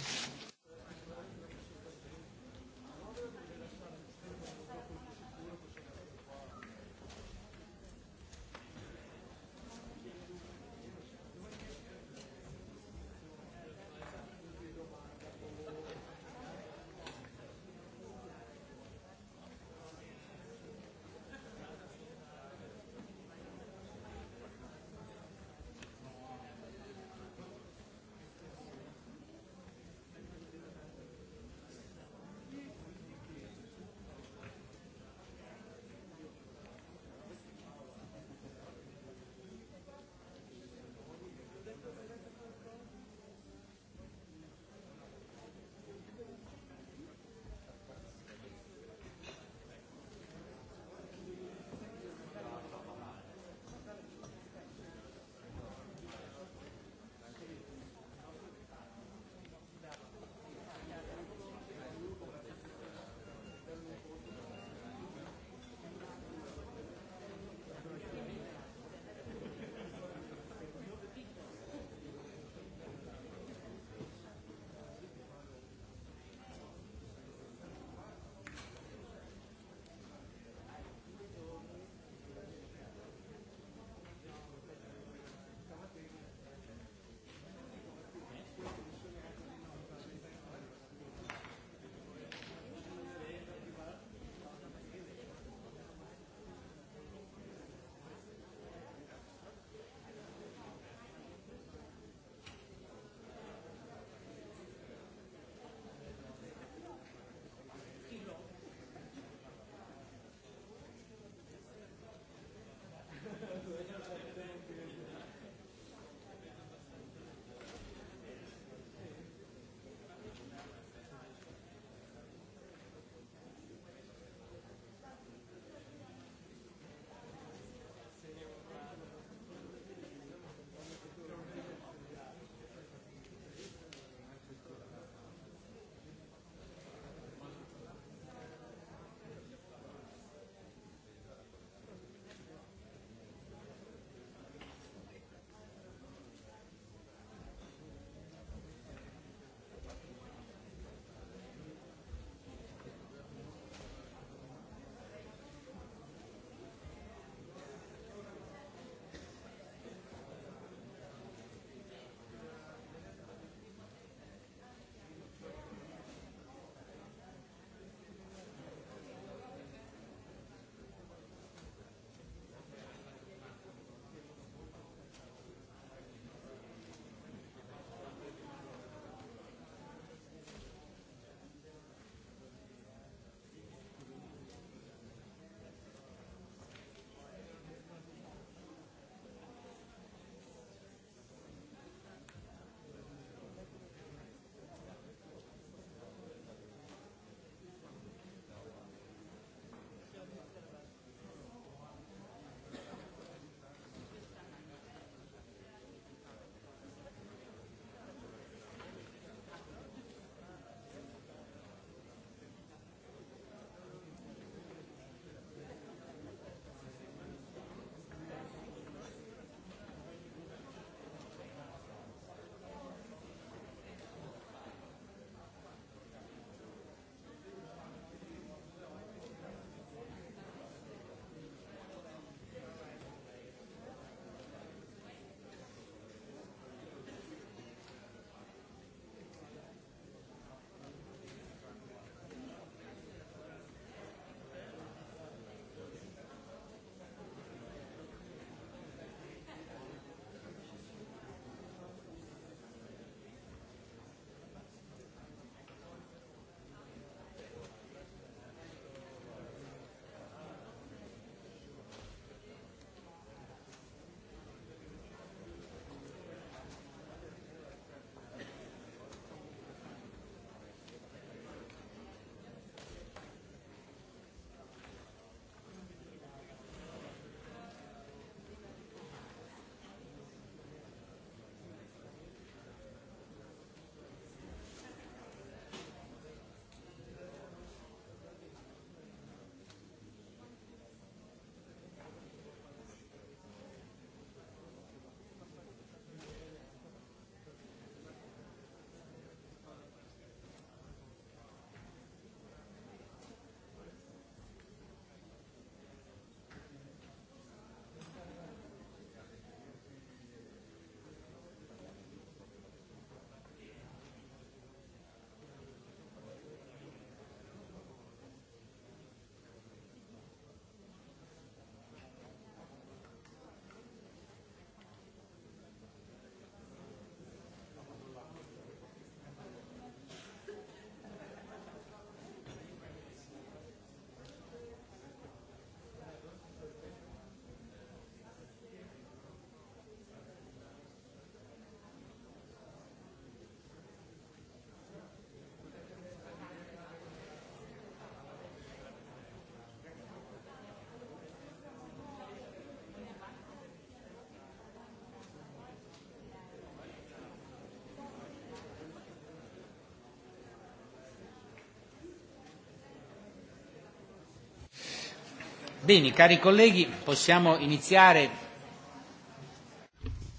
Bene, cari colleghi, possiamo iniziare.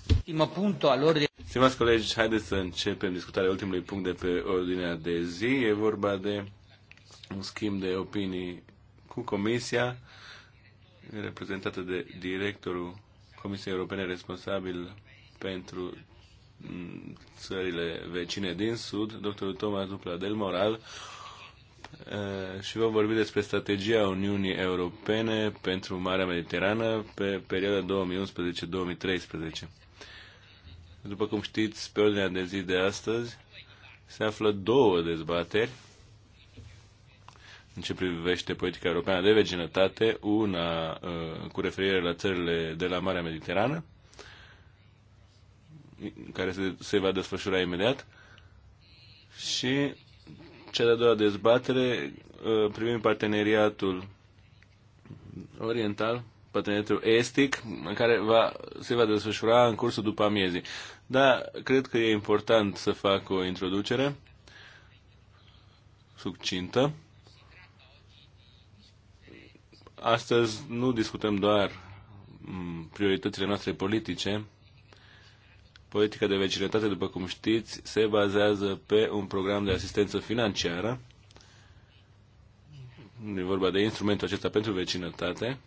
Ultimo punto all'ordine. Stimați colegi, haideți să începem discutarea ultimului punct de pe ordinea de zi. E vorba de un schimb de opinii cu Comisia, reprezentată de directorul Comisiei Europene responsabil pentru mm, țările vecine din Sud, doctorul Thomas Dupla del Moral, Eh, și vom vorbi despre strategia Uniunii Europene pentru Marea Mediterană pe perioada 2011-2013. După cum știți, pe ordinea de zi de astăzi se află două dezbateri în ce privește politica europeană de vecinătate, una eh, cu referire la țările de la Marea Mediterană, care se, se va desfășura imediat, și cea de-a doua dezbatere uh, privim parteneriatul oriental, parteneriatul estic, în care va, se va desfășura în cursul după amiezii. Da, cred că e important să fac o introducere succintă. Astăzi nu discutăm doar mm, prioritățile noastre politice, Politica de vecinătate, după cum știți, se bazează pe un program de asistență financiară. E vorba de instrumentul acesta pentru vecinătate,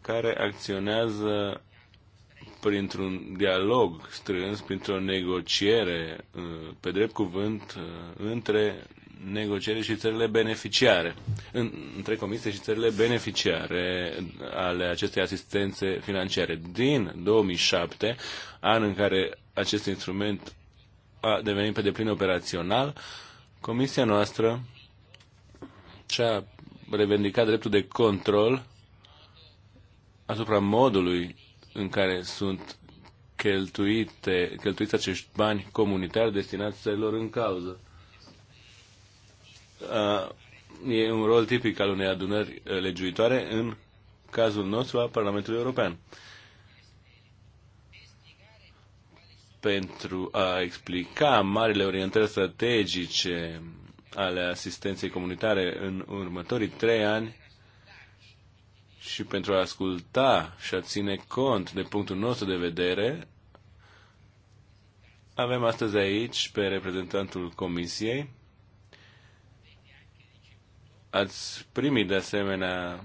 care acționează printr-un dialog strâns, printr-o negociere uh, pe drept cuvânt uh, între negociere și țările beneficiare, între comisie și țările beneficiare ale acestei asistențe financiare. Din 2007, an în care acest instrument a devenit pe deplin operațional, comisia noastră și-a revendicat dreptul de control asupra modului în care sunt cheltuite, cheltuiți acești bani comunitari destinați țărilor în cauză e un rol tipic al unei adunări legiuitoare în cazul nostru a Parlamentului European. Pentru a explica marile orientări strategice ale asistenței comunitare în următorii trei ani și pentru a asculta și a ține cont de punctul nostru de vedere, avem astăzi aici pe reprezentantul Comisiei, Ați primit de asemenea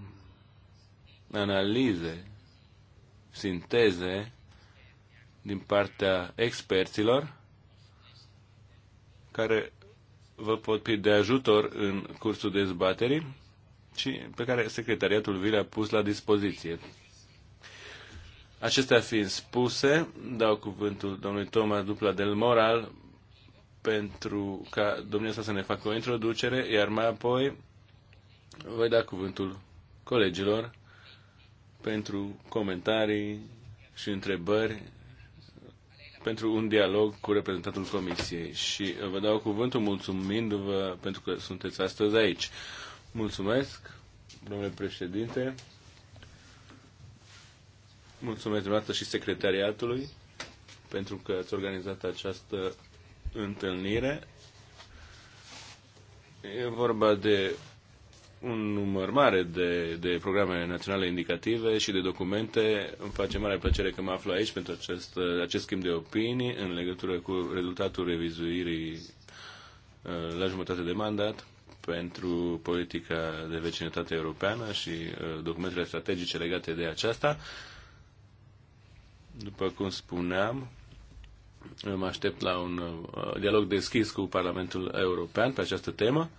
analize, sinteze din partea experților care vă pot fi de ajutor în cursul dezbaterii și pe care secretariatul vi le-a pus la dispoziție. Acestea fiind spuse, dau cuvântul domnului Thomas Dupla del Moral pentru ca domnul să ne facă o introducere, iar mai apoi voi da cuvântul colegilor pentru comentarii și întrebări pentru un dialog cu reprezentantul Comisiei și vă dau cuvântul mulțumindu-vă pentru că sunteți astăzi aici. Mulțumesc, domnule președinte. Mulțumesc dumneavoastră și secretariatului pentru că ați organizat această întâlnire. E vorba de un număr mare de, de programe naționale indicative și de documente. Îmi face mare plăcere că mă aflu aici pentru acest, acest schimb de opinii în legătură cu rezultatul revizuirii uh, la jumătate de mandat pentru politica de vecinătate europeană și uh, documentele strategice legate de aceasta. După cum spuneam, mă aștept la un uh, dialog deschis cu Parlamentul European pe această temă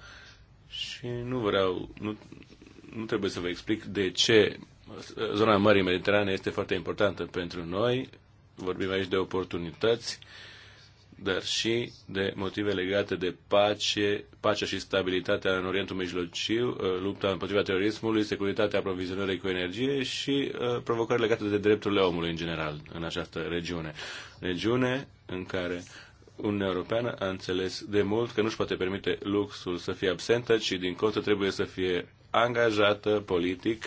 și nu vreau, nu, nu trebuie să vă explic de ce zona Mării Mediterane este foarte importantă pentru noi. Vorbim aici de oportunități, dar și de motive legate de pace, pacea și stabilitatea în Orientul Mijlociu, uh, lupta împotriva terorismului, securitatea aprovizionării cu energie și uh, provocări legate de drepturile omului în general în această regiune. Regiune în care Uniunea Europeană a înțeles de mult că nu-și poate permite luxul să fie absentă, ci din contră trebuie să fie angajată politic,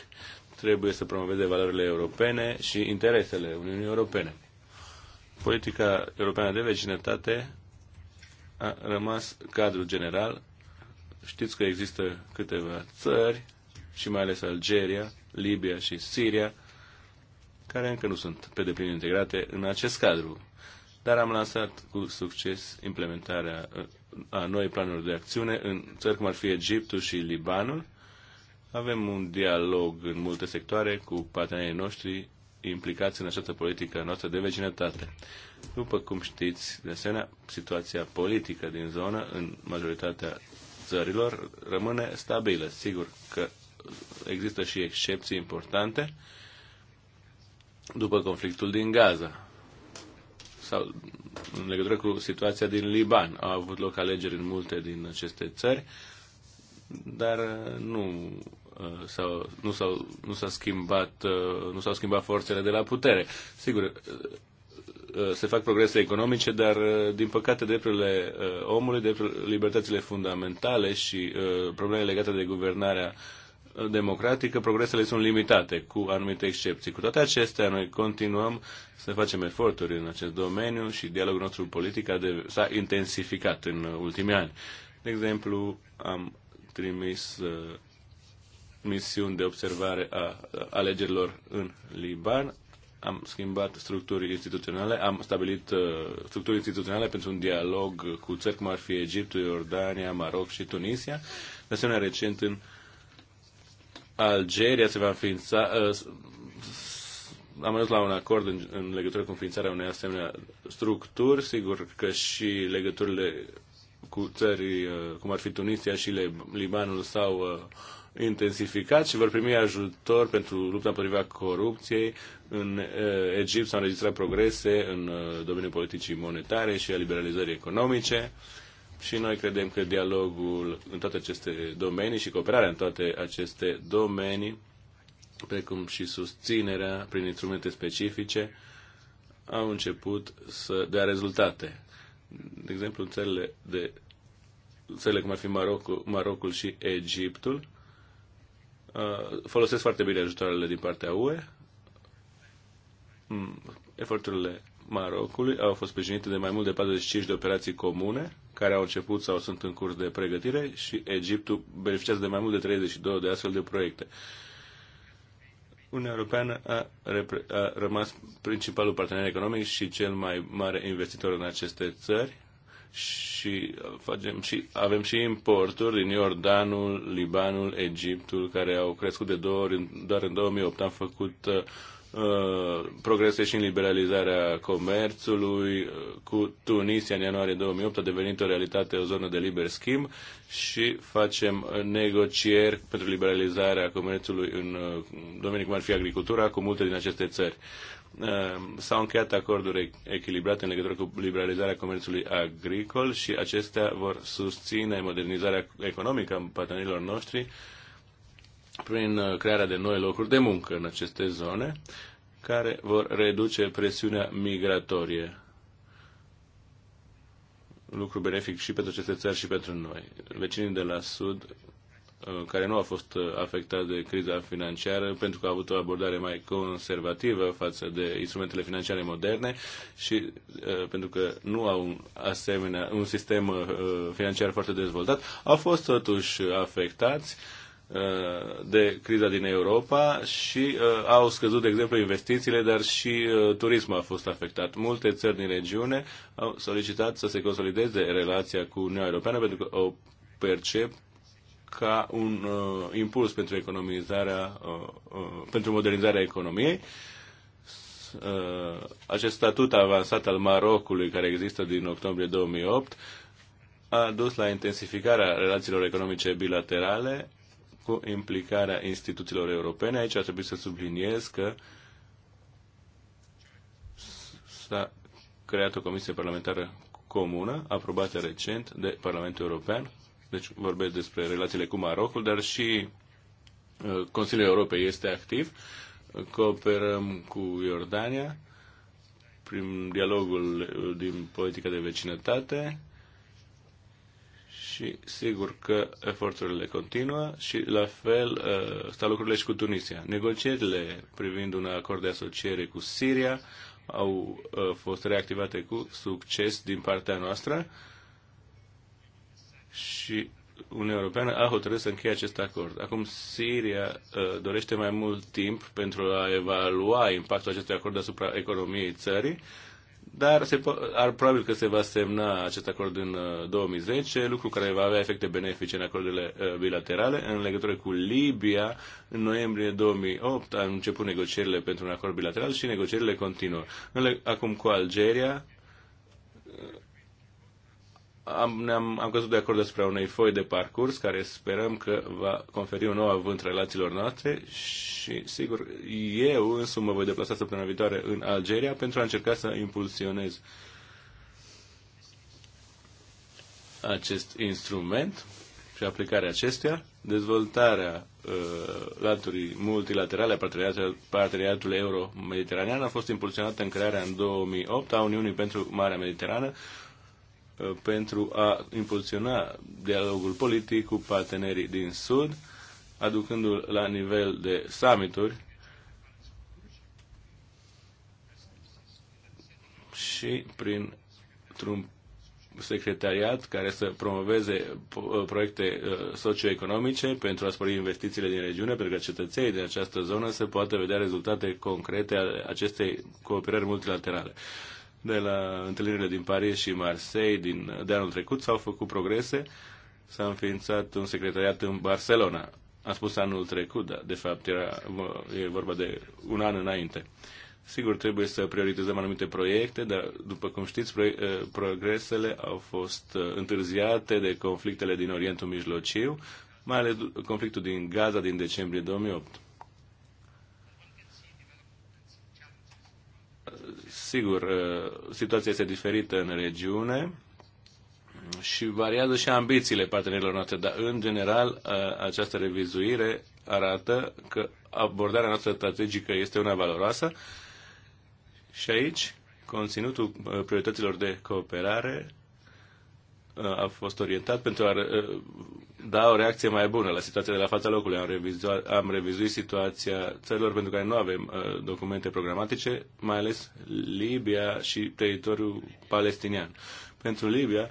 trebuie să promoveze valorile europene și interesele Uniunii Europene. Politica europeană de vecinătate a rămas cadrul general. Știți că există câteva țări, și mai ales Algeria, Libia și Siria, care încă nu sunt pe deplin integrate în acest cadru dar am lansat cu succes implementarea uh, a noi planuri de acțiune în țări cum ar fi Egiptul și Libanul. Avem un dialog în multe sectoare cu partenerii noștri implicați în această politică noastră de vecinătate. După cum știți, de asemenea, situația politică din zonă, în majoritatea țărilor, rămâne stabilă. Sigur că există și excepții importante după conflictul din Gaza sau în legătură cu situația din Liban. Au avut loc alegeri în multe din aceste țări, dar uh, nu uh, s-au, nu, s-au, nu, s-a schimbat, uh, nu s-au schimbat forțele de la putere. Sigur, se fac progrese economice, dar din păcate drepturile omului, drepturile, libertățile fundamentale și problemele legate de guvernarea democratică, progresele sunt limitate, cu anumite excepții. Cu toate acestea, noi continuăm să facem eforturi în acest domeniu și dialogul nostru politic s-a intensificat în ultimii ani. De exemplu, am trimis uh, misiuni de observare a alegerilor în Liban, am schimbat structuri instituționale, am stabilit uh, structuri instituționale pentru un dialog cu țări cum ar fi Egiptul, Iordania, Maroc și Tunisia. De asemenea, recent în uh, Algeria se va înființa, uh, am ajuns la un acord în, în legătură cu înființarea unei asemenea structuri, sigur că și legăturile cu țări uh, cum ar fi Tunisia și Libanul s-au uh, intensificat și vor primi ajutor pentru lupta împotriva corupției. În Egipt s-au înregistrat progrese în domeniul politicii monetare și a liberalizării economice. Și noi credem că dialogul în toate aceste domenii și cooperarea în toate aceste domenii, precum și susținerea prin instrumente specifice, au început să dea rezultate. De exemplu, în țările, de, țările cum ar fi Marocul, Marocul și Egiptul, folosesc foarte bine ajutoarele din partea UE. Mm, eforturile Marocului au fost sprijinite de mai mult de 45 de operații comune care au început sau sunt în curs de pregătire și Egiptul beneficiază de mai mult de 32 de astfel de proiecte. Uniunea Europeană a, a rămas principalul partener economic și cel mai mare investitor în aceste țări și, facem și avem și importuri din Iordanul, Libanul, Egiptul, care au crescut de două ori, doar în 2008 am făcut uh, Uh, progrese și în liberalizarea comerțului. Uh, cu Tunisia, în ianuarie 2008, a devenit o realitate o zonă de liber schimb și facem negocieri pentru liberalizarea comerțului în uh, domenii cum ar fi agricultura cu multe din aceste țări. S-au încheiat acorduri echilibrate în legătură cu liberalizarea comerțului agricol și acestea vor susține modernizarea economică a partenerilor noștri prin uh, crearea de noi locuri de muncă în aceste zone, care vor reduce presiunea migratorie. Lucru benefic și pentru aceste țări și pentru noi. Vecinii de la Sud, uh, care nu au fost uh, afectați de criza financiară, pentru că au avut o abordare mai conservativă față de instrumentele financiare moderne și pentru că nu au un, asemenea, un sistem financiar foarte dezvoltat, au fost totuși afectați Uh, de criza din Europa și uh, au scăzut, de exemplu, investițiile, dar și uh, turismul a fost afectat. Multe țări din regiune au solicitat să se consolideze relația cu Uniunea Europeană pentru că o percep ca un uh, impuls pentru economizarea, uh, uh, pentru modernizarea economiei. Uh, acest statut avansat al Marocului, care există din octombrie 2008, a dus la intensificarea relațiilor economice bilaterale cu implicarea instituțiilor europene. Aici ar trebui să subliniez că s-a creat o comisie parlamentară comună, aprobată recent de Parlamentul European, deci vorbesc despre relațiile cu Marocul, dar și uh, Consiliul Europei este activ. Cooperăm cu Iordania prin dialogul uh, din politica de vecinătate și sigur că eforturile continuă și la fel uh, stau lucrurile și cu Tunisia. Negocierile privind un acord de asociere cu Siria au uh, fost reactivate cu succes din partea noastră și Uniunea Europeană a hotărât să încheie acest acord. Acum Siria uh, dorește mai mult timp pentru a evalua impactul acestui acord asupra economiei țării dar se po- ar, probabil că se va semna acest acord în 2010, uh, lucru care va avea efecte benefice în acordurile uh, bilaterale. În legătură cu Libia, în noiembrie 2008 am început negocierile pentru un acord bilateral și negocierile continuă. Acum cu Algeria, am, ne-am, am căzut de acord despre unei foi de parcurs care sperăm că va conferi un nou avânt relațiilor noastre și, sigur, eu însumi mă voi deplasa săptămâna viitoare în Algeria pentru a încerca să impulsionez acest instrument și aplicarea acestuia, dezvoltarea uh, laturii multilaterale a parteneriatului, parteneriatului euro-mediteranean a fost impulsionată în crearea în 2008 a Uniunii pentru Marea Mediterană, Uh, pentru a impulsiona dialogul politic cu partenerii din Sud, aducându-l la nivel de summituri și prin un secretariat care să promoveze uh, proiecte uh, socioeconomice pentru a spori investițiile din regiune, pentru că cetățenii din această zonă să poată vedea rezultate concrete ale acestei cooperări multilaterale de la întâlnirile din Paris și Marseille din, de anul trecut s-au făcut progrese, s-a înființat un secretariat în Barcelona. A spus anul trecut, dar de fapt era, e vorba de un an înainte. Sigur, trebuie să prioritizăm anumite proiecte, dar, după cum știți, eh, progresele au fost eh, întârziate de conflictele din Orientul Mijlociu, mai ales conflictul din Gaza din decembrie 2008. Sigur, uh, situația este diferită în regiune și variază și ambițiile partenerilor noastre, dar în general uh, această revizuire arată că abordarea noastră strategică este una valoroasă și aici conținutul uh, priorităților de cooperare a fost orientat pentru a da o reacție mai bună la situația de la fața locului. Am revizuit, am revizuit situația țărilor pentru care nu avem uh, documente programatice, mai ales Libia și teritoriul palestinian. Pentru Libia,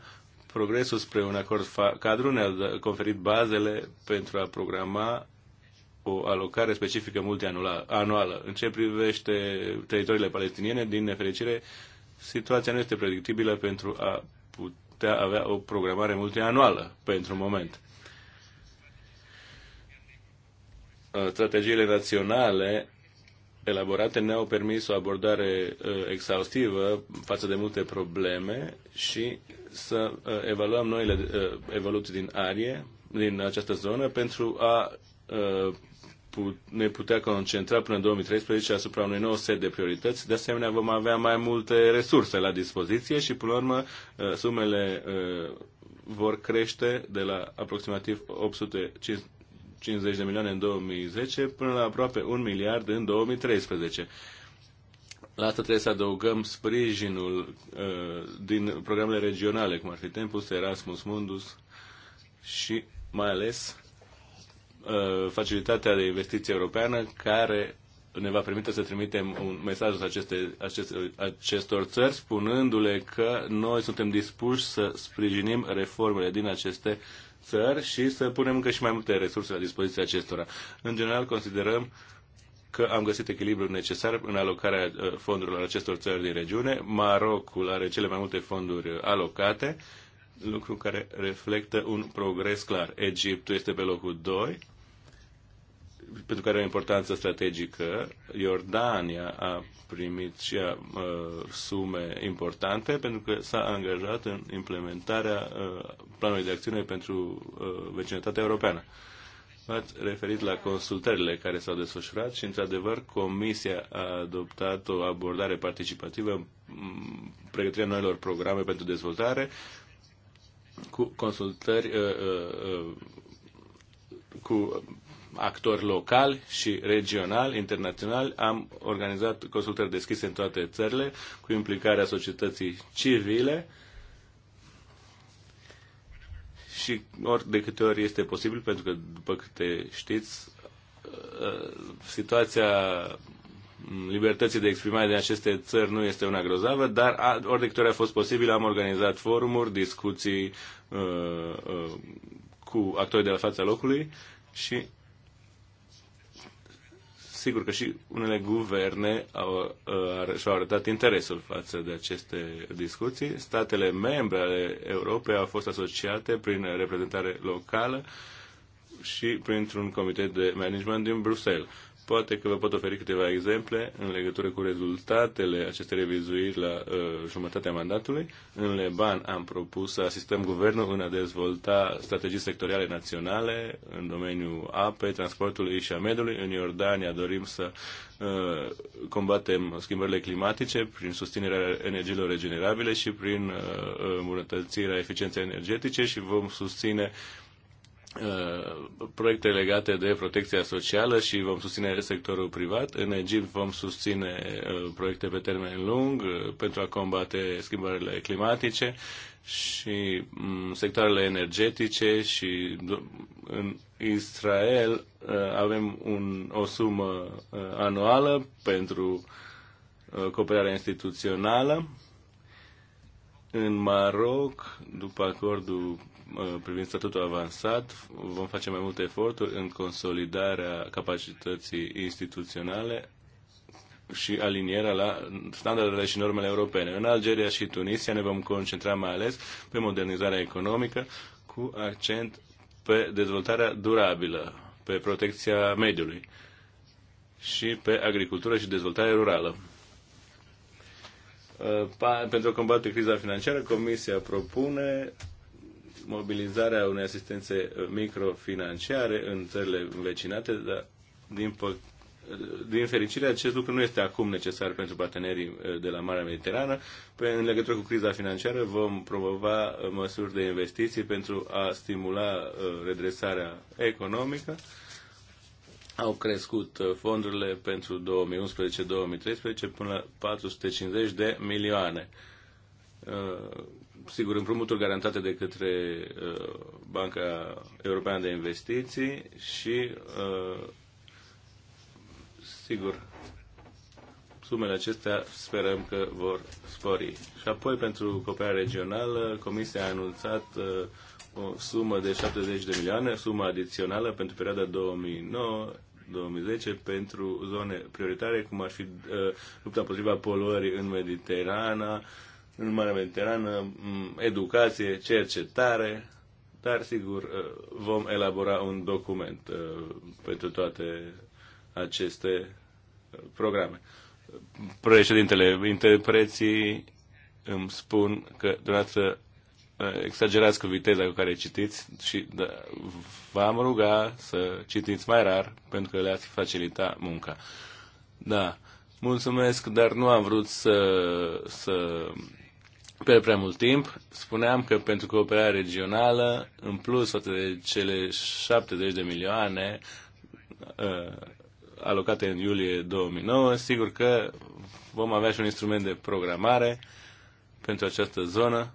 progresul spre un acord cadru ne-a da, conferit bazele pentru a programa o alocare specifică multianuală. În ce privește teritoriile palestiniene, din nefericire, situația nu este predictibilă pentru a putea avea o programare multianuală pentru un moment. Uh, strategiile naționale elaborate ne-au permis o abordare uh, exhaustivă față de multe probleme și să uh, evaluăm noile evoluții din arie, din această zonă, pentru a ne putea concentra până în 2013 asupra unui nou set de priorități. De asemenea, vom avea mai multe resurse la dispoziție și, până la urmă, uh, sumele uh, vor crește de la aproximativ 850 de milioane în 2010 până la aproape 1 miliard în 2013. La asta trebuie să adăugăm sprijinul uh, din programele regionale, cum ar fi Tempus, Erasmus, Mundus și mai ales Uh, facilitatea de investiție europeană care ne va permite să trimitem un mesaj aceste, aceste, acestor țări, spunându-le că noi suntem dispuși să sprijinim reformele din aceste țări și să punem încă și mai multe resurse la dispoziția acestora. În general, considerăm că am găsit echilibrul necesar în alocarea uh, fondurilor acestor țări din regiune. Marocul are cele mai multe fonduri alocate lucru care reflectă un progres clar. Egiptul este pe locul 2, pentru care are o importanță strategică. Iordania a primit și a, a, uh, sume importante pentru că s-a angajat în implementarea a, uh, planului de acțiune pentru a, uh, vecinătatea europeană. V-ați referit la consultările care s-au desfășurat și, într-adevăr, Comisia a adoptat o abordare participativă în pregătirea noilor programe pentru dezvoltare cu consultări uh, uh, uh, cu actori locali și regionali, internațional, Am organizat consultări deschise în toate țările cu implicarea societății civile și ori de câte ori este posibil, pentru că, după câte știți, uh, situația libertății de exprimare din aceste țări nu este una grozavă, dar ori de câte ori a fost posibil am organizat forumuri, discuții uh, uh, cu actorii de la fața locului și sigur că și unele guverne au, uh, ar, și-au arătat interesul față de aceste discuții. Statele membre ale Europei au fost asociate prin reprezentare locală și printr-un comitet de management din Bruxelles. Poate că vă pot oferi câteva exemple în legătură cu rezultatele acestei revizuiri la uh, jumătatea mandatului. În Leban am propus să asistăm guvernul în a dezvolta strategii sectoriale naționale în domeniul apei, transportului și a mediului. În Iordania dorim să uh, combatem schimbările climatice prin susținerea energiilor regenerabile și prin uh, uh îmbunătățirea eficienței energetice și vom susține uh, Uh, proiecte legate de protecția socială și vom susține sectorul privat. În Egipt vom susține uh, proiecte pe termen lung uh, pentru a combate schimbările climatice și mm, sectoarele energetice și în Israel avem un, o sumă anuală pentru cooperarea instituțională. În Maroc, după acordul Uh, privind statutul avansat, vom face mai multe eforturi în consolidarea capacității instituționale și alinierea la standardele și normele europene. În Algeria și Tunisia ne vom concentra mai ales pe modernizarea economică cu accent pe dezvoltarea durabilă, pe protecția mediului și pe agricultură și dezvoltare rurală. Uh, pentru a combate criza financiară, Comisia propune mobilizarea unei asistențe uh, microfinanciare în țările învecinate, dar din, din fericire acest lucru nu este acum necesar pentru partenerii uh, de la Marea Mediterană. În legătură cu criza financiară vom promova uh, măsuri de investiții pentru a stimula redresarea economică au crescut fondurile pentru 2011-2013 până la 450 de milioane sigur, împrumuturi garantate de către uh, Banca Europeană de Investiții și, uh, sigur, sumele acestea sperăm că vor spori. Și apoi, pentru cooperarea regională, Comisia a anunțat uh, o sumă de 70 de milioane, sumă adițională pentru perioada 2009 2010 pentru zone prioritare, cum ar fi uh, lupta împotriva poluării în Mediterana, în Marea Mediterană, educație, cercetare, dar sigur uh, vom elabora un document uh, pentru toate aceste uh, programe. Președintele, interpreții îmi spun că dumneavoastră exagerați cu viteza cu care citiți și da, v-am ruga să citiți mai rar pentru că le-ați facilita munca. Da, mulțumesc, dar nu am vrut să, să pe prea mult timp. Spuneam că pentru cooperarea regională, în plus față de cele 70 de milioane uh, alocate în iulie 2009, sigur că vom avea și un instrument de programare pentru această zonă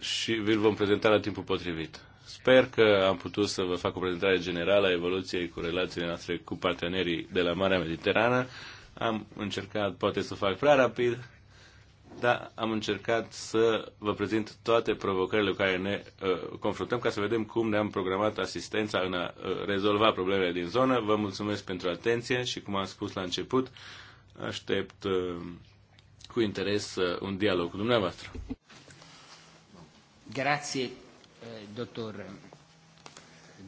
și vi-l vom prezenta la timpul potrivit. Sper că am putut să vă fac o prezentare generală a evoluției cu relațiile noastre cu partenerii de la Marea Mediterană am încercat, poate să fac prea rapid, dar am încercat să vă prezint toate provocările cu care ne uh, confruntăm ca să vedem cum ne-am programat asistența în a uh, rezolva problemele din zonă. Vă mulțumesc pentru atenție și, cum am spus la început, aștept uh, cu interes uh, un dialog cu dumneavoastră. Grazie, uh, doctor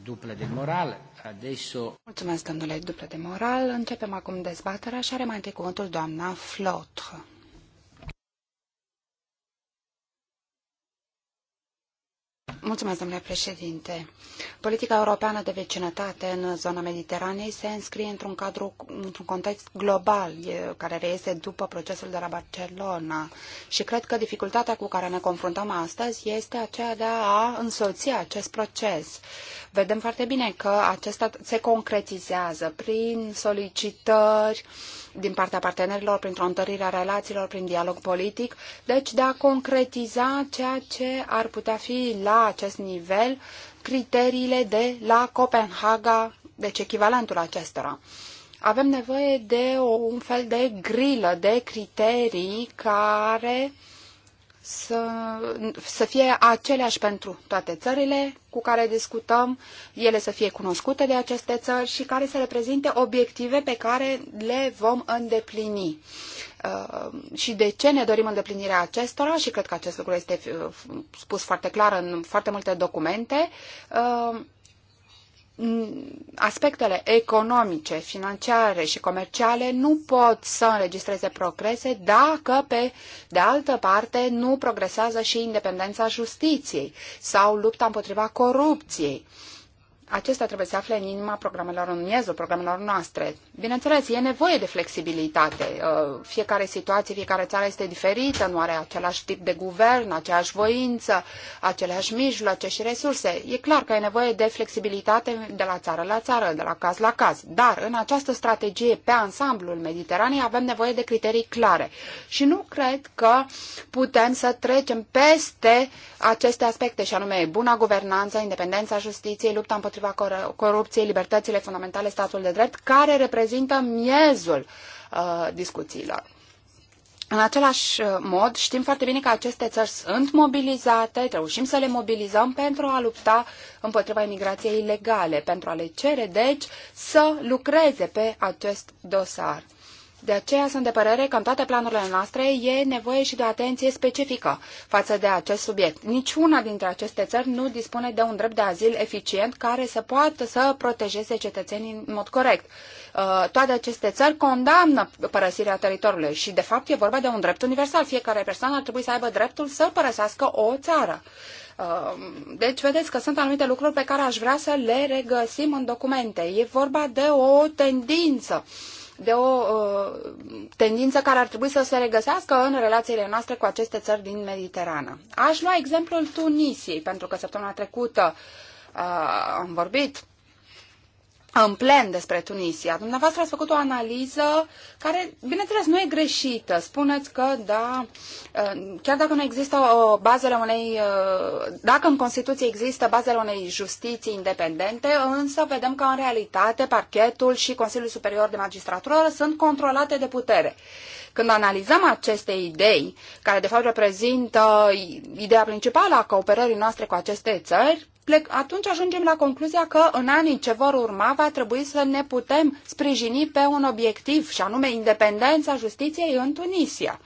duplă de moral. Adesso... Mulțumesc, domnule duplă de moral. Începem acum dezbaterea și are mai întâi cuvântul doamna Flotre. Mulțumesc, domnule președinte. Politica europeană de vecinătate în zona Mediteranei se înscrie într-un cadru, într-un context global care reiese după procesul de la Barcelona și cred că dificultatea cu care ne confruntăm astăzi este aceea de a însoți acest proces. Vedem foarte bine că acesta se concretizează prin solicitări uh, din partea partenerilor, printr-o întărire a relațiilor, prin dialog politic, deci de a concretiza ceea ce ar putea fi la acest nivel criteriile de la Copenhaga, deci echivalentul acestora avem nevoie de o, un fel de grilă de criterii care să, să fie aceleași pentru toate țările cu care discutăm, ele să fie cunoscute de aceste țări și care să reprezinte obiective pe care le vom îndeplini. Uh, și de ce ne dorim îndeplinirea acestora, și cred că acest lucru este uh, spus foarte clar în foarte multe documente, uh, Mm, aspectele economice, financiare și comerciale nu pot să înregistreze progrese dacă, pe de altă parte, nu progresează și independența justiției sau lupta împotriva corupției acestea trebuie să afle în inima programelor, în miezul programelor noastre. Bineînțeles, e nevoie de flexibilitate. Uh, fiecare situație, fiecare țară este diferită, nu are același tip de guvern, aceeași voință, aceleași mijloace și resurse. E clar că e nevoie de flexibilitate de la țară la țară, de la caz la caz. Dar în această strategie pe ansamblul Mediteranei avem nevoie de criterii clare. Și nu cred că putem să trecem peste aceste aspecte, și anume buna guvernanță, independența justiției, lupta împotriva împotriva corupției, libertățile fundamentale, statul de drept, care reprezintă miezul uh, discuțiilor. În același uh, mod, știm foarte bine că aceste țări sunt mobilizate, reușim să le mobilizăm pentru a lupta împotriva imigrației ilegale, pentru a le cere, deci, să lucreze pe acest dosar. De aceea sunt de părere că în toate planurile noastre e nevoie și de o atenție specifică față de acest subiect. Niciuna dintre aceste țări nu dispune de un drept de azil eficient care să poată să protejeze cetățenii în mod corect. Uh, toate aceste țări condamnă părăsirea teritoriului și, de fapt, e vorba de un drept universal. Fiecare persoană ar trebui să aibă dreptul să părăsească o țară. Uh, deci, vedeți că sunt anumite lucruri pe care aș vrea să le regăsim în documente. E vorba de o tendință de o uh, tendință care ar trebui să se regăsească în relațiile noastre cu aceste țări din Mediterană. Aș lua exemplul Tunisiei, pentru că săptămâna trecută uh, am vorbit în plen despre Tunisia. Dumneavoastră ați făcut o analiză care, bineînțeles, nu e greșită. Spuneți că, da, uh, chiar dacă nu există o bazele unei, uh, dacă în Constituție există bazele unei justiții independente, însă vedem că, în realitate, parchetul și Consiliul Superior de Magistratură sunt controlate de putere. Când analizăm aceste idei, care de fapt reprezintă ideea principală a cooperării noastre cu aceste țări, plec, atunci ajungem la concluzia că în anii ce vor urma va trebui să ne putem sprijini pe un obiectiv, și anume independența justiției în Tunisia.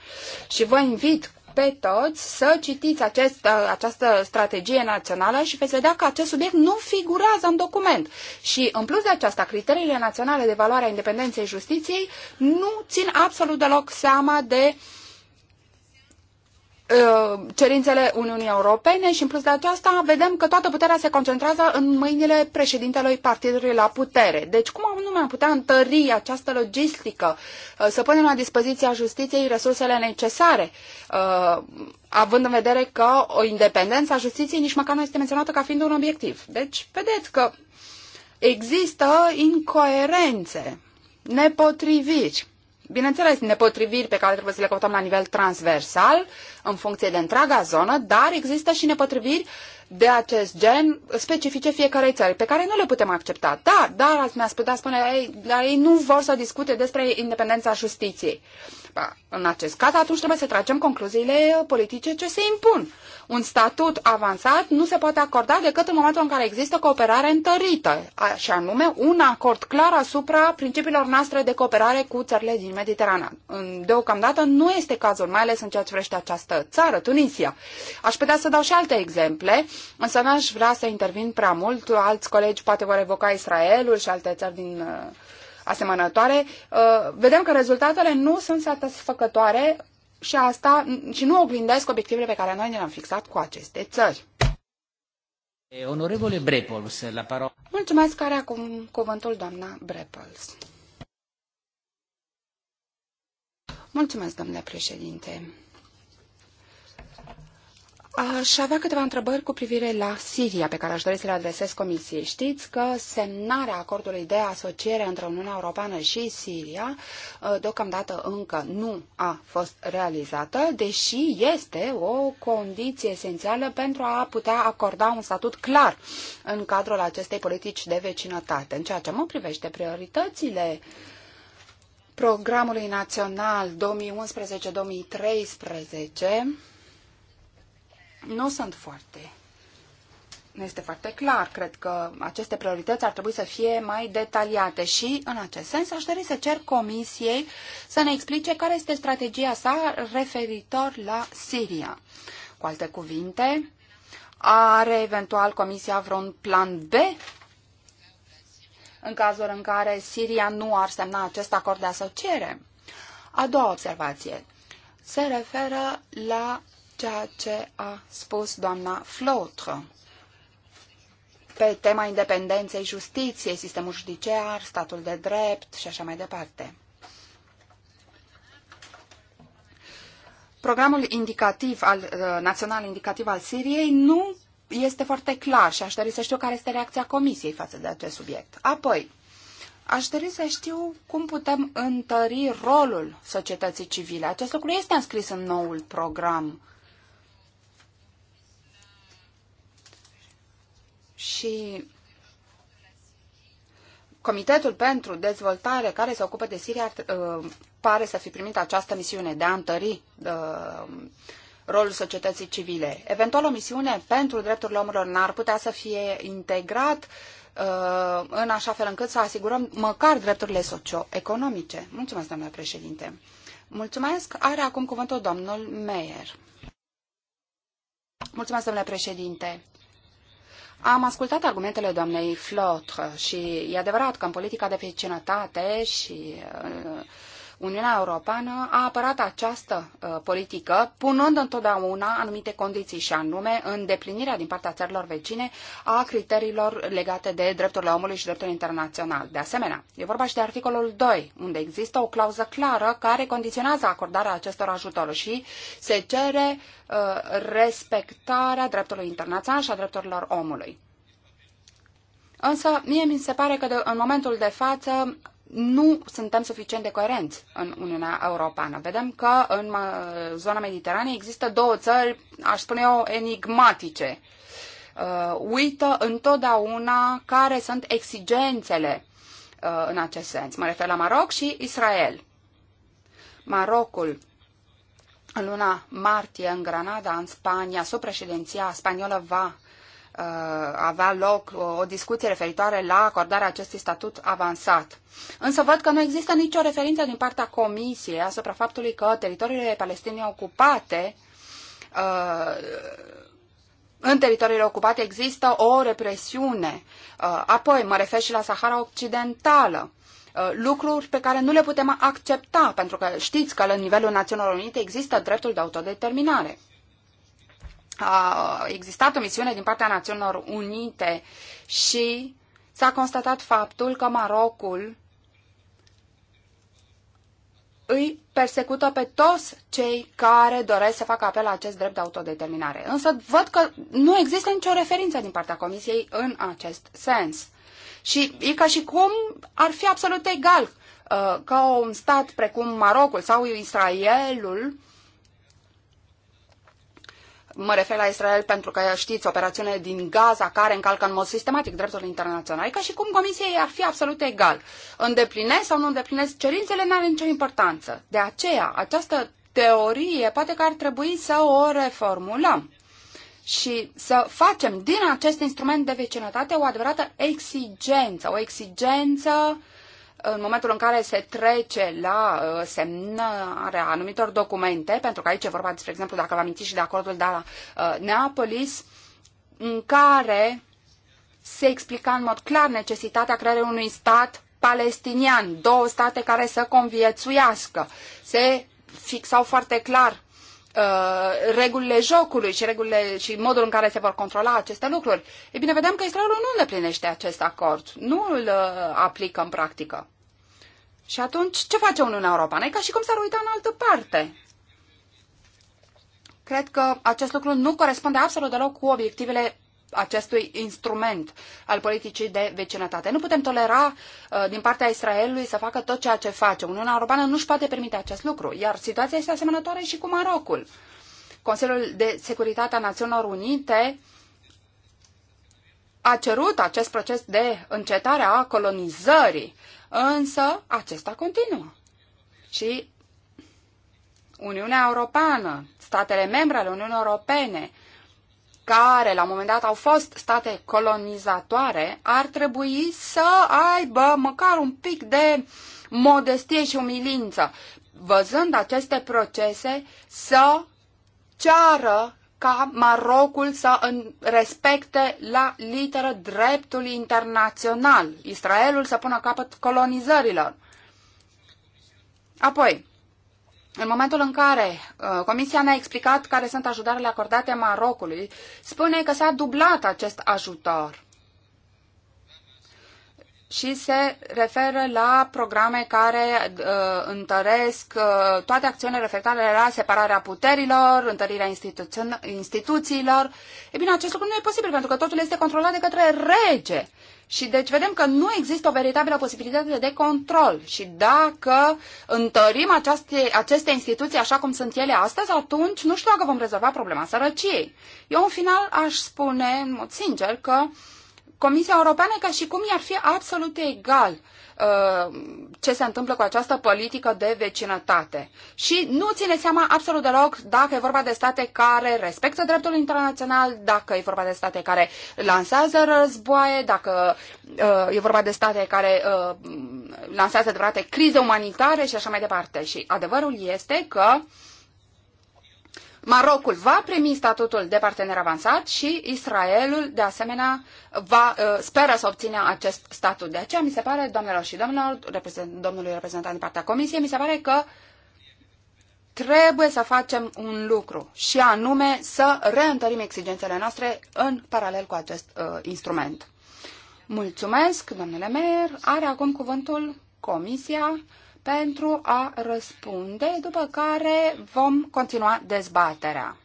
Și vă invit pe toți să citiți acest, uh, această strategie națională și veți vedea că acest subiect nu figurează în document. Și în plus de aceasta, criteriile naționale de valoare a independenței justiției nu țin absolut deloc seama de uh, Uh, cerințele Uniunii Europene și în plus de aceasta vedem că toată puterea se concentrează în mâinile președintelui partidului la putere. Deci cum nu am putea întări această logistică, uh, să punem la dispoziția justiției resursele necesare, uh, având în vedere că o independență a justiției nici măcar nu este menționată ca fiind un obiectiv. Deci vedeți că există incoerențe, nepotriviri bineînțeles, nepotriviri pe care trebuie să le căutăm la nivel transversal, în funcție de întreaga zonă, dar există și nepotriviri de acest gen specifice fiecarei țări, pe care nu le putem accepta. Da, dar mi-ați putea spune, ei, dar ei nu vor să discute despre independența justiției. Ba, în acest caz, atunci trebuie să tragem concluziile politice ce se impun. Un statut avansat nu se poate acorda decât în momentul în care există cooperare întărită, și anume un acord clar asupra principiilor noastre de cooperare cu țările din Mediterana. Deocamdată nu este cazul, mai ales în ceea ce vrește această țară, Tunisia. Aș putea să dau și alte exemple însă n-aș vrea să intervin prea mult. Alți colegi poate vor evoca Israelul și alte țări din uh, asemănătoare. Uh, vedem că rezultatele nu sunt satisfăcătoare și asta și nu oglindesc obiectivele pe care noi ne le-am fixat cu aceste țări. Onorevole Brepols, la parola. Mulțumesc, care acum cuvântul doamna Brepols. Mulțumesc, domnule președinte. Aș avea câteva întrebări cu privire la Siria, pe care aș dori să le adresez Comisiei. Știți că semnarea acordului de asociere între Uniunea Europeană și Siria ă, deocamdată încă nu a fost realizată, deși este o condiție esențială pentru a putea acorda un statut clar în cadrul acestei politici de vecinătate. În ceea ce mă privește prioritățile programului național 2011-2013, nu sunt foarte nu este foarte clar. Cred că aceste priorități ar trebui să fie mai detaliate și, în acest sens, aș dori să cer comisiei să ne explice care este strategia sa referitor la Siria. Cu alte cuvinte, are eventual comisia vreun plan B în cazul în care Siria nu ar semna acest acord de asociere? A doua observație se referă la ceea ce a spus doamna Flotră pe tema independenței justiției, sistemul judiciar, statul de drept și așa mai departe. Programul indicativ al, uh, național indicativ al Siriei nu este foarte clar și aș dori să știu care este reacția Comisiei față de acest subiect. Apoi, aș dori să știu cum putem întări rolul societății civile. Acest lucru este înscris în noul program și Comitetul pentru Dezvoltare care se ocupă de Siria uh, pare să fi primit această misiune de a întări uh, rolul societății civile. Eventual o misiune pentru drepturile omurilor n-ar putea să fie integrat uh, în așa fel încât să asigurăm măcar drepturile socioeconomice. Mulțumesc, domnule președinte. Mulțumesc. Are acum cuvântul domnul Meyer. Mulțumesc, domnule președinte. Am ascultat argumentele doamnei Flotre și e adevărat că în politica de vecinătate și uh, Uniunea Europeană a apărat această uh, politică, punând întotdeauna anumite condiții și anume îndeplinirea din partea țărilor vecine a criteriilor legate de drepturile omului și dreptul internațional. De asemenea, e vorba și de articolul 2, unde există o clauză clară care condiționează acordarea acestor ajutoruri și se cere uh, respectarea dreptului internațional și a drepturilor omului. Însă, mie mi se pare că de, în momentul de față nu suntem suficient de coerenți în Uniunea Europeană. Vedem că în uh, zona Mediteranei există două țări, aș spune eu, enigmatice. Uh, uită întotdeauna care sunt exigențele uh, în acest sens. Mă refer la Maroc și Israel. Marocul în luna martie în Granada, în Spania, sub președinția spaniolă va Uh, avea loc o discuție referitoare la acordarea acestui statut avansat. Însă văd că nu există nicio referință din partea Comisiei asupra faptului că teritoriile Palestinei ocupate uh, în teritoriile ocupate există o represiune. Uh, apoi mă refer și la Sahara Occidentală lucruri pe care nu le putem accepta, pentru că știți că la nivelul Națiunilor Unite există dreptul de autodeterminare a existat o misiune din partea Națiunilor Unite și s-a constatat faptul că Marocul îi persecută pe toți cei care doresc să facă apel la acest drept de autodeterminare. Însă văd că nu există nicio referință din partea Comisiei în acest sens. Și e ca și cum ar fi absolut egal uh, ca un stat precum Marocul sau Israelul Mă refer la Israel pentru că știți operațiune din Gaza care încalcă în mod sistematic drepturile internaționale, ca și cum Comisia ar fi absolut egal. Îndeplinesc sau nu îndeplinesc cerințele nu are nicio importanță. De aceea, această teorie poate că ar trebui să o reformulăm și să facem din acest instrument de vecinătate o adevărată exigență, o exigență uh, în momentul în care se trece la uh, semnarea anumitor documente, pentru că aici e vorba, spre exemplu, dacă vă amintiți și de acordul de la uh, Neapolis, în care se explica în mod clar necesitatea creării unui stat palestinian, două state care să conviețuiască. Se fixau foarte clar Uh, regulile jocului și, regulile, și modul în care se vor controla aceste lucruri. E bine, vedem că Israelul nu îndeplinește acest acord, nu îl uh, aplică în practică. Și atunci, ce face Uniunea Europeană? E ca și cum s-ar uita în altă parte. Cred că acest lucru nu corespunde absolut deloc cu obiectivele acestui instrument al politicii de vecinătate. Nu putem tolera uh, din partea Israelului să facă tot ceea ce face. Uniunea Europeană nu își poate permite acest lucru, iar situația este asemănătoare și cu Marocul. Consiliul de Securitate a Națiunilor Unite a cerut acest proces de încetare a colonizării, însă acesta continuă. Și Uniunea Europeană, statele membre ale Uniunii Europene, care la un moment dat au fost state colonizatoare, ar trebui să aibă măcar un pic de modestie și umilință, văzând aceste procese, să ceară ca Marocul să respecte la literă dreptul internațional, Israelul să pună capăt colonizărilor. Apoi, în momentul în care uh, Comisia ne-a explicat care sunt ajutoarele acordate Marocului, spune că s-a dublat acest ajutor și se referă la programe care uh, întăresc uh, toate acțiunile referitoare la separarea puterilor, întărirea instituțiilor. E bine, acest lucru nu e posibil pentru că totul este controlat de către rege. Și deci vedem că nu există o veritabilă posibilitate de control și dacă întărim aceste, aceste instituții așa cum sunt ele astăzi, atunci nu știu dacă vom rezolva problema sărăciei. Eu în final aș spune, în mod sincer, că Comisia Europeană ca și cum i-ar fi absolut egal Uh, ce se întâmplă cu această politică de vecinătate. Și nu ține seama absolut deloc dacă e vorba de state care respectă dreptul internațional, dacă e vorba de state care lansează războaie, dacă uh, e vorba de state care uh, lansează adevărate crize umanitare și așa mai departe. Și adevărul este că uh, Marocul va primi statutul de partener avansat și Israelul, de asemenea, va, uh, speră să obțină acest statut. De aceea, mi se pare, doamnelor și domnilor, domnului reprezentant din partea Comisiei, mi se pare că trebuie să facem un lucru și anume să reîntărim exigențele noastre în paralel cu acest uh, instrument. Mulțumesc, domnule Meier. Are acum cuvântul Comisia pentru a răspunde, după care vom continua dezbaterea.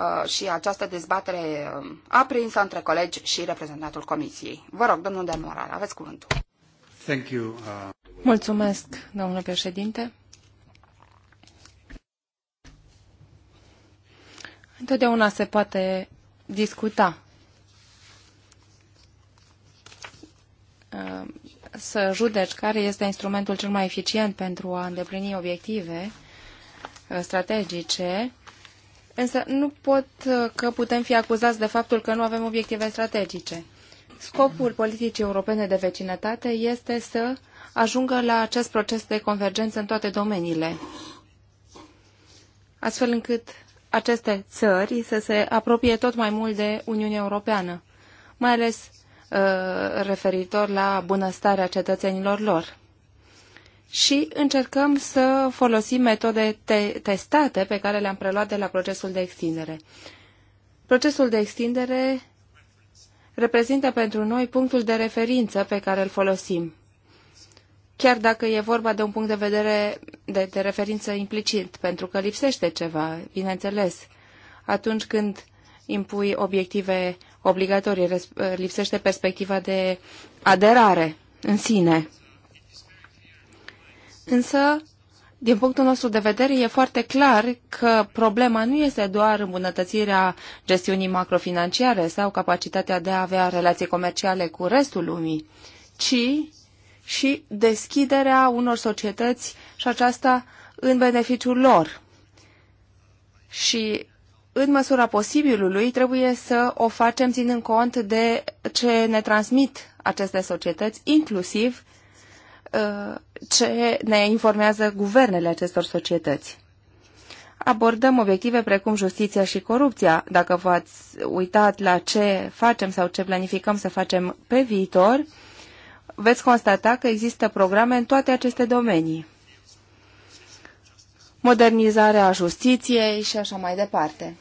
Uh, și această dezbatere uh, aprinsă între colegi și reprezentantul Comisiei. Vă rog, domnul Del Moral, aveți cuvântul. Thank you. Uh... Mulțumesc, domnule președinte. Întotdeauna se poate discuta uh, să judeci care este instrumentul cel mai eficient pentru a îndeplini obiective uh, strategice, însă nu pot uh, că putem fi acuzați de faptul că nu avem obiective strategice. Scopul politicii europene de vecinătate este să ajungă la acest proces de convergență în toate domeniile, astfel încât aceste țări să se apropie tot mai mult de Uniunea Europeană, mai ales Uh, referitor la bunăstarea cetățenilor lor. Și încercăm să folosim metode te testate pe care le-am preluat de la procesul de extindere. Procesul de extindere reprezintă pentru noi punctul de referință pe care îl folosim, chiar dacă e vorba de un punct de vedere de, de referință implicit, pentru că lipsește ceva, bineînțeles. Atunci când impui obiective obligatorie, lipsește perspectiva de aderare în sine. Însă, din punctul nostru de vedere, e foarte clar că problema nu este doar îmbunătățirea gestiunii macrofinanciare sau capacitatea de a avea relații comerciale cu restul lumii, ci și deschiderea unor societăți și aceasta în beneficiul lor. Și în măsura posibilului, trebuie să o facem ținând cont de ce ne transmit aceste societăți, inclusiv uh, ce ne informează guvernele acestor societăți. Abordăm obiective precum justiția și corupția. Dacă v-ați uitat la ce facem sau ce planificăm să facem pe viitor, veți constata că există programe în toate aceste domenii modernizarea justiției și așa mai departe.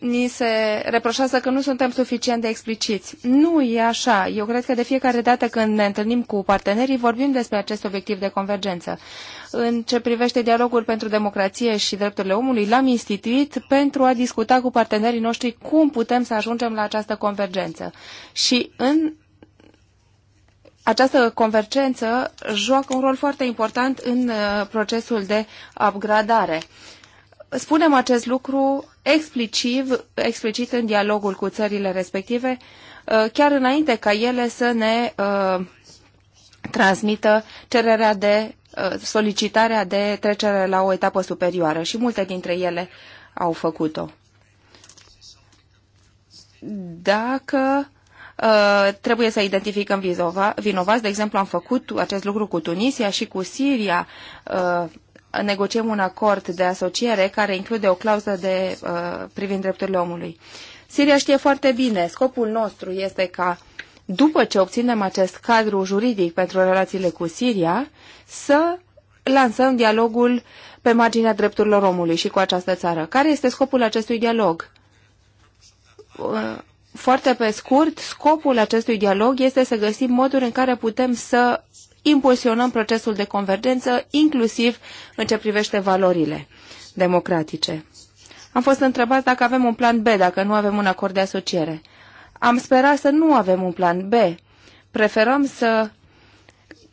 ni se reproșează că nu suntem suficient de expliciți. Nu e așa. Eu cred că de fiecare dată când ne întâlnim cu partenerii, vorbim despre acest obiectiv de convergență. În ce privește dialogul pentru democrație și drepturile omului, l-am instituit pentru a discuta cu partenerii noștri cum putem să ajungem la această convergență. Și în această convergență joacă un rol foarte important în uh, procesul de upgradare. Spunem acest lucru explicit, explicit în dialogul cu țările respective, uh, chiar înainte ca ele să ne uh, transmită cererea de solicitarea de trecere la o etapă superioară și multe dintre ele au făcut-o. Dacă Uh, trebuie să identificăm vinovați. De exemplu, am făcut acest lucru cu Tunisia și cu Siria. Uh, negociem un acord de asociere care include o clauză de, uh, privind drepturile omului. Siria știe foarte bine, scopul nostru este ca după ce obținem acest cadru juridic pentru relațiile cu Siria, să lansăm dialogul pe marginea drepturilor omului și cu această țară. Care este scopul acestui dialog? foarte pe scurt, scopul acestui dialog este să găsim moduri în care putem să impulsionăm procesul de convergență, inclusiv în ce privește valorile democratice. Am fost întrebat dacă avem un plan B, dacă nu avem un acord de asociere. Am sperat să nu avem un plan B. Preferăm să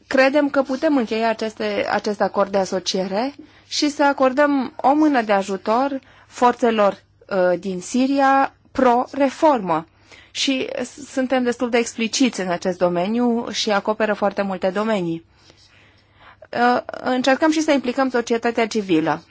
credem că putem încheia aceste, acest acord de asociere și să acordăm o mână de ajutor forțelor uh, din Siria pro-reformă și suntem destul de expliciți în acest domeniu și acoperă foarte multe domenii. Uh, încercăm și să implicăm societatea civilă.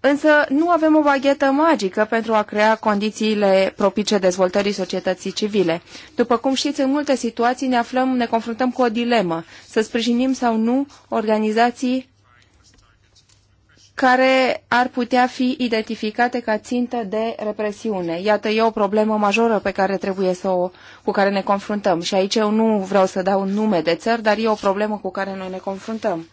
Însă nu avem o baghetă magică pentru a crea condițiile propice dezvoltării societății civile. După cum știți, în multe situații ne aflăm, ne confruntăm cu o dilemă, să sprijinim sau nu organizații care ar putea fi identificate ca țintă de represiune. Iată, e o problemă majoră pe care trebuie să o, cu care ne confruntăm. Și aici eu nu vreau să dau nume de țări, dar e o problemă cu care noi ne confruntăm.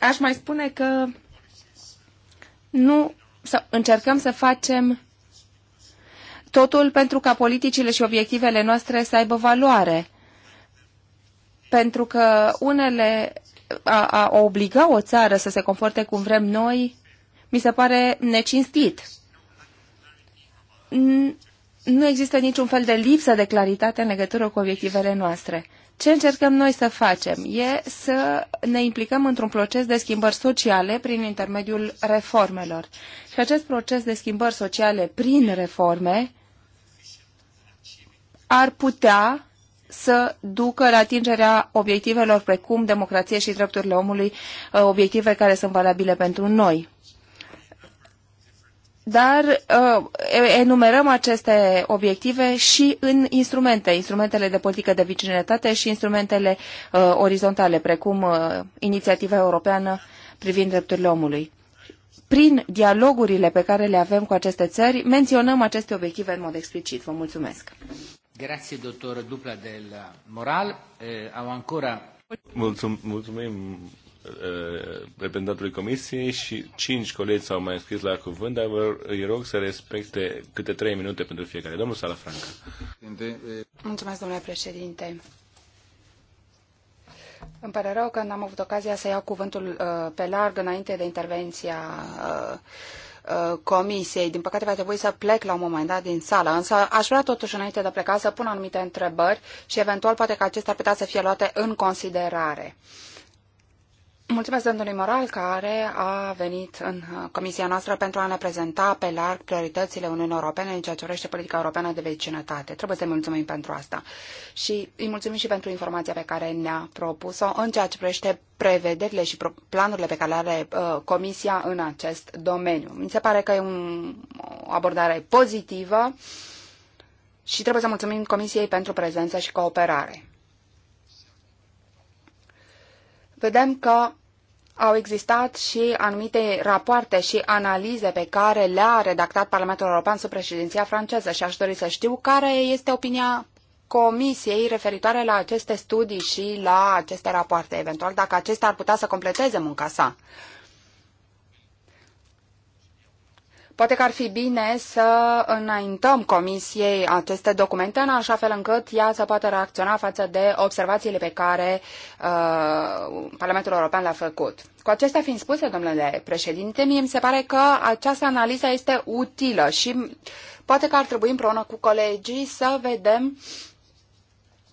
Aș mai spune că nu să încercăm să facem totul pentru ca politicile și obiectivele noastre să aibă valoare. Pentru că unele a, a obliga o țară să se comporte cum vrem noi, mi se pare necinstit. Nu există niciun fel de lipsă de claritate în legătură cu obiectivele noastre. Ce încercăm noi să facem e să ne implicăm într-un proces de schimbări sociale prin intermediul reformelor. Și acest proces de schimbări sociale prin reforme ar putea să ducă la atingerea obiectivelor precum democrație și drepturile omului, uh, obiective care sunt valabile pentru noi. Dar uh, enumerăm aceste obiective și în instrumente, instrumentele de politică de vicinătate și instrumentele uh, orizontale, precum inițiativa europeană privind drepturile omului. Prin dialogurile pe care le avem cu aceste țări, menționăm aceste obiective în mod explicit. Vă mulțumesc! Grazie, dottor Dupla del Moral. Eh, au ancora... Mulțum, mulțumim eh, reprezentantului Comisiei și cinci colegi s-au mai înscris la cuvânt, dar vă rog să respecte câte trei minute pentru fiecare. Domnul Salafranca. Mulțumesc, domnule președinte. Îmi pare rău că n-am avut ocazia să iau cuvântul uh, pe larg înainte de intervenția uh, Uh, comisiei. Din păcate va trebui să plec la un moment dat din sală, însă aș vrea totuși înainte de a pleca să pun anumite întrebări și eventual poate că acestea ar putea să fie luate în considerare. Uh, Mulțumesc domnului Moral, care a venit în uh, comisia noastră pentru a ne prezenta pe larg prioritățile Uniunii Europene în ceea ce urește politica europeană de vecinătate. Trebuie să-i mulțumim pentru asta. Și îi mulțumim și pentru informația pe care ne-a propus-o în ceea ce privește prevederile și planurile pe care le are uh, comisia în acest domeniu. Mi se pare că e un, o abordare pozitivă și trebuie să mulțumim comisiei pentru prezență și cooperare. vedem că au existat și anumite rapoarte și analize pe care le-a redactat Parlamentul European sub președinția franceză și aș dori să știu care este opinia Comisiei referitoare la aceste studii și la aceste rapoarte, eventual dacă acestea ar putea să completeze munca sa. Poate că ar fi bine să înaintăm Comisiei aceste documente în așa fel încât ea să poată reacționa față de observațiile pe care uh, Parlamentul European le-a făcut. Cu acestea fiind spuse, domnule președinte, mie mi se pare că această analiză este utilă și poate că ar trebui împreună cu colegii să vedem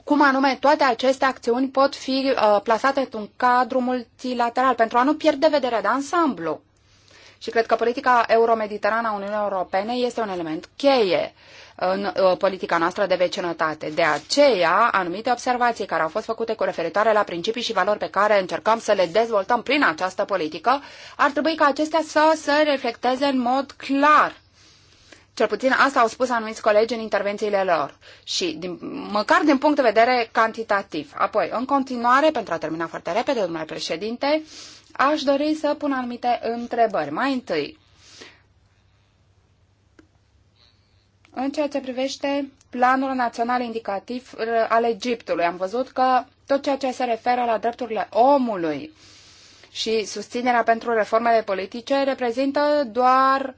cum anume toate aceste acțiuni pot fi uh, plasate într-un cadru multilateral pentru a nu pierde vederea de ansamblu și cred că politica euromediterană a Uniunii Europene este un element cheie în uh, politica noastră de vecinătate. De aceea, anumite observații care au fost făcute cu referitoare la principii și valori pe care încercăm să le dezvoltăm prin această politică, ar trebui ca acestea să se reflecteze în mod clar cel puțin asta au spus anumiți colegi în intervențiile lor, și din, măcar din punct de vedere cantitativ. Apoi, în continuare, pentru a termina foarte repede, domnule președinte, aș dori să pun anumite întrebări. Mai întâi, în ceea ce privește planul național indicativ uh, al Egiptului, am văzut că tot ceea ce se referă la drepturile omului și susținerea pentru reformele politice reprezintă doar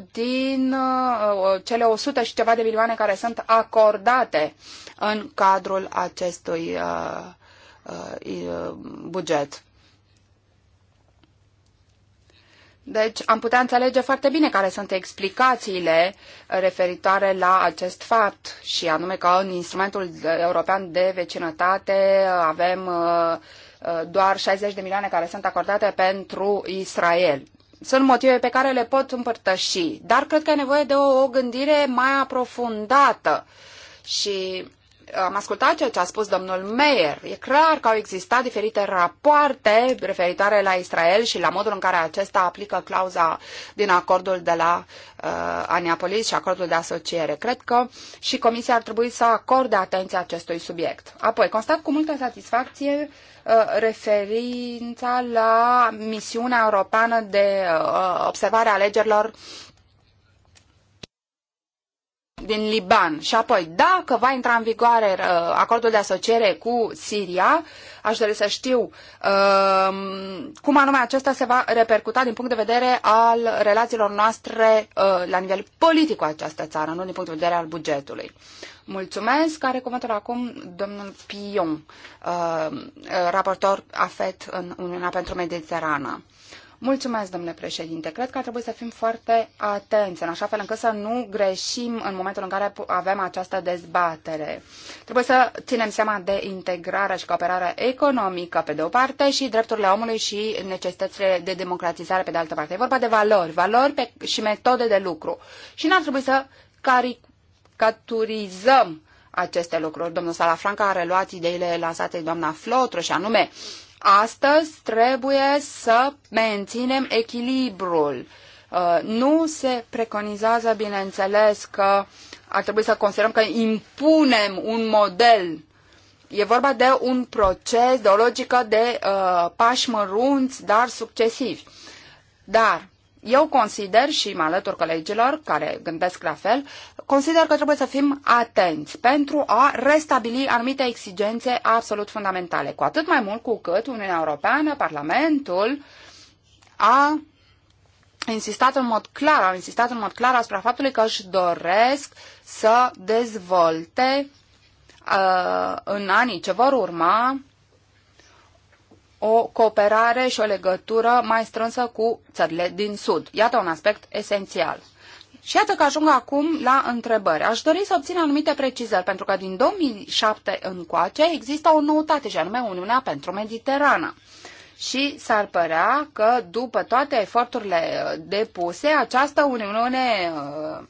11,1% din uh, uh, cele 100 și ceva de milioane care sunt acordate în cadrul acestui Uh, uh, buget. Deci am putea înțelege foarte bine care sunt explicațiile referitoare la acest fapt și anume că în instrumentul european de vecinătate avem uh, doar 60 de milioane care sunt acordate pentru Israel. Sunt motive pe care le pot împărtăși, dar cred că e nevoie de o, o gândire mai aprofundată și am ascultat ceea ce a spus domnul Meyer. E clar că au existat diferite rapoarte referitoare la Israel și la modul în care acesta aplică clauza din acordul de la uh, Aniapolis și acordul de asociere. Cred că și Comisia ar trebui să acorde atenție acestui subiect. Apoi, constat cu multă satisfacție uh, referința la misiunea europeană de uh, observare a alegerilor din Liban și apoi dacă va intra în vigoare uh, acordul de asociere cu Siria, aș dori să știu uh, cum anume acesta se va repercuta din punct de vedere al relațiilor noastre uh, la nivel politic cu această țară, nu din punct de vedere al bugetului. Mulțumesc. Are cuvântul acum domnul Pion, uh, uh raportor AFET în Uniunea pentru Mediterană. Mulțumesc, domnule președinte. Cred că ar trebui să fim foarte atenți, în așa fel încât să nu greșim în momentul în care avem această dezbatere. Trebuie să ținem seama de integrarea și cooperarea economică, pe de o parte, și drepturile omului și necesitățile de democratizare, pe de altă parte. E vorba de valori, valori pe, și metode de lucru. Și n-ar trebui să caricaturizăm aceste lucruri. Domnul Salafranca a reluat ideile lansate de doamna Flotru și anume Astăzi trebuie să menținem echilibrul. Uh, nu se preconizează, bineînțeles, că ar trebui să considerăm că impunem un model. E vorba de un proces, de o logică de uh, pași mărunți, dar succesivi. Dar eu consider și mă alătur colegilor care gândesc la fel, consider că trebuie să fim atenți pentru a restabili anumite exigențe absolut fundamentale, cu atât mai mult cu cât Uniunea Europeană, Parlamentul a insistat în mod clar, au insistat în mod clar asupra faptului că își doresc să dezvolte uh, în anii ce vor urma o cooperare și o legătură mai strânsă cu țările din Sud. Iată un aspect esențial. Și iată că ajung acum la întrebări. Aș dori să obțin anumite precizări, pentru că din 2007 încoace există o noutate, și anume Uniunea pentru Mediterana. Și s-ar părea că după toate eforturile uh, depuse, această Uniune uh,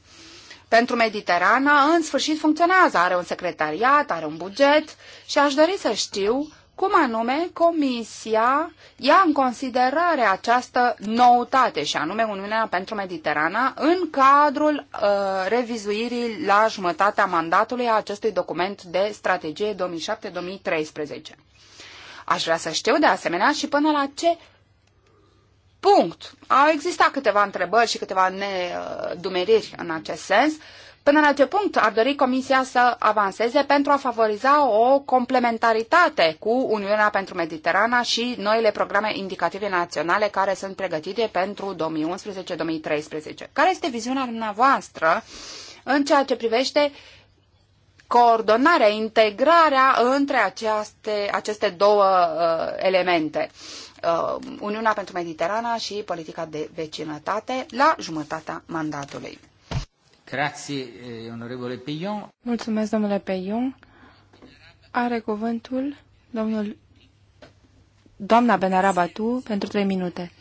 pentru Mediterana în sfârșit funcționează. Are un secretariat, are un buget și aș dori să știu cum anume Comisia ia în considerare această noutate, și anume Uniunea pentru Mediterana, în cadrul uh, revizuirii la jumătatea mandatului a acestui document de strategie 2007-2013. Aș vrea să știu de asemenea și până la ce punct. Au existat câteva întrebări și câteva nedumeriri în acest sens, Până la ce punct ar dori Comisia să avanseze pentru a favoriza o complementaritate cu Uniunea pentru Mediterana și noile programe indicative naționale care sunt pregătite pentru 2011-2013? Care este viziunea dumneavoastră în ceea ce privește coordonarea, integrarea între aceste, aceste două uh, elemente? Uh, Uniunea pentru Mediterana și politica de vecinătate la jumătatea mandatului. Grazie, eh, onorevole Mulțumesc, domnule Peillon. Are cuvântul domnul doamna Benarabatu pentru trei minute.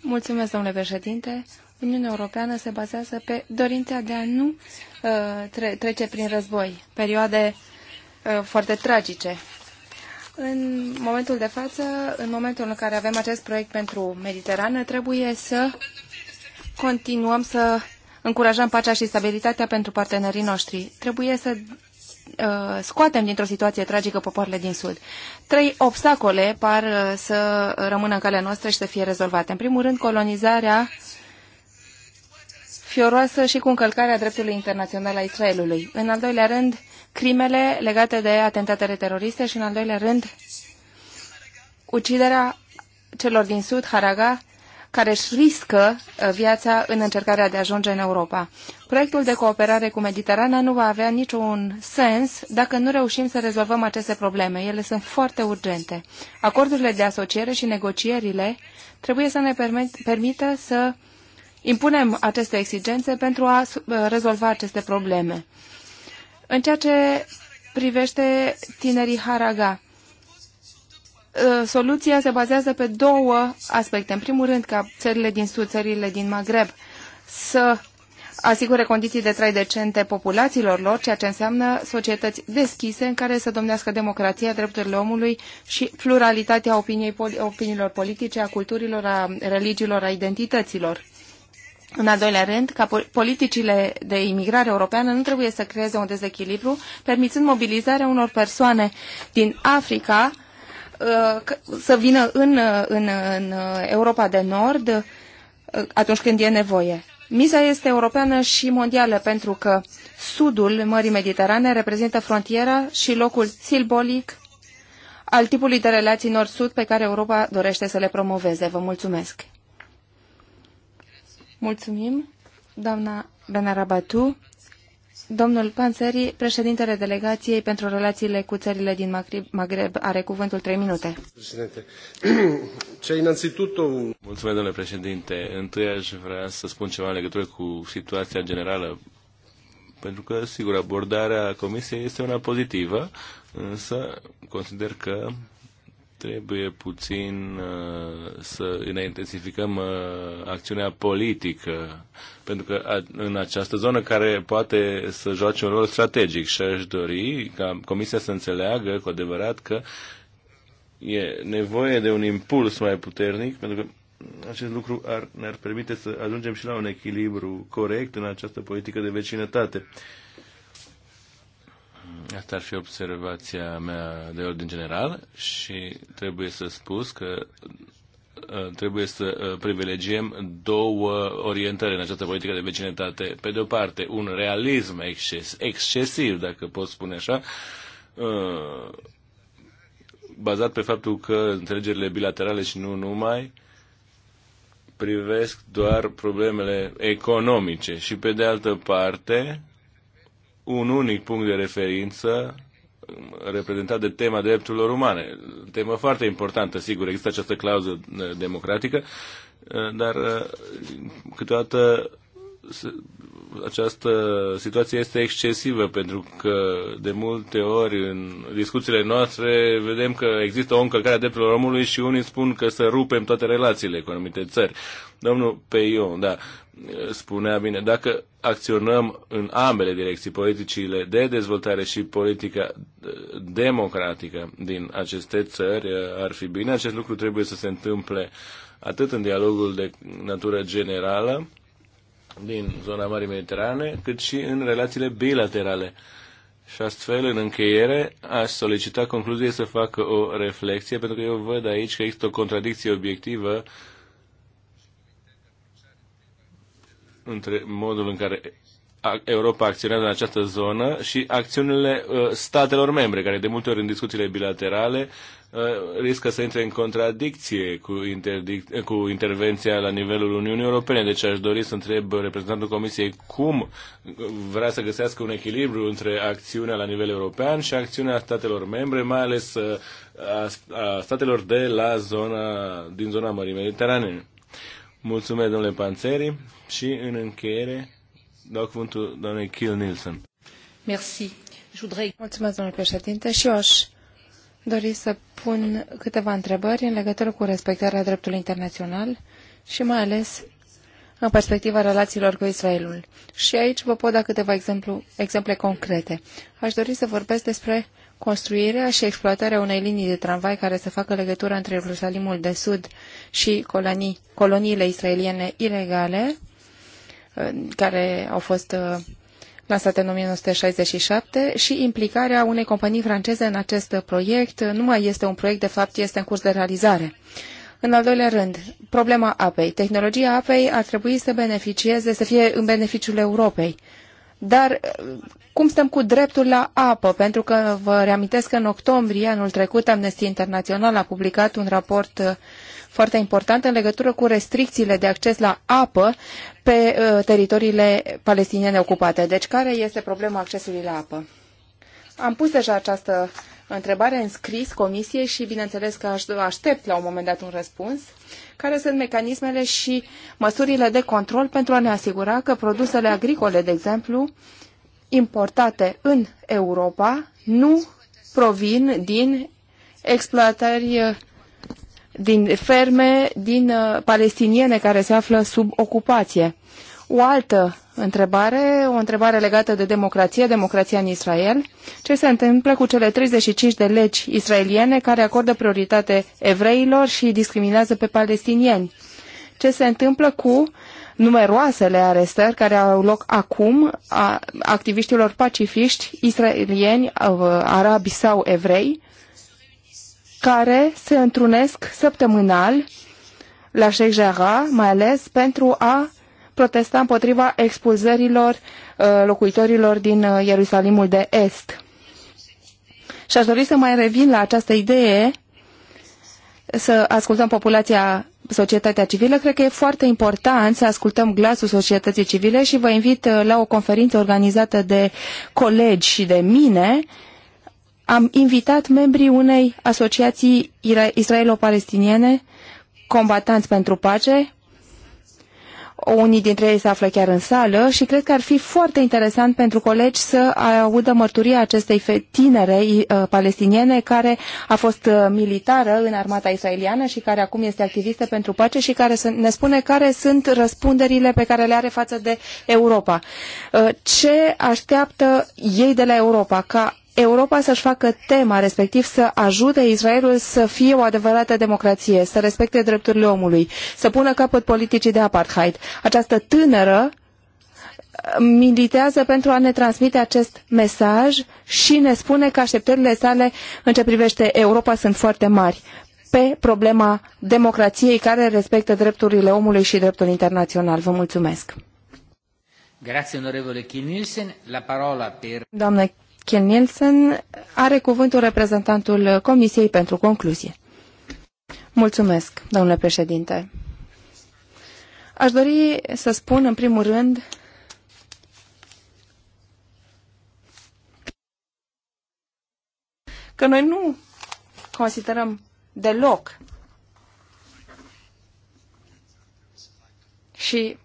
Mulțumesc, domnule președinte. Uniunea Europeană se bazează pe dorința de a nu uh, tre trece prin război, perioade uh, foarte tragice. În momentul de față, în momentul în care avem acest proiect pentru Mediterană, trebuie să continuăm să încurajăm pacea și stabilitatea pentru partenerii noștri. Trebuie să uh, scoatem dintr-o situație tragică popoarele din Sud. Trei obstacole par uh, să rămână în calea noastră și să fie rezolvate. În primul rând, colonizarea fioroasă și cu încălcarea dreptului internațional a Israelului. În al doilea rând, crimele legate de atentatele teroriste și, în al doilea rând, uciderea celor din Sud, Haraga, care își riscă uh, viața în încercarea de a ajunge în Europa. Proiectul de cooperare cu Mediterana nu va avea niciun sens dacă nu reușim să rezolvăm aceste probleme. Ele sunt foarte urgente. Acordurile de asociere și negocierile trebuie să ne permită să impunem aceste exigențe pentru a uh, rezolva aceste probleme. În ceea ce privește tinerii Haraga, Uh, soluția se bazează pe două aspecte. În primul rând, ca țările din sud, țările din Maghreb, să asigure condiții de trai decente populațiilor lor, ceea ce înseamnă societăți deschise în care să domnească democrația, drepturile omului și pluralitatea opiniei, opiniilor politice, a culturilor, a religiilor, a identităților. În al doilea rând, ca politicile de imigrare europeană nu trebuie să creeze un dezechilibru, permițând mobilizarea unor persoane din Africa, să vină în, în, în Europa de Nord uh, atunci când e nevoie. Miza este europeană și mondială pentru că sudul Mării Mediterane reprezintă frontiera și locul simbolic al tipului de relații nord-sud pe care Europa dorește să le promoveze. Vă mulțumesc! Mulțumim, doamna Benarabatu. Domnul Panzeri, președintele delegației pentru relațiile cu țările din Maghreb, are cuvântul 3 minute. Președinte, [CLEARS THROAT] ce înățitut Mulțumesc, domnule președinte. Întâi aș vrea să spun ceva în legătură cu situația generală, pentru că, sigur, abordarea Comisiei este una pozitivă, însă consider că trebuie puțin uh, să ne intensificăm uh, acțiunea politică, pentru că a, în această zonă care poate să joace un rol strategic și aș dori ca Comisia să înțeleagă cu adevărat că e nevoie de un impuls mai puternic, pentru că acest lucru ar, ne-ar permite să ajungem și la un echilibru corect în această politică de vecinătate. Uh, Asta ar fi observația mea de ordin general și trebuie să spus că uh, trebuie să uh, privilegiem două orientări în această politică de vecinătate. Pe de o parte, un realism exces, excesiv, dacă pot spune așa, uh, bazat pe faptul că înțelegerile bilaterale și nu numai privesc doar problemele economice și pe de altă parte un unic punct de referință reprezentat de tema drepturilor umane. Temă foarte importantă, sigur, există această clauză eh, democratică, eh, dar eh, câteodată această situație este excesivă, pentru că de multe ori în discuțiile noastre vedem că există o încălcare a drepturilor omului și unii spun că să rupem toate relațiile cu anumite țări. Domnul Peion, da, spunea bine, dacă acționăm în ambele direcții, politicile de dezvoltare și politica democratică din aceste țări, ar fi bine. Acest lucru trebuie să se întâmple atât în dialogul de natură generală, din zona Marii Mediterane, cât și în relațiile bilaterale. Și astfel, în încheiere, aș solicita concluzie să facă o reflexie, pentru că eu văd aici că există o contradicție obiectivă între modul în care Europa acționează în această zonă și acțiunile uh, statelor membre, care de multe ori în discuțiile bilaterale Uh, riscă să intre în contradicție cu, interdic- cu intervenția la nivelul Uniunii Europene. Deci aș dori să întreb reprezentantul Comisiei cum vrea să găsească un echilibru între acțiunea la nivel european și acțiunea statelor membre, mai ales uh, a statelor de la zona, din zona Mării Mediterane. Mulțumesc, domnule Panțeri, și în încheiere dau cuvântul doamnei Kiel Nielsen. Merci. Mulțumesc, domnule președinte, și eu aș dori să pun câteva întrebări în legătură cu respectarea dreptului internațional și mai ales în perspectiva relațiilor cu Israelul. Și aici vă pot da câteva exemplu, exemple concrete. Aș dori să vorbesc despre construirea și exploatarea unei linii de tramvai care să facă legătura între Ierusalimul de Sud și colonii, coloniile israeliene ilegale, uh, care au fost uh, lansat în 1967 și implicarea unei companii franceze în acest proiect nu mai este un proiect, de fapt este în curs de realizare. În al doilea rând, problema apei. Tehnologia apei ar trebui să beneficieze, să fie în beneficiul Europei. Dar eh, cum stăm cu dreptul la apă? Pentru că vă reamintesc că în octombrie anul trecut Amnesty International a publicat un raport eh, foarte important în legătură cu restricțiile de acces la apă pe eh, teritoriile palestiniene ocupate. Deci care este problema accesului la apă? Am pus deja această întrebare în scris comisiei și bineînțeles că aștept la un moment dat un răspuns care sunt mecanismele și măsurile de control pentru a ne asigura că produsele agricole, de exemplu, importate în Europa, nu provin din exploatări uh, din ferme din uh, palestiniene care se află sub ocupație. O altă întrebare, o întrebare legată de democrație, democrația în Israel. Ce se întâmplă cu cele 35 de legi israeliene care acordă prioritate evreilor și discriminează pe palestinieni? Ce se întâmplă cu numeroasele arestări care au loc acum a activiștilor pacifiști israelieni, arabi sau evrei, care se întrunesc săptămânal la Sheikh Jarrah, mai ales pentru a protesta împotriva expulzărilor uh, locuitorilor din uh, Ierusalimul de Est. Și aș dori să mai revin la această idee, să ascultăm populația, societatea civilă. Cred că e foarte important să ascultăm glasul societății civile și vă invit uh, la o conferință organizată de colegi și de mine. Am invitat membrii unei asociații israelo-palestiniene combatanți pentru pace, unii dintre ei se află chiar în sală și cred că ar fi foarte interesant pentru colegi să audă mărturia acestei tinere uh, palestiniene care a fost uh, militară în armata israeliană și care acum este activistă pentru pace și care ne spune care sunt răspunderile pe care le are față de Europa. Uh, ce așteaptă ei de la Europa? Ca Europa să-și facă tema, respectiv să ajute Israelul să fie o adevărată democrație, să respecte drepturile omului, să pună capăt politicii de apartheid. Această tânără uh, militează pentru a ne transmite acest mesaj și ne spune că așteptările sale în ce privește Europa sunt foarte mari pe problema democrației care respectă drepturile omului și dreptul internațional. Vă mulțumesc! Grazie, onorevole Kim Nielsen. La parola per... Doamne Ken Nielsen are cuvântul reprezentantul Comisiei pentru concluzie. Mulțumesc, domnule președinte. Aș dori să spun, în primul rând, că noi nu considerăm deloc și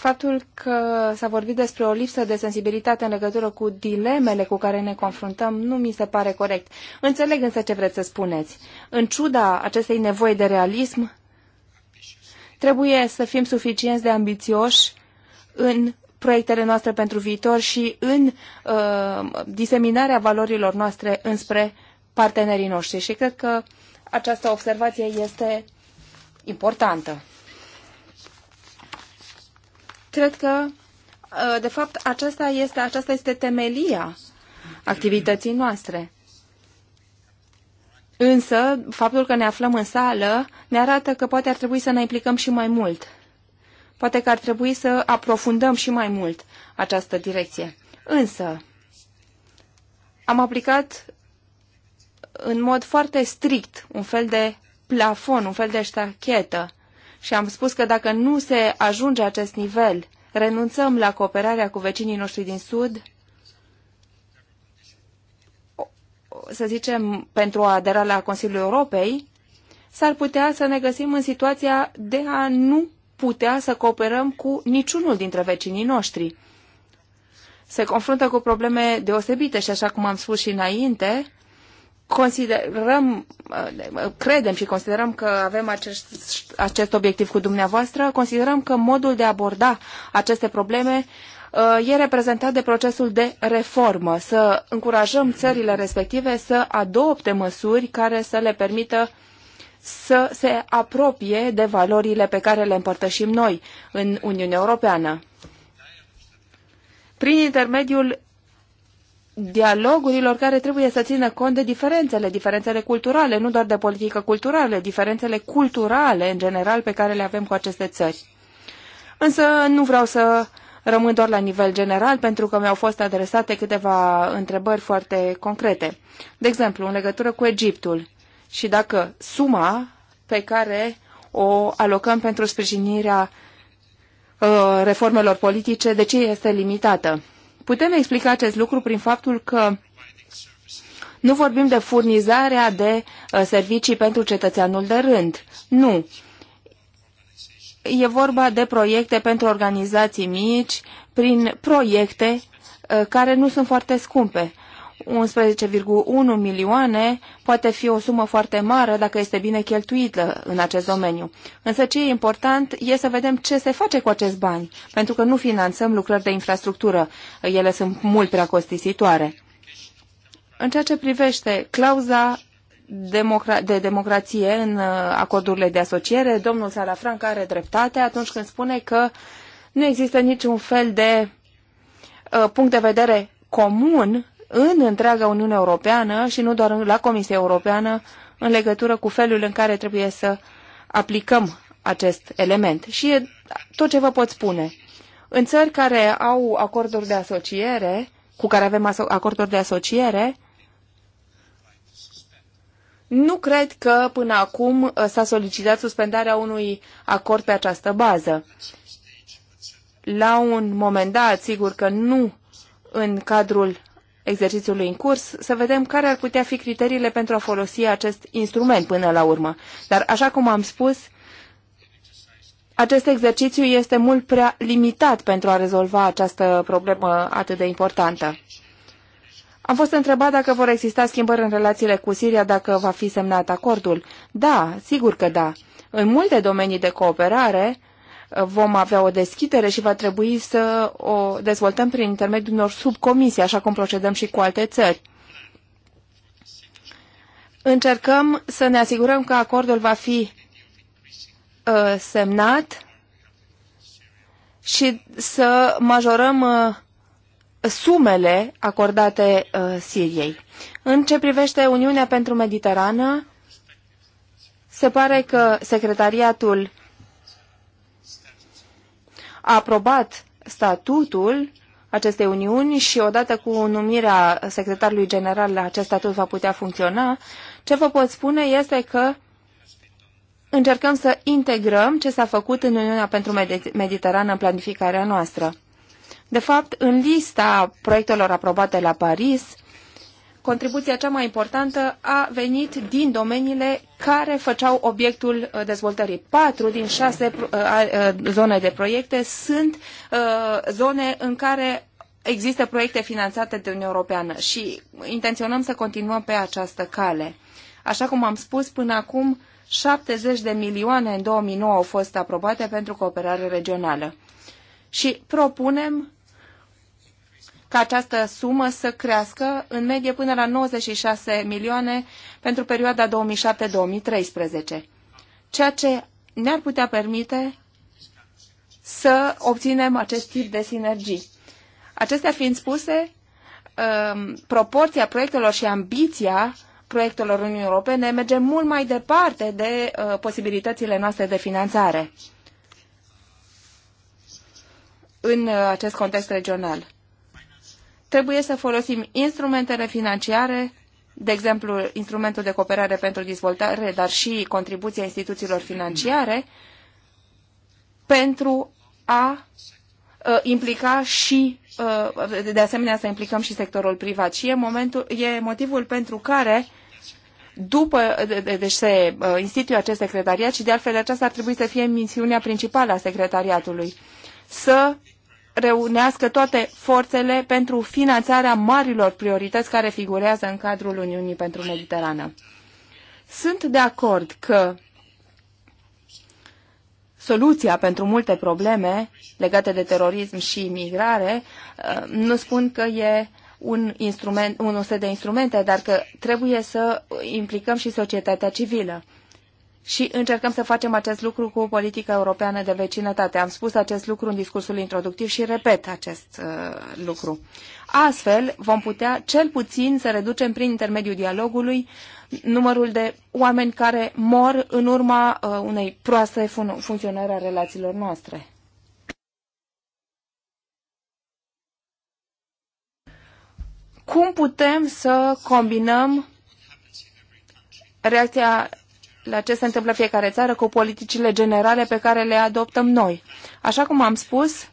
faptul că s-a vorbit despre o lipsă de sensibilitate în legătură cu dilemele cu care ne confruntăm nu mi se pare corect. Înțeleg însă ce vreți să spuneți. În ciuda acestei nevoi de realism, trebuie să fim suficienți de ambițioși în proiectele noastre pentru viitor și în uh, diseminarea valorilor noastre înspre partenerii noștri. Și cred că această observație este importantă. Cred că, uh, de fapt, aceasta este, aceasta este temelia activității noastre. Însă, faptul că ne aflăm în sală ne arată că poate ar trebui să ne implicăm și mai mult. Poate că ar trebui să aprofundăm și mai mult această direcție. Însă, am aplicat în mod foarte strict un fel de plafon, un fel de ștachetă și am spus că dacă nu se ajunge acest nivel, renunțăm la cooperarea cu vecinii noștri din Sud, să zicem, pentru a adera la Consiliul Europei, s-ar putea să ne găsim în situația de a nu putea să cooperăm cu niciunul dintre vecinii noștri. Se confruntă cu probleme deosebite și, așa cum am spus și înainte, considerăm, uh, credem și considerăm că avem acest, acest obiectiv cu dumneavoastră, considerăm că modul de a aborda aceste probleme uh, e reprezentat de procesul de reformă, să încurajăm țările respective să adopte măsuri care să le permită să se apropie de valorile pe care le împărtășim noi în Uniunea Europeană. Prin intermediul dialogurilor care trebuie să țină cont de diferențele, diferențele culturale, nu doar de politică culturală, diferențele culturale în general pe care le avem cu aceste țări. Însă nu vreau să rămân doar la nivel general, pentru că mi-au fost adresate câteva întrebări foarte concrete. De exemplu, în legătură cu Egiptul și dacă suma pe care o alocăm pentru sprijinirea uh, reformelor politice, de ce este limitată? Putem explica acest lucru prin faptul că nu vorbim de furnizarea de uh, servicii pentru cetățeanul de rând. Nu. E vorba de proiecte pentru organizații mici, prin proiecte uh, care nu sunt foarte scumpe. 11,1 milioane poate fi o sumă foarte mare dacă este bine cheltuită în acest domeniu. Însă ce e important e să vedem ce se face cu acești bani, pentru că nu finanțăm lucrări de infrastructură. Ele sunt mult prea costisitoare. În ceea ce privește clauza de democrație în uh, acordurile de asociere, domnul Salafranca are dreptate atunci când spune că nu există niciun fel de uh, punct de vedere comun în întreaga Uniune Europeană și nu doar la Comisia Europeană în legătură cu felul în care trebuie să aplicăm acest element. Și e tot ce vă pot spune. În țări care au acorduri de asociere, cu care avem acorduri de asociere, nu cred că până acum uh, s-a solicitat suspendarea unui acord pe această bază. La un moment dat, sigur că nu în cadrul exercițiului în curs, să vedem care ar putea fi criteriile pentru a folosi acest instrument până la urmă. Dar, așa cum am spus, acest exercițiu este mult prea limitat pentru a rezolva această problemă atât de importantă. Am fost întrebat dacă vor exista schimbări în relațiile cu Siria dacă va fi semnat acordul. Da, sigur că da. În multe domenii de cooperare, vom avea o deschidere și va trebui să o dezvoltăm prin intermediul unor subcomisii, așa cum procedăm și cu alte țări. Încercăm să ne asigurăm că acordul va fi uh, semnat și să majorăm uh, sumele acordate uh, Siriei. În ce privește Uniunea pentru Mediterană, se pare că secretariatul a aprobat statutul acestei uniuni și odată cu numirea secretarului general acest statut va putea funcționa, ce vă pot spune este că încercăm să integrăm ce s-a făcut în Uniunea pentru Mediterană în planificarea noastră. De fapt, în lista proiectelor aprobate la Paris, contribuția cea mai importantă a venit din domeniile care făceau obiectul uh, dezvoltării. Patru din șase uh, uh, zone de proiecte sunt zone în care există proiecte finanțate de Uniunea Europeană și intenționăm să continuăm pe această cale. Așa cum am spus, până acum 70 de milioane în 2009 au fost aprobate pentru cooperare regională. Și propunem ca această sumă să crească în medie până la 96 milioane pentru perioada 2007-2013, ceea ce ne-ar putea permite să obținem acest tip de sinergii. Acestea fiind spuse, um, proporția proiectelor și ambiția proiectelor Uniunii Europene merge mult mai departe de uh, posibilitățile noastre de finanțare în uh, acest context regional trebuie să folosim instrumentele financiare, de exemplu, instrumentul de cooperare pentru dezvoltare, dar și contribuția instituțiilor financiare, pentru a uh, implica și, uh, de asemenea, să implicăm și sectorul privat. Și e, momentul, e motivul pentru care după, deci se uh, instituie acest secretariat și de altfel aceasta ar trebui să fie misiunea principală a secretariatului. Să reunească toate forțele pentru finanțarea marilor priorități care figurează în cadrul Uniunii pentru Mediterană. Sunt de acord că soluția pentru multe probleme legate de terorism și imigrare, uh, nu spun că e un, instrument, un set de instrumente, dar că trebuie să implicăm și societatea civilă și încercăm să facem acest lucru cu politica europeană de vecinătate. Am spus acest lucru în discursul introductiv și repet acest uh, lucru. Astfel vom putea cel puțin să reducem prin intermediul dialogului numărul de oameni care mor în urma uh, unei proaste fun funcționări a relațiilor noastre. Cum putem să combinăm reacția la ce se întâmplă fiecare țară cu politicile generale pe care le adoptăm noi. Așa cum am spus,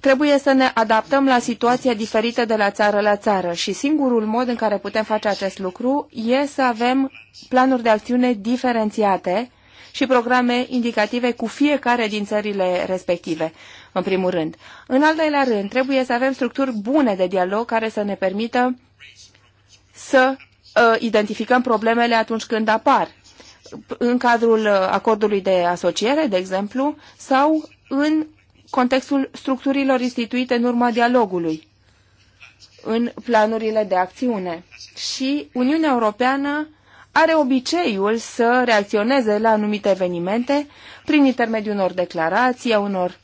trebuie să ne adaptăm la situația diferită de la țară la țară și singurul mod în care putem face acest lucru e să avem planuri de acțiune diferențiate și programe indicative cu fiecare din țările respective, în primul rând. În al doilea rând, trebuie să avem structuri bune de dialog care să ne permită să Uh, identificăm problemele atunci când apar, în cadrul uh, acordului de asociere, de exemplu, sau în contextul structurilor instituite în urma dialogului, în planurile de acțiune. Și Uniunea Europeană are obiceiul să reacționeze la anumite evenimente prin intermediul unor declarații, a unor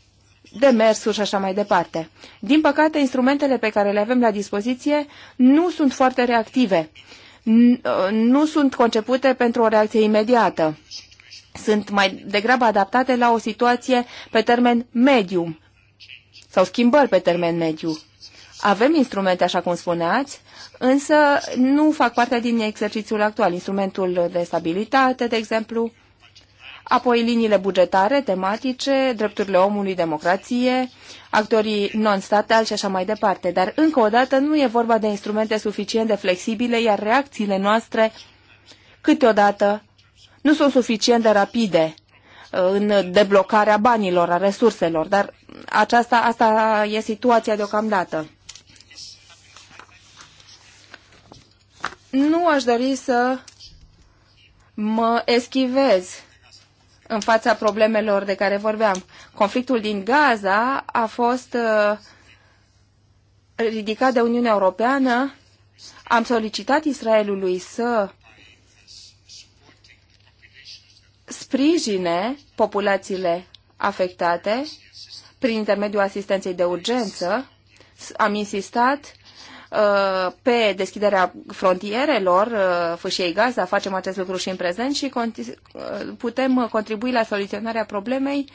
demersuri și așa mai departe. Din păcate, instrumentele pe care le avem la dispoziție nu sunt foarte reactive Uh, nu sunt concepute pentru o reacție imediată. Sunt mai degrabă adaptate la o situație pe termen mediu sau schimbări pe termen mediu. Avem instrumente, așa cum spuneați, însă nu fac parte din exercițiul actual. Instrumentul de stabilitate, de exemplu, apoi liniile bugetare, tematice, drepturile omului, democrație, actorii non-statali și așa mai departe. Dar, încă o dată, nu e vorba de instrumente suficient de flexibile, iar reacțiile noastre, câteodată, nu sunt suficient de rapide uh, în deblocarea banilor, a resurselor, dar aceasta, asta e situația deocamdată. Nu aș dori să mă eschivez în fața problemelor de care vorbeam. Conflictul din Gaza a fost uh, ridicat de Uniunea Europeană. Am solicitat Israelului să sprijine populațiile afectate prin intermediul asistenței de urgență. Am insistat Uh, pe deschiderea frontierelor uh, fâșiei Gaza, facem acest lucru și în prezent și uh, putem contribui la soluționarea problemei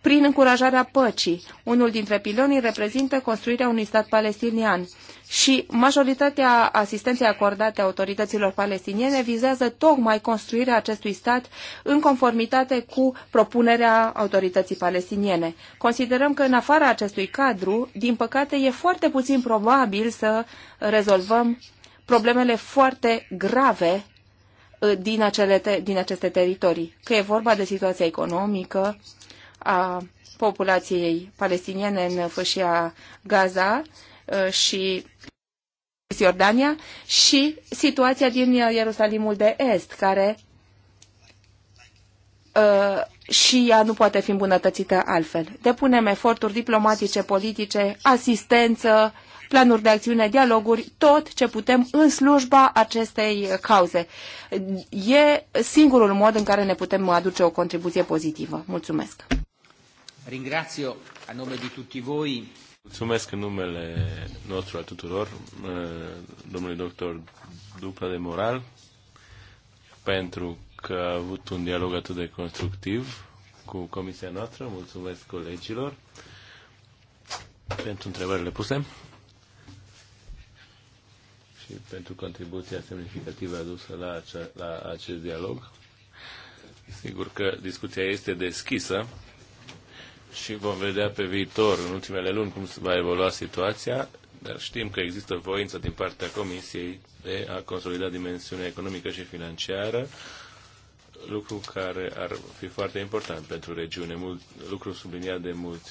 prin încurajarea păcii. Unul dintre pilonii reprezintă construirea unui stat palestinian și majoritatea asistenței acordate autorităților palestiniene vizează tocmai construirea acestui stat în conformitate cu propunerea autorității palestiniene. Considerăm că în afara acestui cadru, din păcate, e foarte puțin probabil să rezolvăm problemele foarte grave uh, din, acele te- din aceste teritorii, că e vorba de situația economică a populației palestiniene în fâșia Gaza, Uh, și Iordania și situația din uh, Ierusalimul de Est, care uh, și ea nu poate fi îmbunătățită altfel. Depunem eforturi diplomatice, politice, asistență, planuri de acțiune, dialoguri, tot ce putem în slujba acestei cauze. E singurul mod în care ne putem aduce o contribuție pozitivă. Mulțumesc! Ringrazio a nome di tutti voi Mulțumesc în numele nostru a tuturor, uh, domnului doctor Dupla de Moral, pentru că a avut un dialog atât de constructiv cu comisia noastră. Mulțumesc colegilor pentru întrebările puse și pentru contribuția semnificativă adusă la, acea, la acest dialog. Sigur că discuția este deschisă și vom vedea pe viitor, în ultimele luni, cum se va evolua situația, dar știm că există voință din partea Comisiei de a consolida dimensiunea economică și financiară, lucru care ar fi foarte important pentru regiune, mult, lucru subliniat de mulți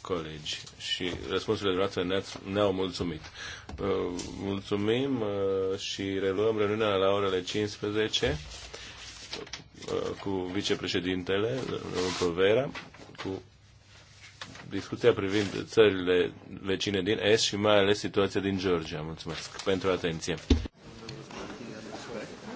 colegi și răspunsurile dumneavoastră ne-au mulțumit. Uh, mulțumim uh, și reluăm reuniunea la orele 15 uh, cu vicepreședintele, Provera, cu discuția privind țările vecine din Est și mai ales situația din Georgia. Mulțumesc pentru atenție.